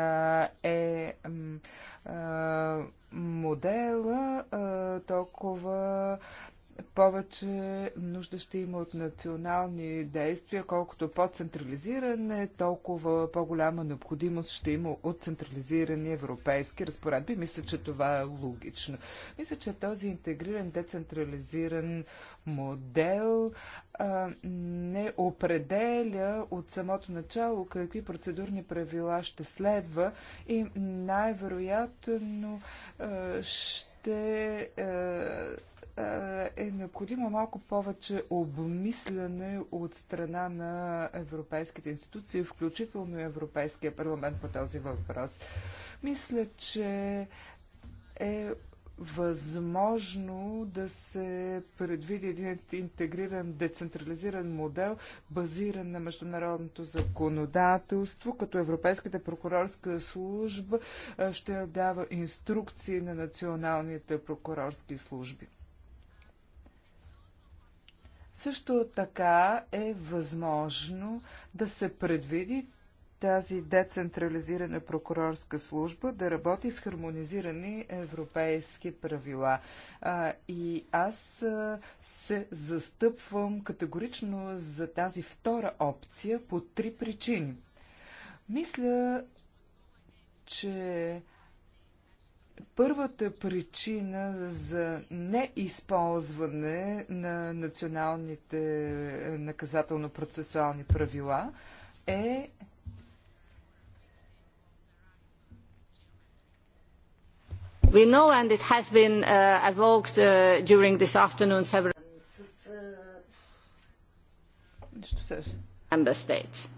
Speaker 4: е модела, толкова повече нужда ще има от национални действия. Колкото по-централизиране, толкова по-голяма необходимост ще има от централизирани европейски разпоредби. Мисля, че това е логично. Мисля, че този интегриран, децентрализиран модел а, не определя от самото начало какви процедурни правила ще следва и най-вероятно ще ще е, е, е необходимо малко повече обмисляне от страна на европейските институции, включително и Европейския парламент по този въпрос. Мисля, че е възможно да се предвиди един интегриран, децентрализиран модел, базиран на международното законодателство, като Европейската прокурорска служба ще дава инструкции на националните прокурорски служби. Също така е възможно да се предвиди тази децентрализирана прокурорска служба да работи с хармонизирани европейски правила. А, и аз а, се застъпвам категорично за тази втора опция по три причини. Мисля, че първата причина за неизползване на националните е, наказателно-процесуални правила е We know, and
Speaker 3: it has been evoked during this afternoon several
Speaker 4: member states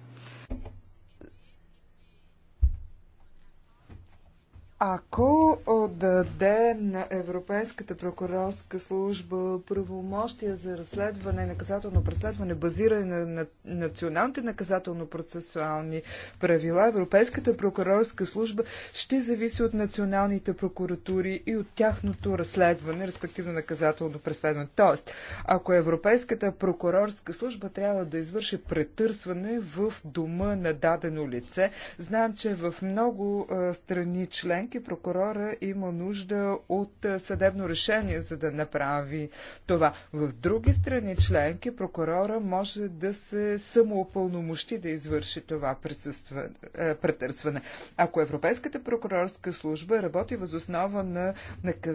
Speaker 4: Ако даде на Европейската прокурорска служба правомощия за разследване, наказателно преследване, базиране на националните наказателно-процесуални правила, Европейската прокурорска служба ще зависи от националните прокуратури и от тяхното разследване, респективно наказателно преследване. Тоест, ако Европейската прокурорска служба трябва да извърши претърсване в дома на дадено лице, знаем, че в много страни член оценки прокурора има нужда от съдебно решение, за да направи това. В други страни членки прокурора може да се самоопълномощи да извърши това е, претърсване. Ако Европейската прокурорска служба работи възоснова на е,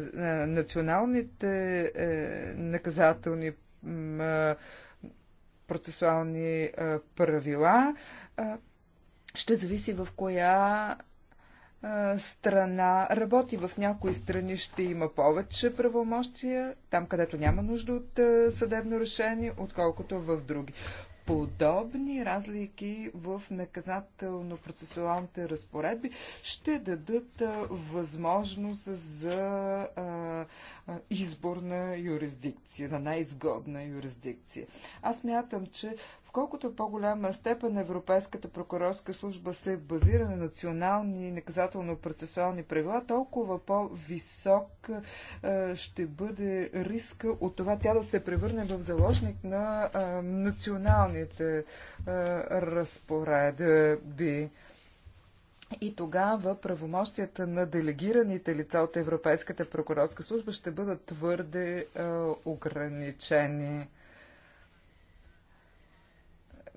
Speaker 4: националните е, наказателни процесуални правила, ще зависи в коя страна работи. В някои страни ще има повече правомощия, там където няма нужда от съдебно решение, отколкото в други. Подобни разлики в наказателно-процесуалните разпоредби ще дадат възможност за избор на юрисдикция, на най-изгодна юрисдикция. Аз мятам, че колкото по-голяма степен Европейската прокурорска служба се базира на национални наказателно-процесуални правила, толкова по-висок е, ще бъде риска от това тя да се превърне в заложник на е, националните е, разпоредби. И тогава правомощията на делегираните лица от Европейската прокурорска служба ще бъдат твърде е, ограничени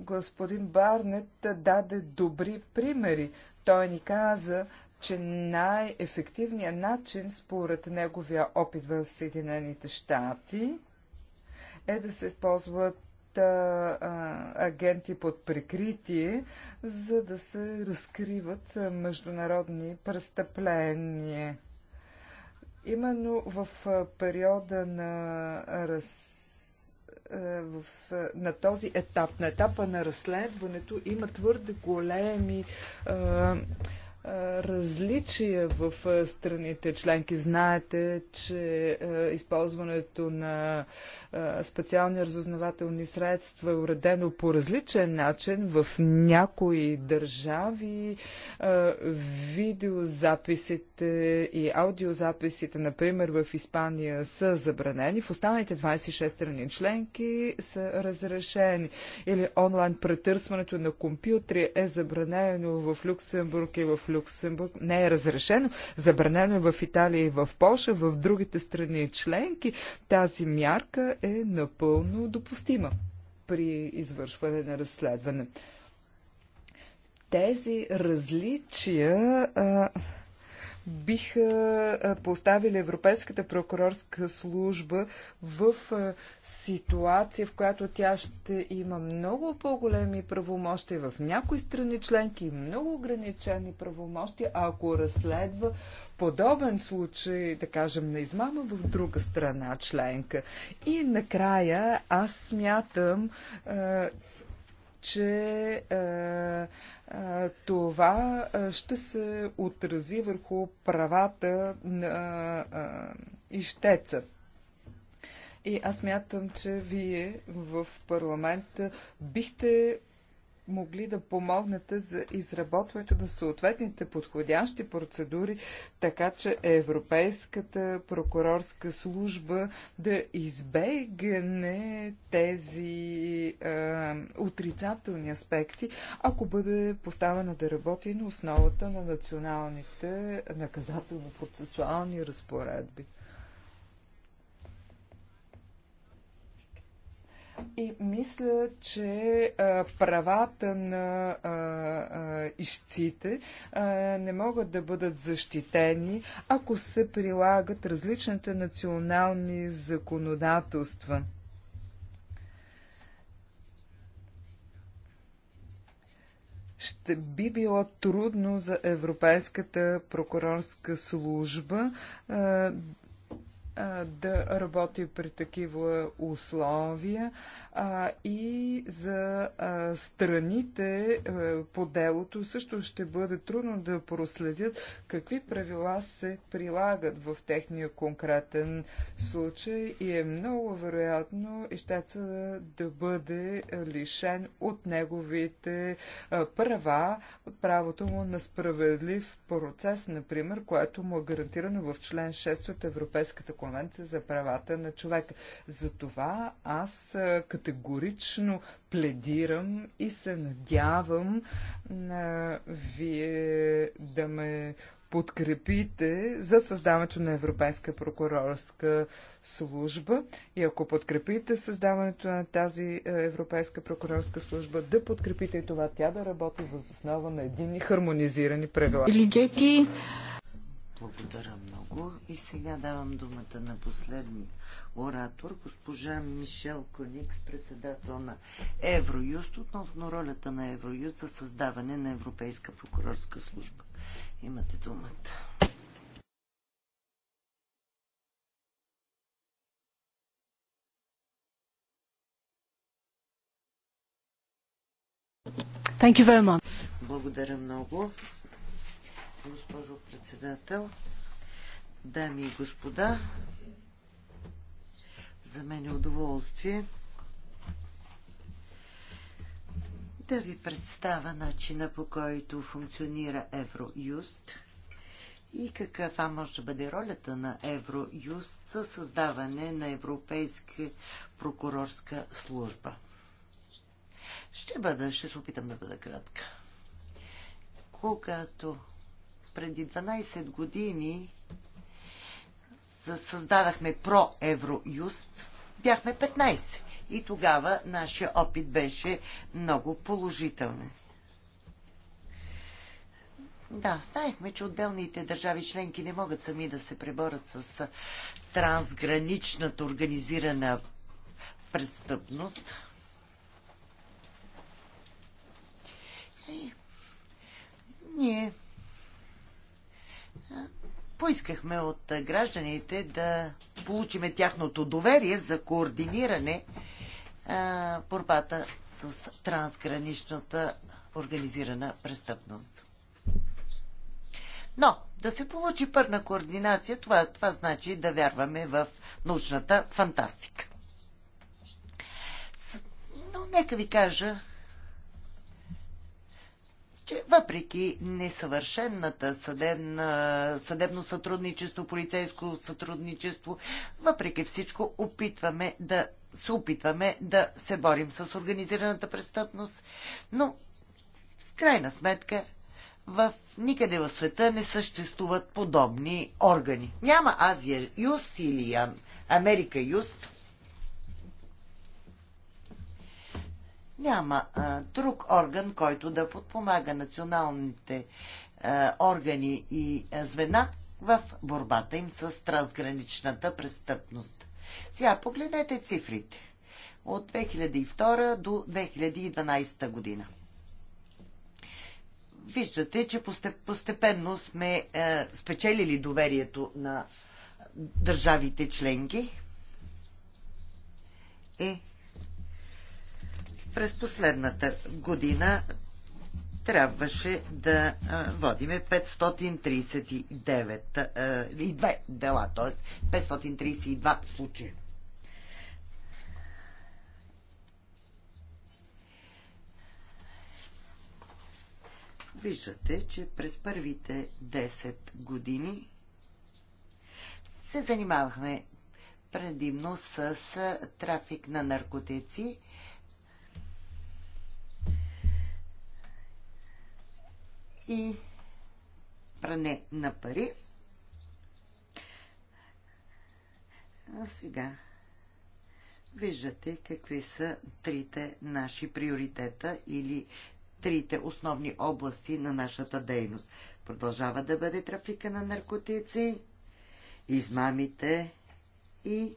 Speaker 4: господин Барнет даде добри примери. Той ни каза, че най-ефективният начин, според неговия опит в Съединените щати, е да се използват агенти под прикритие, за да се разкриват международни престъпления. Именно в периода на раз е, в, е, на този етап, на етапа на разследването, има твърде големи а, е, различия в страните членки. Знаете, че използването на специални разузнавателни средства е уредено по различен начин. В някои държави видеозаписите и аудиозаписите, например в Испания, са забранени. В останалите 26 страни членки са разрешени. Или онлайн претърсването на компютри е забранено в Люксембург и в Люксембург не е разрешено. Забранено е в Италия и в Польша, в другите страни членки. Тази мярка е напълно допустима при извършване на разследване. Тези различия а, биха поставили Европейската прокурорска служба в ситуация, в която тя ще има много по-големи правомощи в някои страни членки и много ограничени правомощи, ако разследва подобен случай, да кажем, на измама в друга страна членка. И накрая аз смятам, че е, това ще се отрази върху правата на ищеца. И аз мятам, че вие в парламента бихте могли да помогнете за изработването на съответните подходящи процедури, така че Европейската прокурорска служба да избегне тези е, отрицателни аспекти, ако бъде поставена да работи на основата на националните наказателно-процесуални разпоредби. И мисля, че а, правата на а, а, ищците а, не могат да бъдат защитени, ако се прилагат различните национални законодателства. ще би било трудно за Европейската прокурорска служба а, да работи при такива условия а, и за а, страните а, по делото също ще бъде трудно да проследят какви правила се прилагат в техния конкретен случай и е много вероятно ищеца да бъде лишен от неговите а, права, от правото му на справедлив процес, например, което му е гарантирано в член 6 от Европейската конвенция за правата на човека. Затова аз като категорично пледирам и се надявам на вие да ме подкрепите за създаването на Европейска прокурорска служба и ако подкрепите създаването на тази Европейска прокурорска служба, да подкрепите и това тя да работи въз основа на единни хармонизирани правила. Благодаря много. И сега давам
Speaker 2: думата на последния оратор, госпожа Мишел Коникс, председател на Евроюст, относно ролята на Евроюст за създаване на Европейска прокурорска служба. Имате думата.
Speaker 3: Thank you very much.
Speaker 2: Благодаря много. Госпожо председател. Дами и господа, за мен е удоволствие да ви представя начина по който функционира Евроюст и каква може да бъде ролята на Евроюст за създаване на Европейска прокурорска служба. Ще бъда, ще се опитам да бъда кратка. Когато преди 12 години създадахме про Евроюст, бяхме 15. И тогава нашия опит беше много положителен. Да, знаехме, че отделните държави членки не могат сами да се преборят с трансграничната организирана престъпност. И ние поискахме от гражданите да получиме тяхното доверие за координиране борбата с трансграничната организирана престъпност. Но да се получи пърна координация, това, това значи да вярваме в научната фантастика. Но нека ви кажа че въпреки несъвършенната съдебна, съдебно сътрудничество, полицейско сътрудничество, въпреки всичко опитваме да се опитваме да се борим с организираната престъпност, но в крайна сметка в никъде в света не съществуват подобни органи. Няма Азия Юст или Америка Юст. Няма а, друг орган, който да подпомага националните а, органи и а, звена в борбата им с трансграничната престъпност. Сега погледнете цифрите. От 2002 до 2012 година. Виждате, че постепенно сме е, спечелили доверието на държавите членки. Е, през последната година трябваше да водиме 539 дела, т.е. 532 случая. Виждате, че през първите 10 години се занимавахме предимно с трафик на наркотици, и пране на пари. А сега виждате какви са трите наши приоритета или трите основни области на нашата дейност. Продължава да бъде трафика на наркотици, измамите и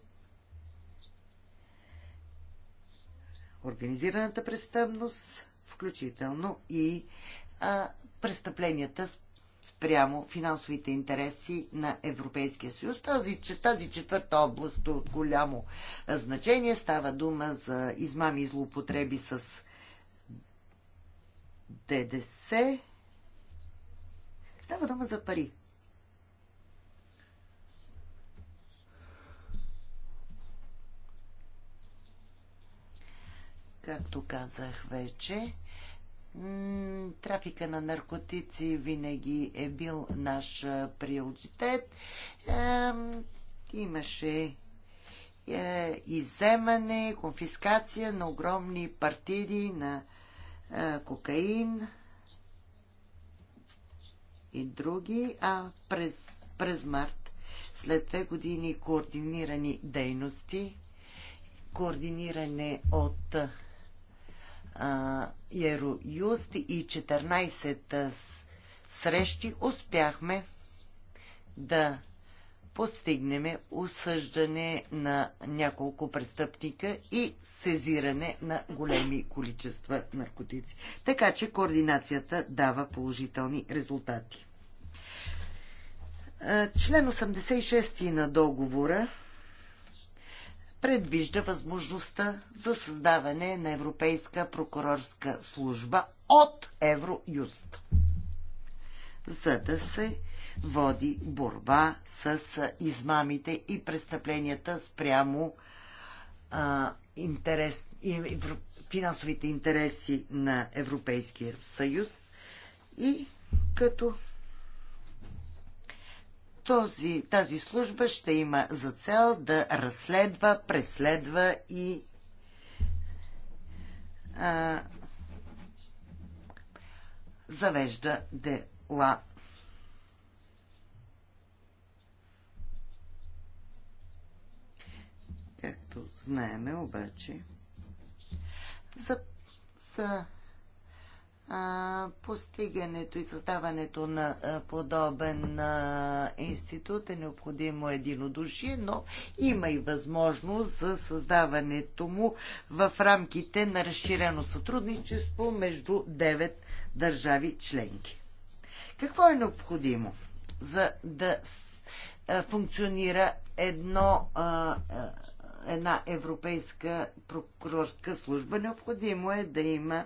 Speaker 2: организираната престъпност, включително и а, престъпленията спрямо финансовите интереси на Европейския съюз. Тази, тази четвърта област е от голямо значение. Става дума за измами и злоупотреби с ДДС. Става дума за пари. Както казах вече, Трафика на наркотици винаги е бил наш приоритет. Имаше е, иземане, конфискация на огромни партиди на кокаин и други, а през, през март, след две години координирани дейности, координиране от Ероюст и 14 срещи успяхме да постигнем осъждане на няколко престъпника и сезиране на големи количества наркотици. Така че координацията дава положителни резултати. Член 86 на договора предвижда възможността за създаване на Европейска прокурорска служба от Евроюст, за да се води борба с измамите и престъпленията спрямо а, интерес, финансовите интереси на Европейския съюз и като този, тази служба ще има за цел да разследва, преследва и а, завежда дела. Както знаеме обаче, за, за постигането и създаването на подобен институт е необходимо единодушие, но има и възможност за създаването му в рамките на разширено сътрудничество между 9 държави членки. Какво е необходимо за да функционира едно една европейска прокурорска служба. Необходимо е да има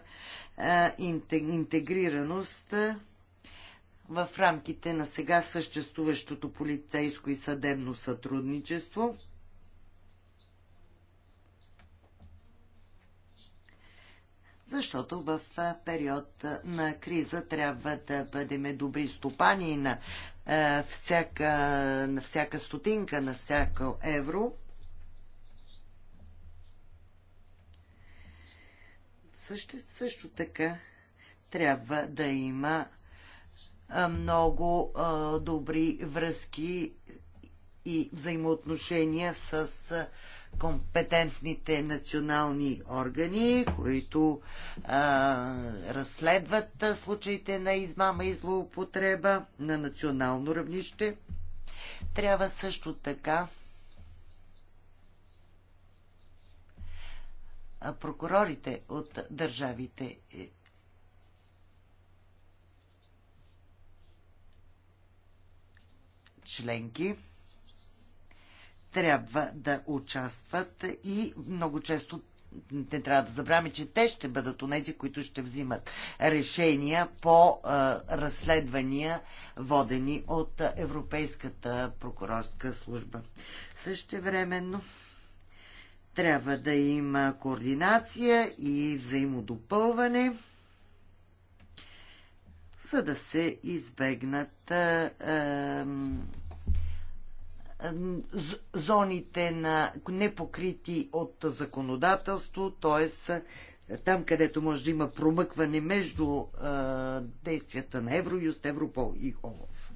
Speaker 2: интегрираност в рамките на сега съществуващото полицейско и съдебно сътрудничество. защото в период на криза трябва да бъдем добри стопани на всяка, на всяка стотинка, на всяко евро. също, също така трябва да има много а, добри връзки и взаимоотношения с компетентните национални органи, които а, разследват случаите на измама и злоупотреба на национално равнище. Трябва също така прокурорите от държавите. Е, членки трябва да участват и много често не трябва да забравяме, че те ще бъдат онези, които ще взимат решения по а, разследвания, водени от Европейската прокурорска служба. Същевременно, временно трябва да има координация и взаимодопълване, за да се избегнат а, а, зоните на непокрити от законодателство, т.е. там, където може да има промъкване между а, действията на Евроюст, Европол и ОЛАФ.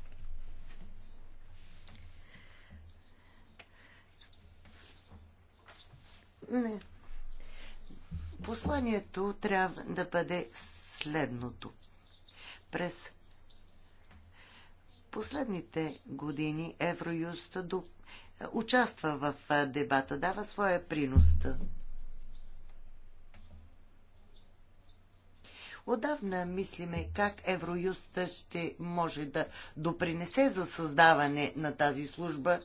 Speaker 2: Не. Посланието трябва да бъде следното. През последните години Евроюст участва в дебата, дава своя принос. Отдавна мислиме как Евроюст ще може да допринесе за създаване на тази служба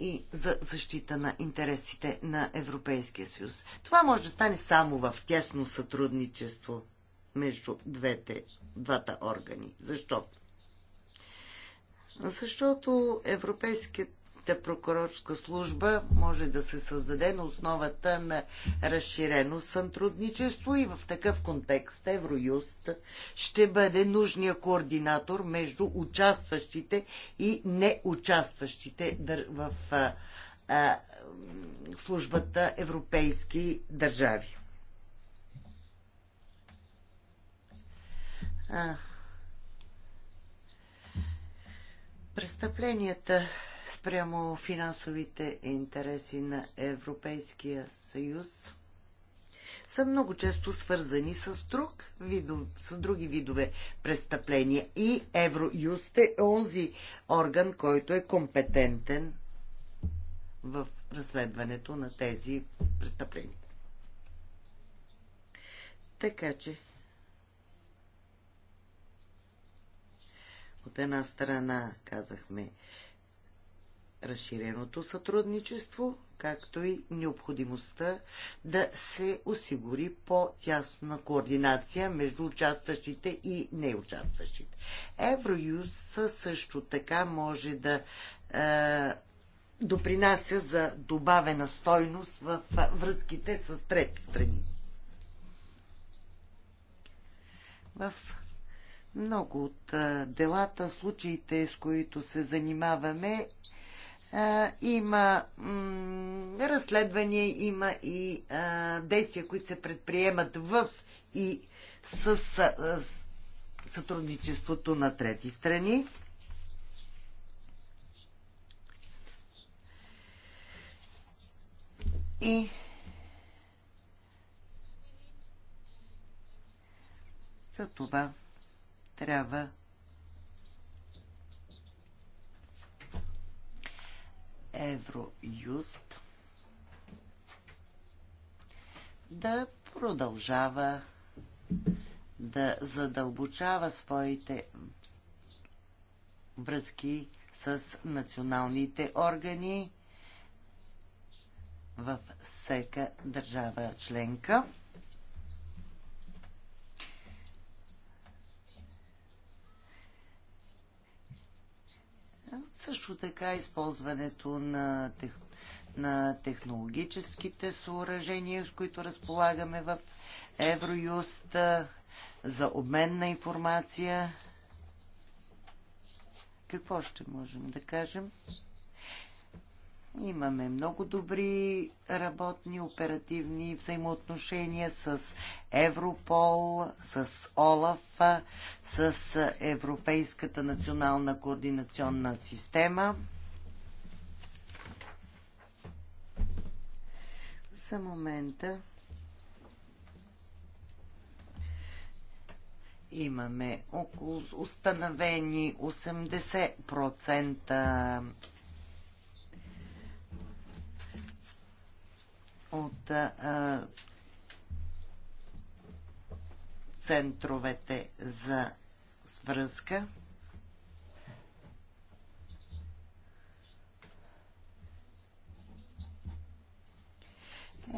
Speaker 2: и за защита на интересите на Европейския съюз. Това може да стане само в тясно сътрудничество между двете, двата органи. Защо? Защото Европейският Европейската прокурорска служба може да се създаде на основата на разширено сътрудничество и в такъв контекст Евроюст ще бъде нужния координатор между участващите и неучастващите в службата европейски държави. престъпленията спрямо финансовите интереси на Европейския съюз са много често свързани с, друг видов, с други видове престъпления. И Евроюст е онзи орган, който е компетентен в разследването на тези престъпления. Така че, от една страна казахме, разширеното сътрудничество, както и необходимостта да се осигури по-тясна координация между участващите и неучастващите. Евроюз също така може да е, допринася за добавена стойност в връзките с трети страни. В много от е, делата, случаите, с които се занимаваме, има разследвания, има и действия, които се предприемат в и с сътрудничеството на трети страни. И за това трябва Евроюст да продължава да задълбочава своите връзки с националните органи във всяка държава членка. Също така използването на, тех, на технологическите съоръжения, с които разполагаме в Евроюст за обмен на информация. Какво ще можем да кажем? Имаме много добри работни оперативни взаимоотношения с Европол, с ОЛАФ, с Европейската национална координационна система. За момента имаме около установени 80% от а, центровете за свръзка.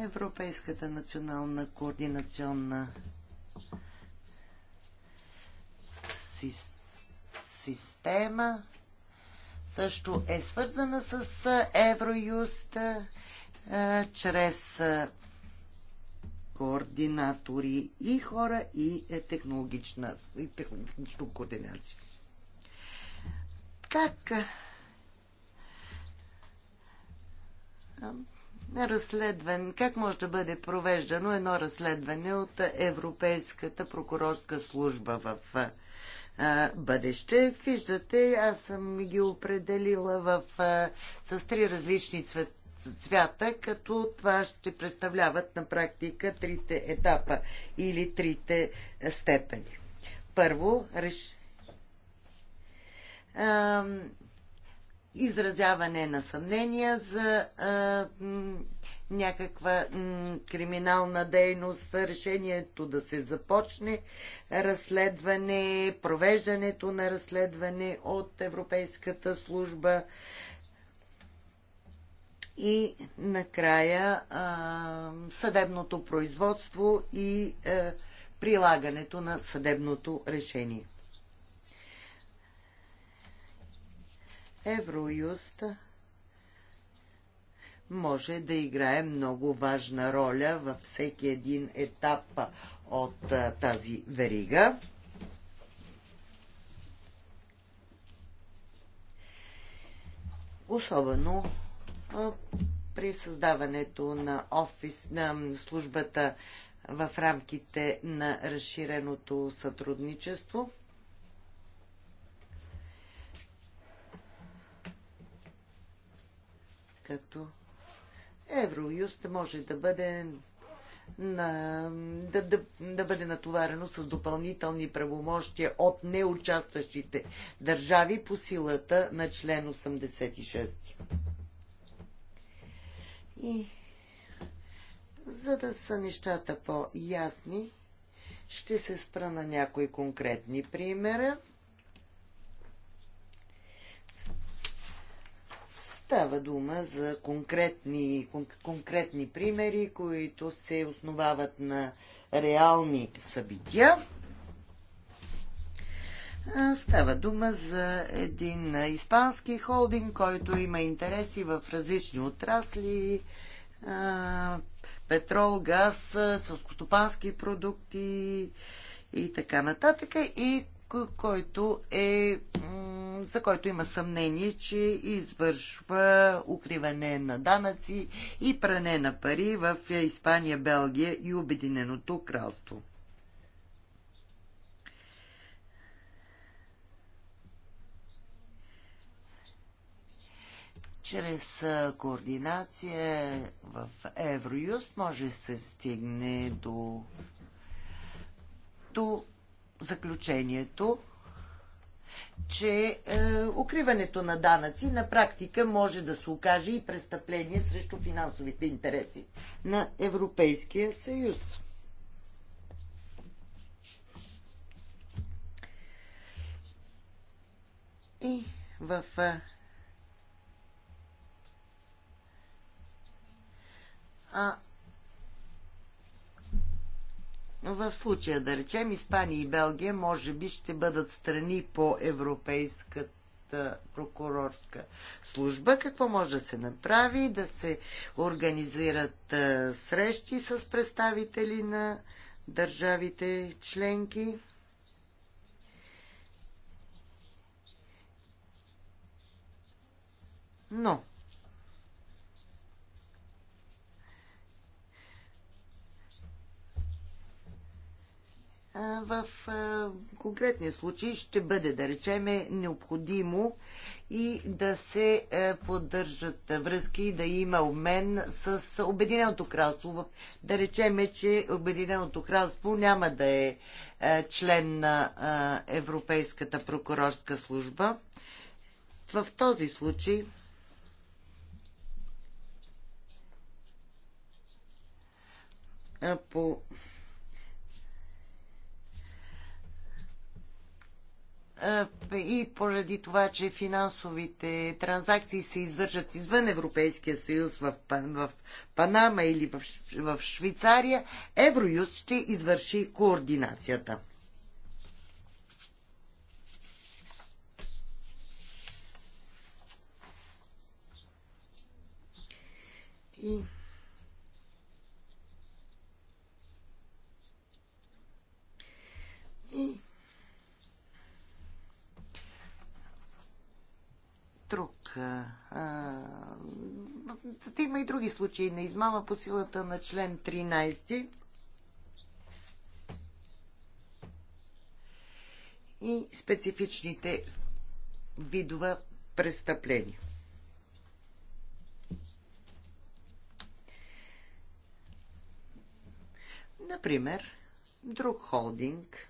Speaker 2: Европейската национална координационна система също е свързана с Евроюст чрез координатори и хора и е, технологична, и технологична координация. Как разследван, как може да бъде провеждано едно разследване от Европейската прокурорска служба в бъдеще. Виждате, аз съм ги определила в, с три различни цвет, цвята, като това ще представляват на практика трите етапа или трите степени. Първо, реш... изразяване на съмнения за а, някаква криминална дейност, решението да се започне разследване, провеждането на разследване от Европейската служба и накрая съдебното производство и е, прилагането на съдебното решение. Евроюст може да играе много важна роля във всеки един етап от е, тази верига. Особено при създаването на офис на службата в рамките на разширеното сътрудничество. Като Евроюст може да бъде на, да, да, да бъде натоварено с допълнителни правомощия от неучастващите държави по силата на член 86. И за да са нещата по-ясни, ще се спра на някои конкретни примера. Става дума за конкретни, конкретни примери, които се основават на реални събития. Става дума за един испански холдинг, който има интереси в различни отрасли петрол, газ, сълскостопански продукти и така нататък. И който е, за който има съмнение, че извършва укриване на данъци и пране на пари в Испания, Белгия и Обединеното кралство. чрез координация в Евроюст може да се стигне до, до заключението, че е, укриването на данъци на практика може да се окаже и престъпление срещу финансовите интереси на Европейския съюз. И в А в случая, да речем, Испания и Белгия може би ще бъдат страни по европейската прокурорска служба. Какво може да се направи? Да се организират а, срещи с представители на държавите членки. Но в конкретния случай ще бъде, да речеме, необходимо и да се е, поддържат връзки и да има обмен с Обединеното кралство. Да речеме, че Обединеното кралство няма да е, е член на е, Европейската прокурорска служба. В този случай по и поради това, че финансовите транзакции се извършат извън Европейския съюз в, в Панама или в, в Швейцария, Евроюз ще извърши координацията. И... И друг. Има и други случаи на измама по силата на член 13. и специфичните видове престъпления. Например, друг холдинг,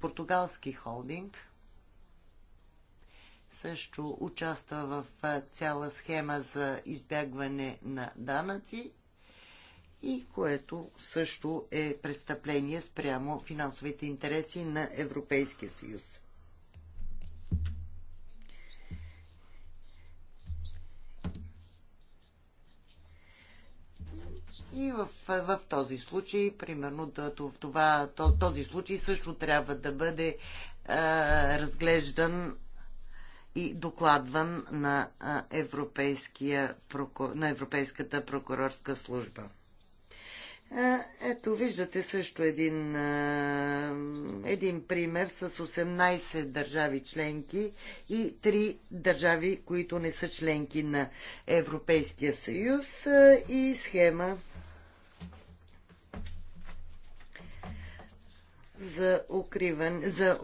Speaker 2: португалски холдинг – също участва в цяла схема за избягване на данъци и което също е престъпление спрямо финансовите интереси на Европейския съюз. И в, в този случай, примерно, това, този случай също трябва да бъде а, разглеждан и докладван на, на Европейската прокурорска служба. Ето, виждате също един, един пример с 18 държави членки и 3 държави, които не са членки на Европейския съюз и схема за укриване, за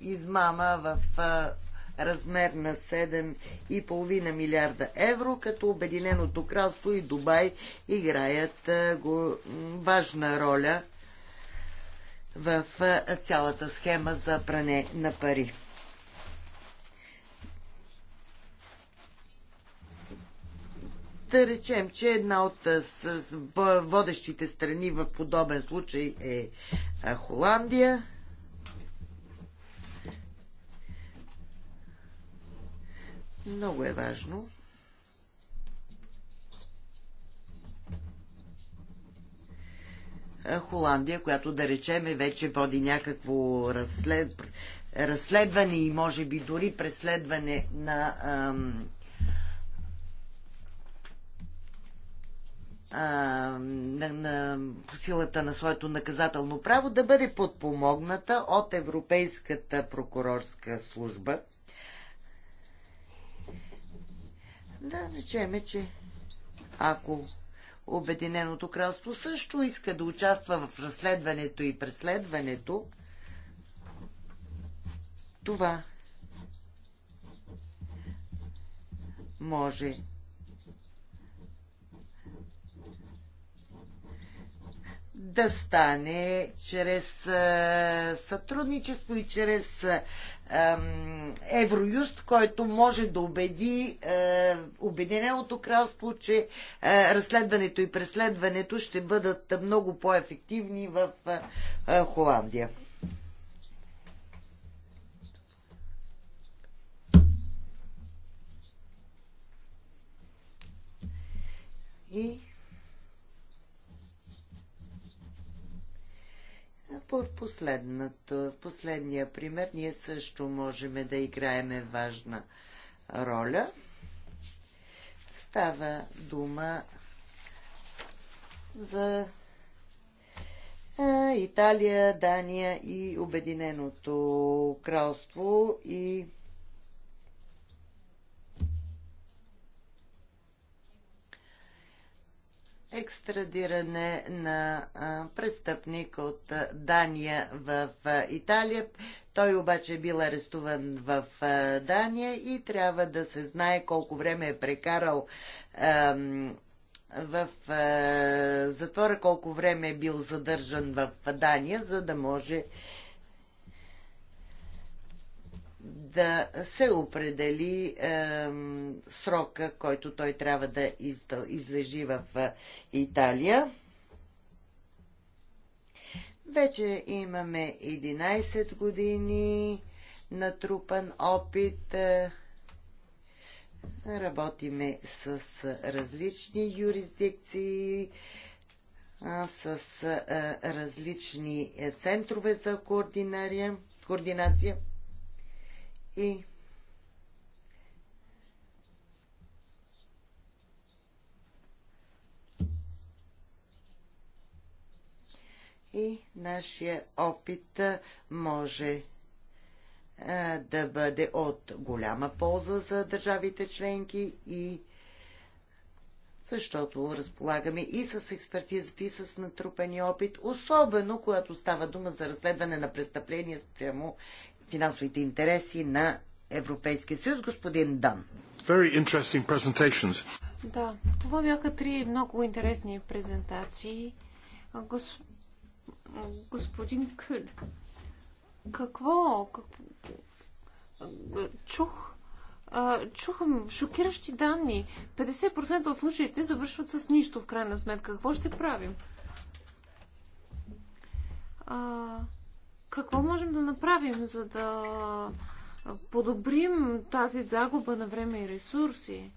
Speaker 2: измама в а, размер на 7,5 милиарда евро, като Обединеното кралство и Дубай играят а, го, важна роля в а, цялата схема за пране на пари. да речем, че една от водещите страни в подобен случай е Холандия. Много е важно Холандия, която да речеме вече води някакво разслед... разследване и може би дори преследване на ам... На, на, по силата на своето наказателно право да бъде подпомогната от Европейската прокурорска служба Да речеме, че ако Обединеното кралство също иска да участва в разследването и преследването, това може да стане чрез а, сътрудничество и чрез Евроюст, който може да убеди Обединеното кралство, че а, разследването и преследването ще бъдат много по-ефективни в а, Холандия. И В, последния пример ние също можем да играеме важна роля. Става дума за е, Италия, Дания и Обединеното кралство и екстрадиране на престъпник от Дания в Италия. Той обаче е бил арестуван в Дания и трябва да се знае колко време е прекарал в затвора, колко време е бил задържан в Дания, за да може да се определи е, срока, който той трябва да излежи в е, Италия. Вече имаме 11 години натрупан опит. Е, работиме с различни юрисдикции, с е, различни центрове за координация и и нашия опит може да бъде от голяма полза за държавите членки и защото разполагаме и с експертизата, и с натрупани опит, особено когато става дума за разследване на престъпления спрямо финансовите интереси на Европейския съюз. Господин Дан.
Speaker 1: Да, това бяха три много интересни презентации. Гос... Господин Кюл, какво? Как... Чух, чухам шокиращи данни. 50% от случаите завършват с нищо в крайна сметка. Какво ще правим? А, какво можем да направим, за да подобрим тази загуба на време и ресурси?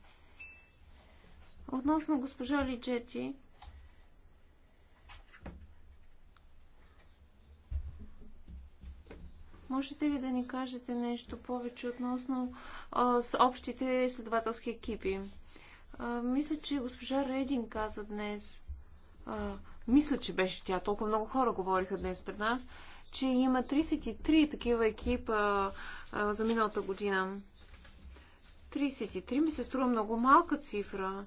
Speaker 1: Относно госпожа Лиджети, Можете ли да ни кажете нещо повече относно а, с общите следователски екипи? А, мисля, че госпожа Редин каза днес. А, мисля, че беше тя. Толкова много хора говориха днес пред нас. А, че има 33 такива екипа а, за миналата година. 33 ми се струва много малка цифра.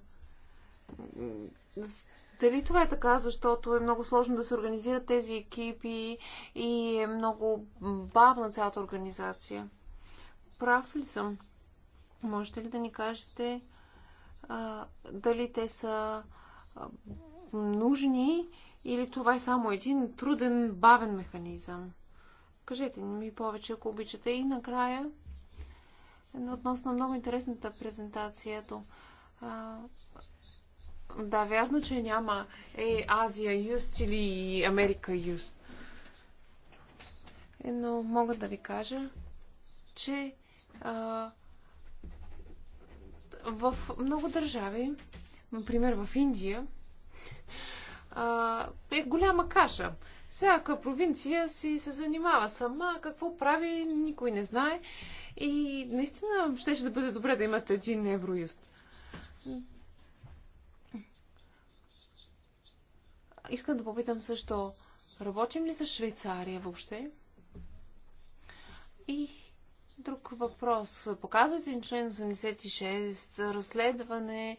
Speaker 1: Дали това е така, защото е много сложно да се организират тези екипи и е много бавна цялата организация? Прав ли съм? Можете ли да ни кажете а, дали те са а, нужни или това е само един труден, бавен механизъм? Кажете ми повече, ако обичате. И накрая, относно много интересната презентация, то, а, да, вярно, че няма е, Азия Юст или Америка Юст. но мога да ви кажа, че а, в много държави, например в Индия, а, е голяма каша. Всяка провинция си се занимава сама, какво прави, никой не знае. И наистина ще, ще да бъде добре да имате един евроюст. Искам да попитам също, работим ли с Швейцария въобще? И Друг въпрос. Показвате ни член 86, разследване,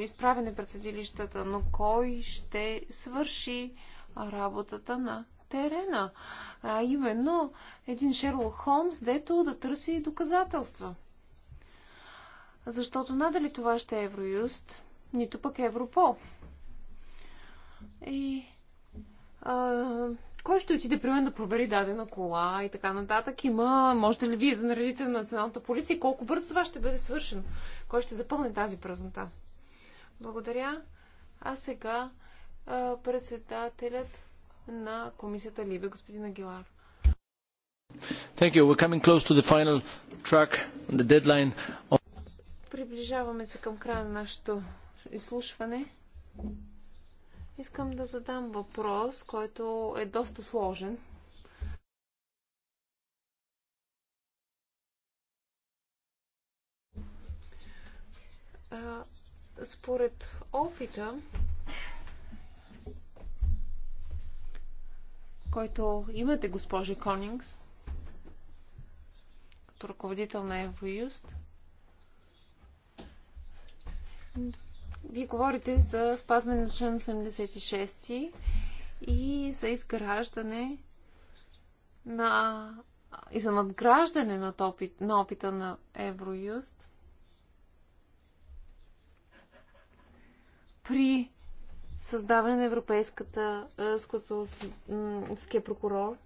Speaker 1: изправене пред съдилищата, но кой ще свърши работата на терена? А именно един Шерлок Холмс, дето да търси доказателства. Защото надали това ще е Евроюст, нито пък Европол. И а, кой ще отиде, примерно, да провери дадена кола и така нататък? Има, можете ли вие да наредите на националната полиция и колко бързо това ще бъде свършено? Кой ще запълни тази празнота? Благодаря. А сега председателят на комисията Либе, господин Агилар. Thank you. We're coming close to the final track, the deadline. Of... Приближаваме се към края на нашето изслушване. Искам да задам въпрос, който е доста сложен. Според опита, който имате, госпожа Конингс, като ръководител на Евроюст, вие говорите за спазване на член 86 и за изграждане на и за надграждане на, опит, на опита на Евроюст при създаване на Европейската е, скотския прокурор.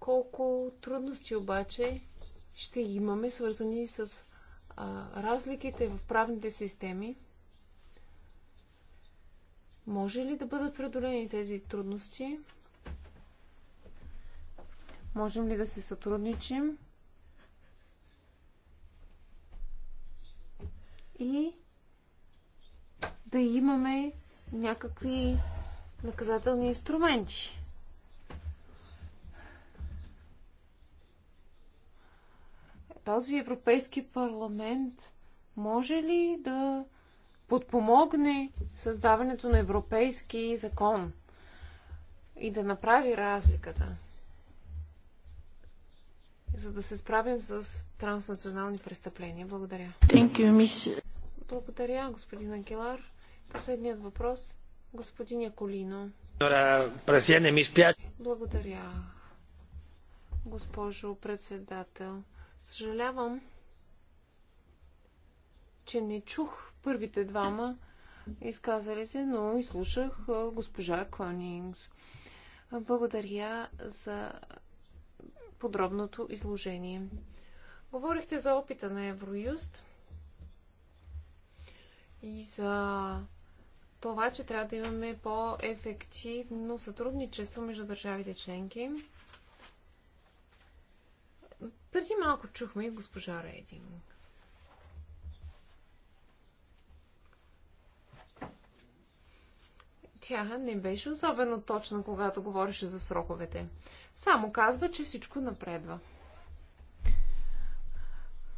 Speaker 1: Колко трудности обаче ще имаме, свързани с а, разликите в правните системи, може ли да бъдат преодолени тези трудности? Можем ли да се сътрудничим? И да имаме някакви наказателни инструменти. този Европейски парламент може ли да подпомогне създаването на европейски закон и да направи разликата, за да се справим с транснационални престъпления? Благодаря.
Speaker 3: Thank you, miss.
Speaker 1: Благодаря, господин Ангелар, Последният въпрос, господин Яколино. Благодаря, госпожо председател. Съжалявам, че не чух първите двама изказали се, но изслушах госпожа Конингс. Благодаря за подробното изложение. Говорихте за опита на Евроюст и за това, че трябва да имаме по-ефективно сътрудничество между държавите членки. Преди малко чухме и госпожа Рейдинг. Тя не беше особено точна, когато говореше за сроковете. Само казва, че всичко напредва.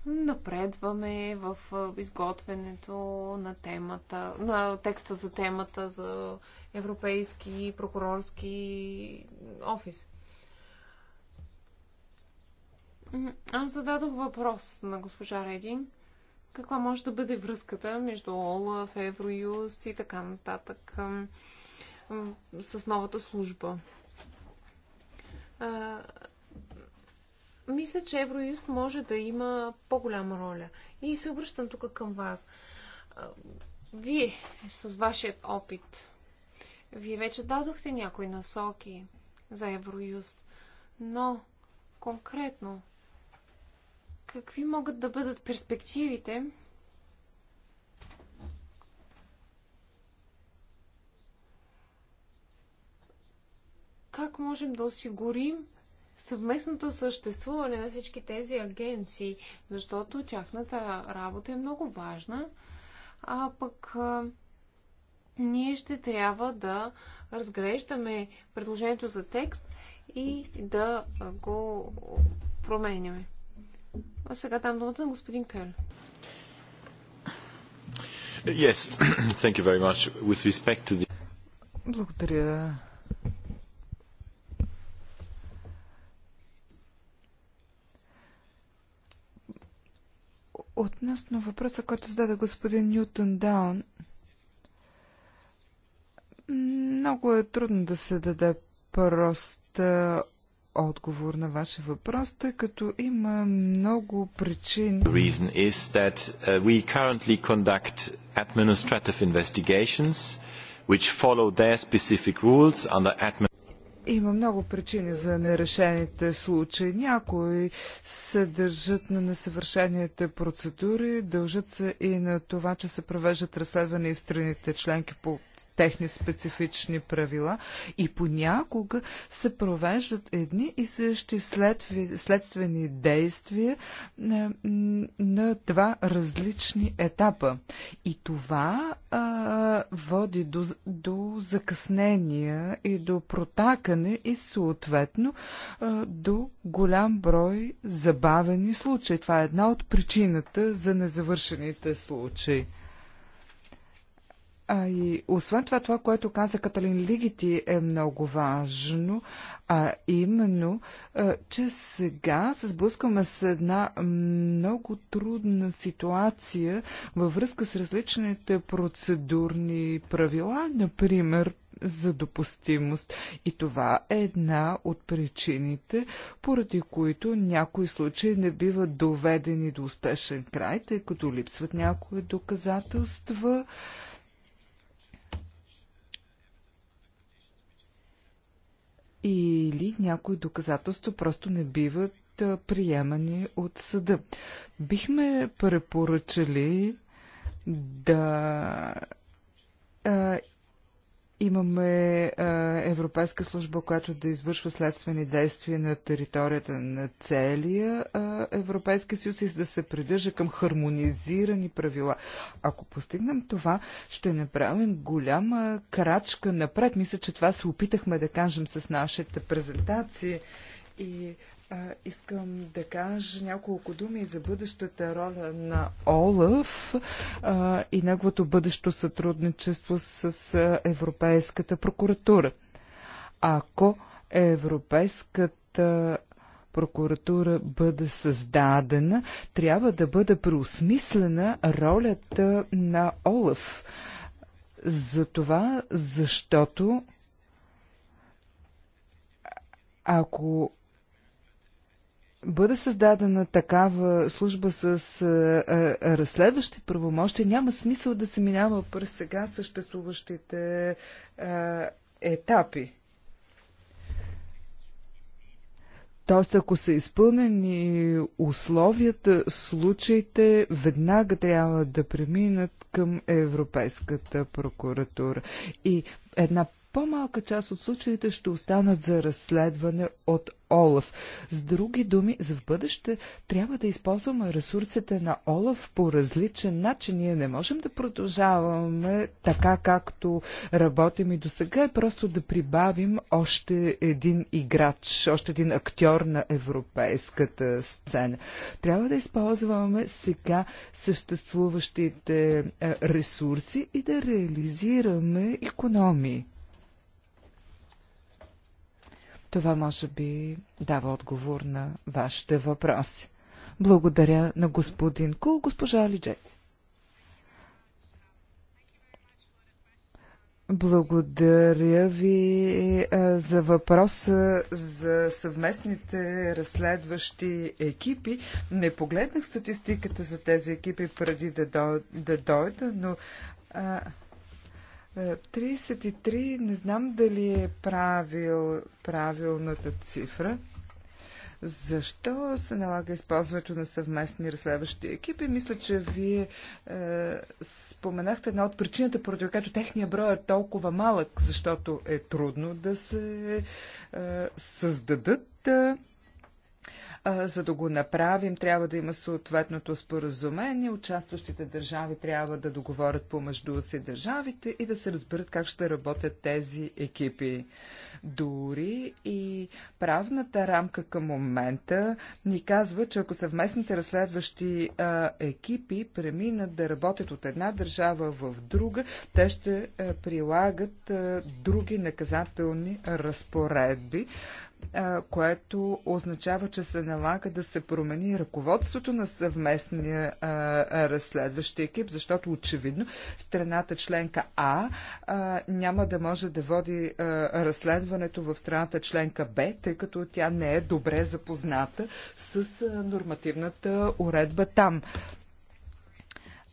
Speaker 1: Напредваме в изготвянето на темата, на текста за темата за Европейски прокурорски офис. Аз зададох въпрос на госпожа Редин. Каква може да бъде връзката между ОЛАФ, Евроюст и така нататък с новата служба? мисля, че Евроюст може да има по-голяма роля. И се обръщам тук към вас. вие с вашият опит, вие вече дадохте някои насоки за Евроюст, но конкретно какви могат да бъдат перспективите как можем да осигурим съвместното съществуване на всички тези агенции, защото тяхната работа е много важна, а пък а, ние ще трябва да разглеждаме предложението за текст и да го променяме. А сега дам думата на господин Кел.
Speaker 3: Yes, (clears throat) thank you very much. With respect to the...
Speaker 4: Благодаря. Относно въпроса, който зададе господин Ньютон Даун, много е трудно да се даде прост отговор на вашия въпрос, тъй като има много причини. The
Speaker 3: reason is that uh, we currently conduct administrative investigations which follow their specific rules under administrative
Speaker 4: има много причини за нерешените случаи. Някои се държат на несъвършените процедури, дължат се и на това, че се провеждат разследвания в страните членки по техни специфични правила и понякога се провеждат едни и същи следствени действия на, на два различни етапа. И това а, води до, до закъснения и до протака искане и съответно до голям брой забавени случаи. Това е една от причината за незавършените случаи. А и освен това, това, което каза Каталин Лигити е много важно, а именно, а, че сега се сблъскваме с една много трудна ситуация във връзка с различните процедурни правила, например за допустимост. И това е една от причините, поради които някои случаи не биват доведени до успешен край, тъй като липсват някои доказателства. или някои доказателства просто не биват приемани от съда. Бихме препоръчали да Имаме а, Европейска служба, която да извършва следствени действия на територията на целия а, Европейски съюз и да се придържа към хармонизирани правила. Ако постигнем това, ще направим голяма крачка напред. Мисля, че това се опитахме да кажем с нашите презентации. И Искам да кажа няколко думи за бъдещата роля на Олаф а, и неговото бъдещо сътрудничество с а, Европейската прокуратура. Ако Европейската прокуратура бъде създадена, трябва да бъде преосмислена ролята на Олаф. За това, защото ако бъде създадена такава служба с а, е, а, е, разследващи правомощи, няма смисъл да се минава през сега съществуващите а, е, етапи. Тоест, ако са изпълнени условията, случаите веднага трябва да преминат към Европейската прокуратура. И една по-малка част от случаите ще останат за разследване от Олаф. С други думи, за в бъдеще трябва да използваме ресурсите на Олаф по различен начин. Ние не можем да продължаваме така, както работим и до сега, просто да прибавим още един играч, още един актьор на европейската сцена. Трябва да използваме сега съществуващите е, ресурси и да реализираме економии. Това може би дава отговор на вашите въпроси. Благодаря на господин Кул, госпожа Алиджет. Благодаря ви за въпроса за съвместните разследващи екипи. Не погледнах статистиката за тези екипи преди да, дойда, но а, 33 е, не знам дали е правил, правилната цифра. Защо се налага използването на съвместни разследващи екипи? Мисля, че вие е, споменахте една от причината, поради която техния брой е толкова малък, защото е трудно да се е, създадат. Е, за да го направим, трябва да има съответното споразумение. Участващите държави трябва да договорят помежду си държавите и да се разберат как ще работят тези екипи. Дори и правната рамка към момента ни казва, че ако съвместните разследващи екипи преминат да работят от една държава в друга, те ще прилагат други наказателни разпоредби което означава, че се налага да се промени ръководството на съвместния разследващ екип, защото очевидно страната членка А, няма да може да води разследването в страната членка Б, тъй като тя не е добре запозната с нормативната уредба там.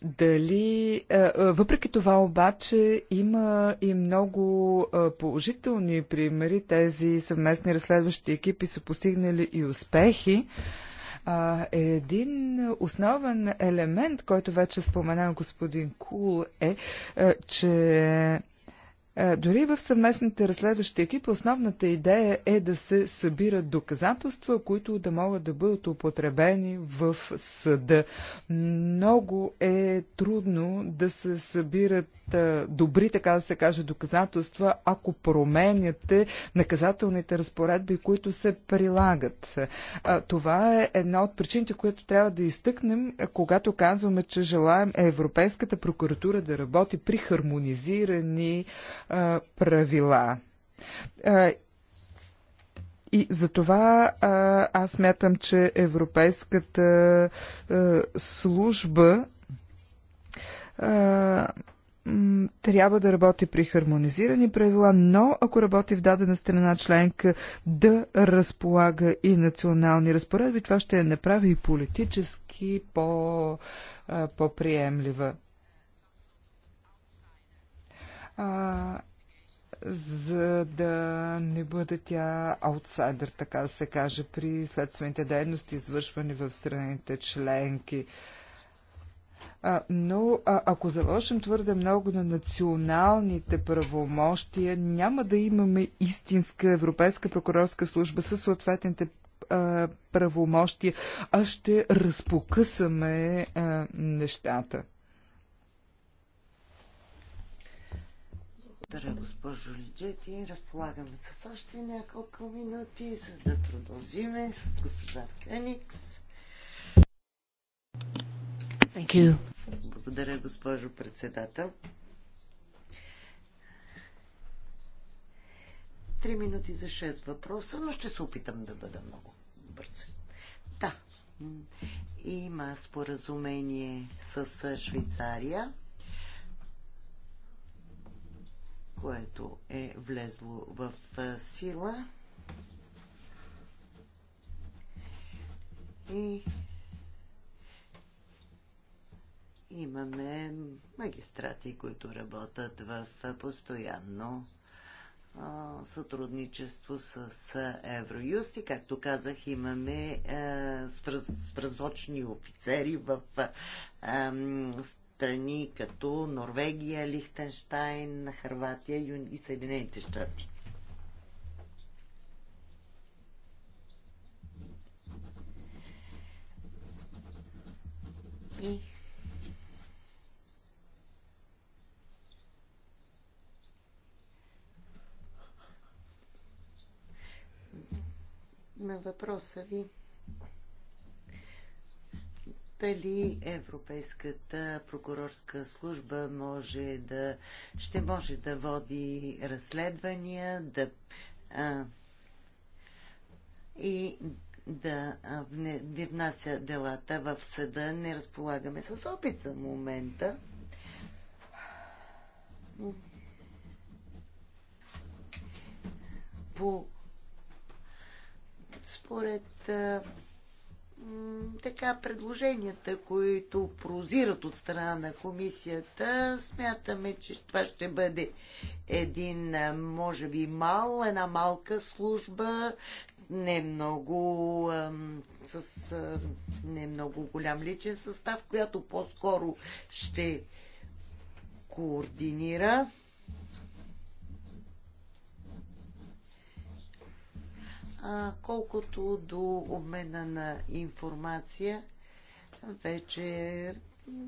Speaker 4: Дали, е, е, въпреки това обаче има и много е, положителни примери. Тези съвместни разследващи екипи са постигнали и успехи. Един основен елемент, който вече спомена господин Кул е, че е, дори в съвместните разследващи екипи основната идея е да се събират доказателства, които да могат да бъдат употребени в съда. Много е трудно да се събират е, добри, така да се каже, доказателства, ако променяте наказателните разпоредби, които се прилагат. Е, това е една от причините, които трябва да изтъкнем, когато казваме, че желаем Европейската прокуратура да работи при хармонизирани а, правила. А, и за а, аз мятам, че Европейската а, служба а, трябва да работи при хармонизирани правила, но ако работи в дадена страна членка да разполага и национални разпоредби, това ще я направи и политически по, по а, за да не бъде тя аутсайдер, така да се каже, при следствените дейности, извършвани в страните членки. А, но а, ако заложим твърде много на националните правомощия, няма да имаме истинска Европейска прокурорска служба със съответните а, правомощия, а ще разпокъсаме а, нещата.
Speaker 2: Благодаря, госпожо Лиджети. Разполагаме с още няколко минути, за да продължиме с госпожа Кеникс. Thank you. Благодаря, госпожо председател. Три минути за шест въпроса, но ще се опитам да бъда много бърза. Да, има споразумение с Швейцария което е влезло в сила. И имаме магистрати, които работят в постоянно сътрудничество с Евроюст и, както казах, имаме свръзочни офицери в страни като Норвегия, Лихтенштайн, Харватия и Съединените щати. И на въпроса ви дали Европейската прокурорска служба може да, ще може да води разследвания, да а, и да не, да внася делата в съда. Не разполагаме с опит за момента. По според така предложенията, които прозират от страна на комисията, смятаме, че това ще бъде един, може би, мал, една малка служба, не много, с не много голям личен състав, която по-скоро ще координира колкото до обмена на информация, вече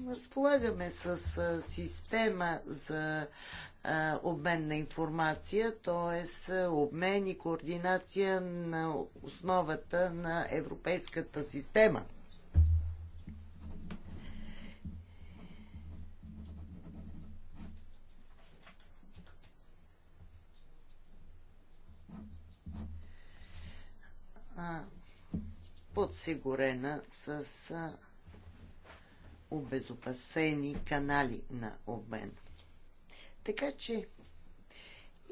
Speaker 2: разполагаме с система за обмен на информация, т.е. обмен и координация на основата на европейската система – подсигурена с а, обезопасени канали на обмен. Така че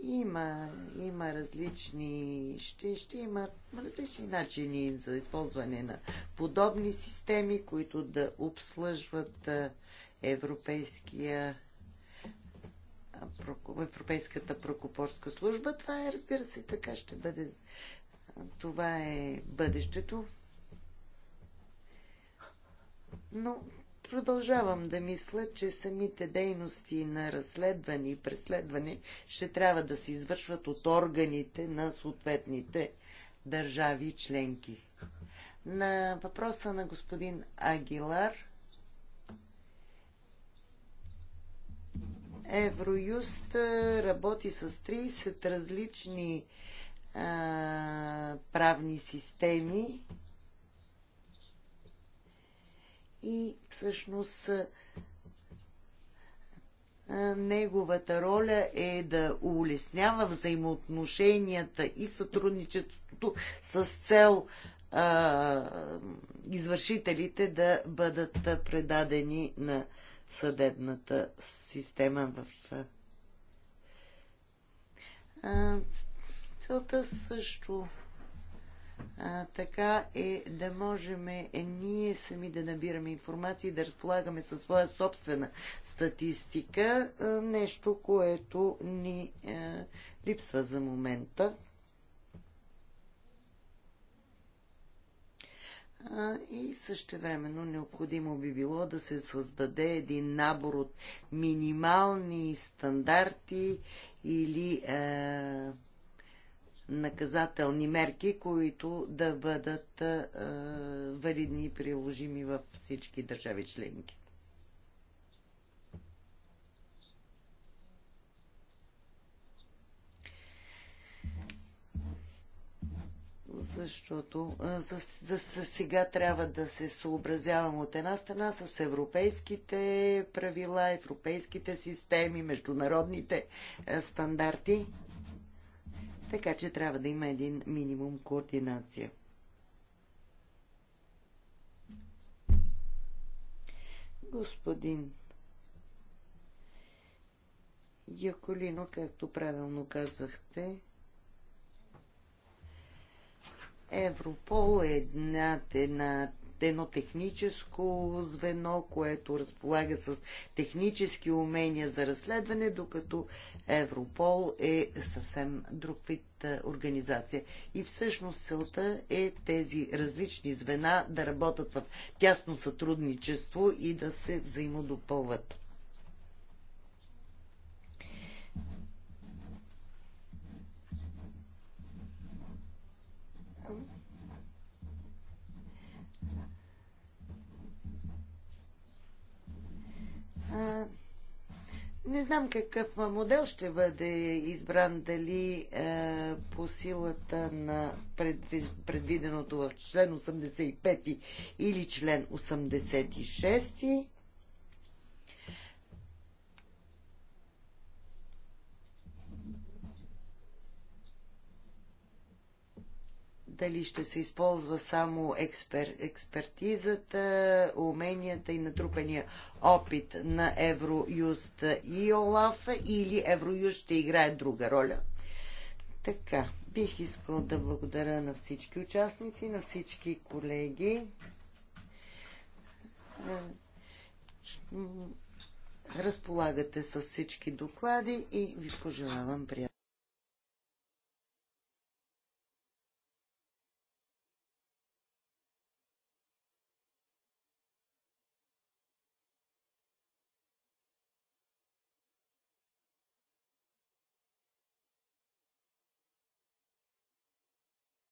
Speaker 2: има, има различни, ще, ще има различни начини за използване на подобни системи, които да обслъжват европейския Европейската прокопорска служба. Това е, разбира се, така ще бъде това е бъдещето. Но продължавам да мисля, че самите дейности на разследване и преследване ще трябва да се извършват от органите на съответните държави и членки. На въпроса на господин Агилар Евроюст работи с 30 различни а, правни системи и всъщност неговата роля е да улеснява взаимоотношенията и сътрудничеството с цел а, извършителите да бъдат предадени на съдебната система в. А, Целта също а, така е да можем е, ние сами да набираме информация и да разполагаме със своя собствена статистика, а, нещо, което ни а, липсва за момента. и също времено необходимо би било да се създаде един набор от минимални стандарти или наказателни мерки, които да бъдат е, валидни и приложими във всички държави членки. защото за, за, за сега трябва да се съобразявам от една страна с европейските правила, европейските системи, международните стандарти. Така че трябва да има един минимум координация. Господин Яколино, както правилно казахте, Европол е една, една едно техническо звено, което разполага с технически умения за разследване, докато Европол е съвсем друг вид организация. И всъщност целта е тези различни звена да работят в тясно сътрудничество и да се взаимодопълват. Не знам какъв модел ще бъде избран, дали е, по силата на предвиденото в член 85 или член 86. дали ще се използва само експер, експертизата, уменията и натрупания опит на Евроюст и Олаф или Евроюст ще играе друга роля. Така, бих искал да благодаря на всички участници, на всички колеги. Разполагате с всички доклади и ви пожелавам приятно.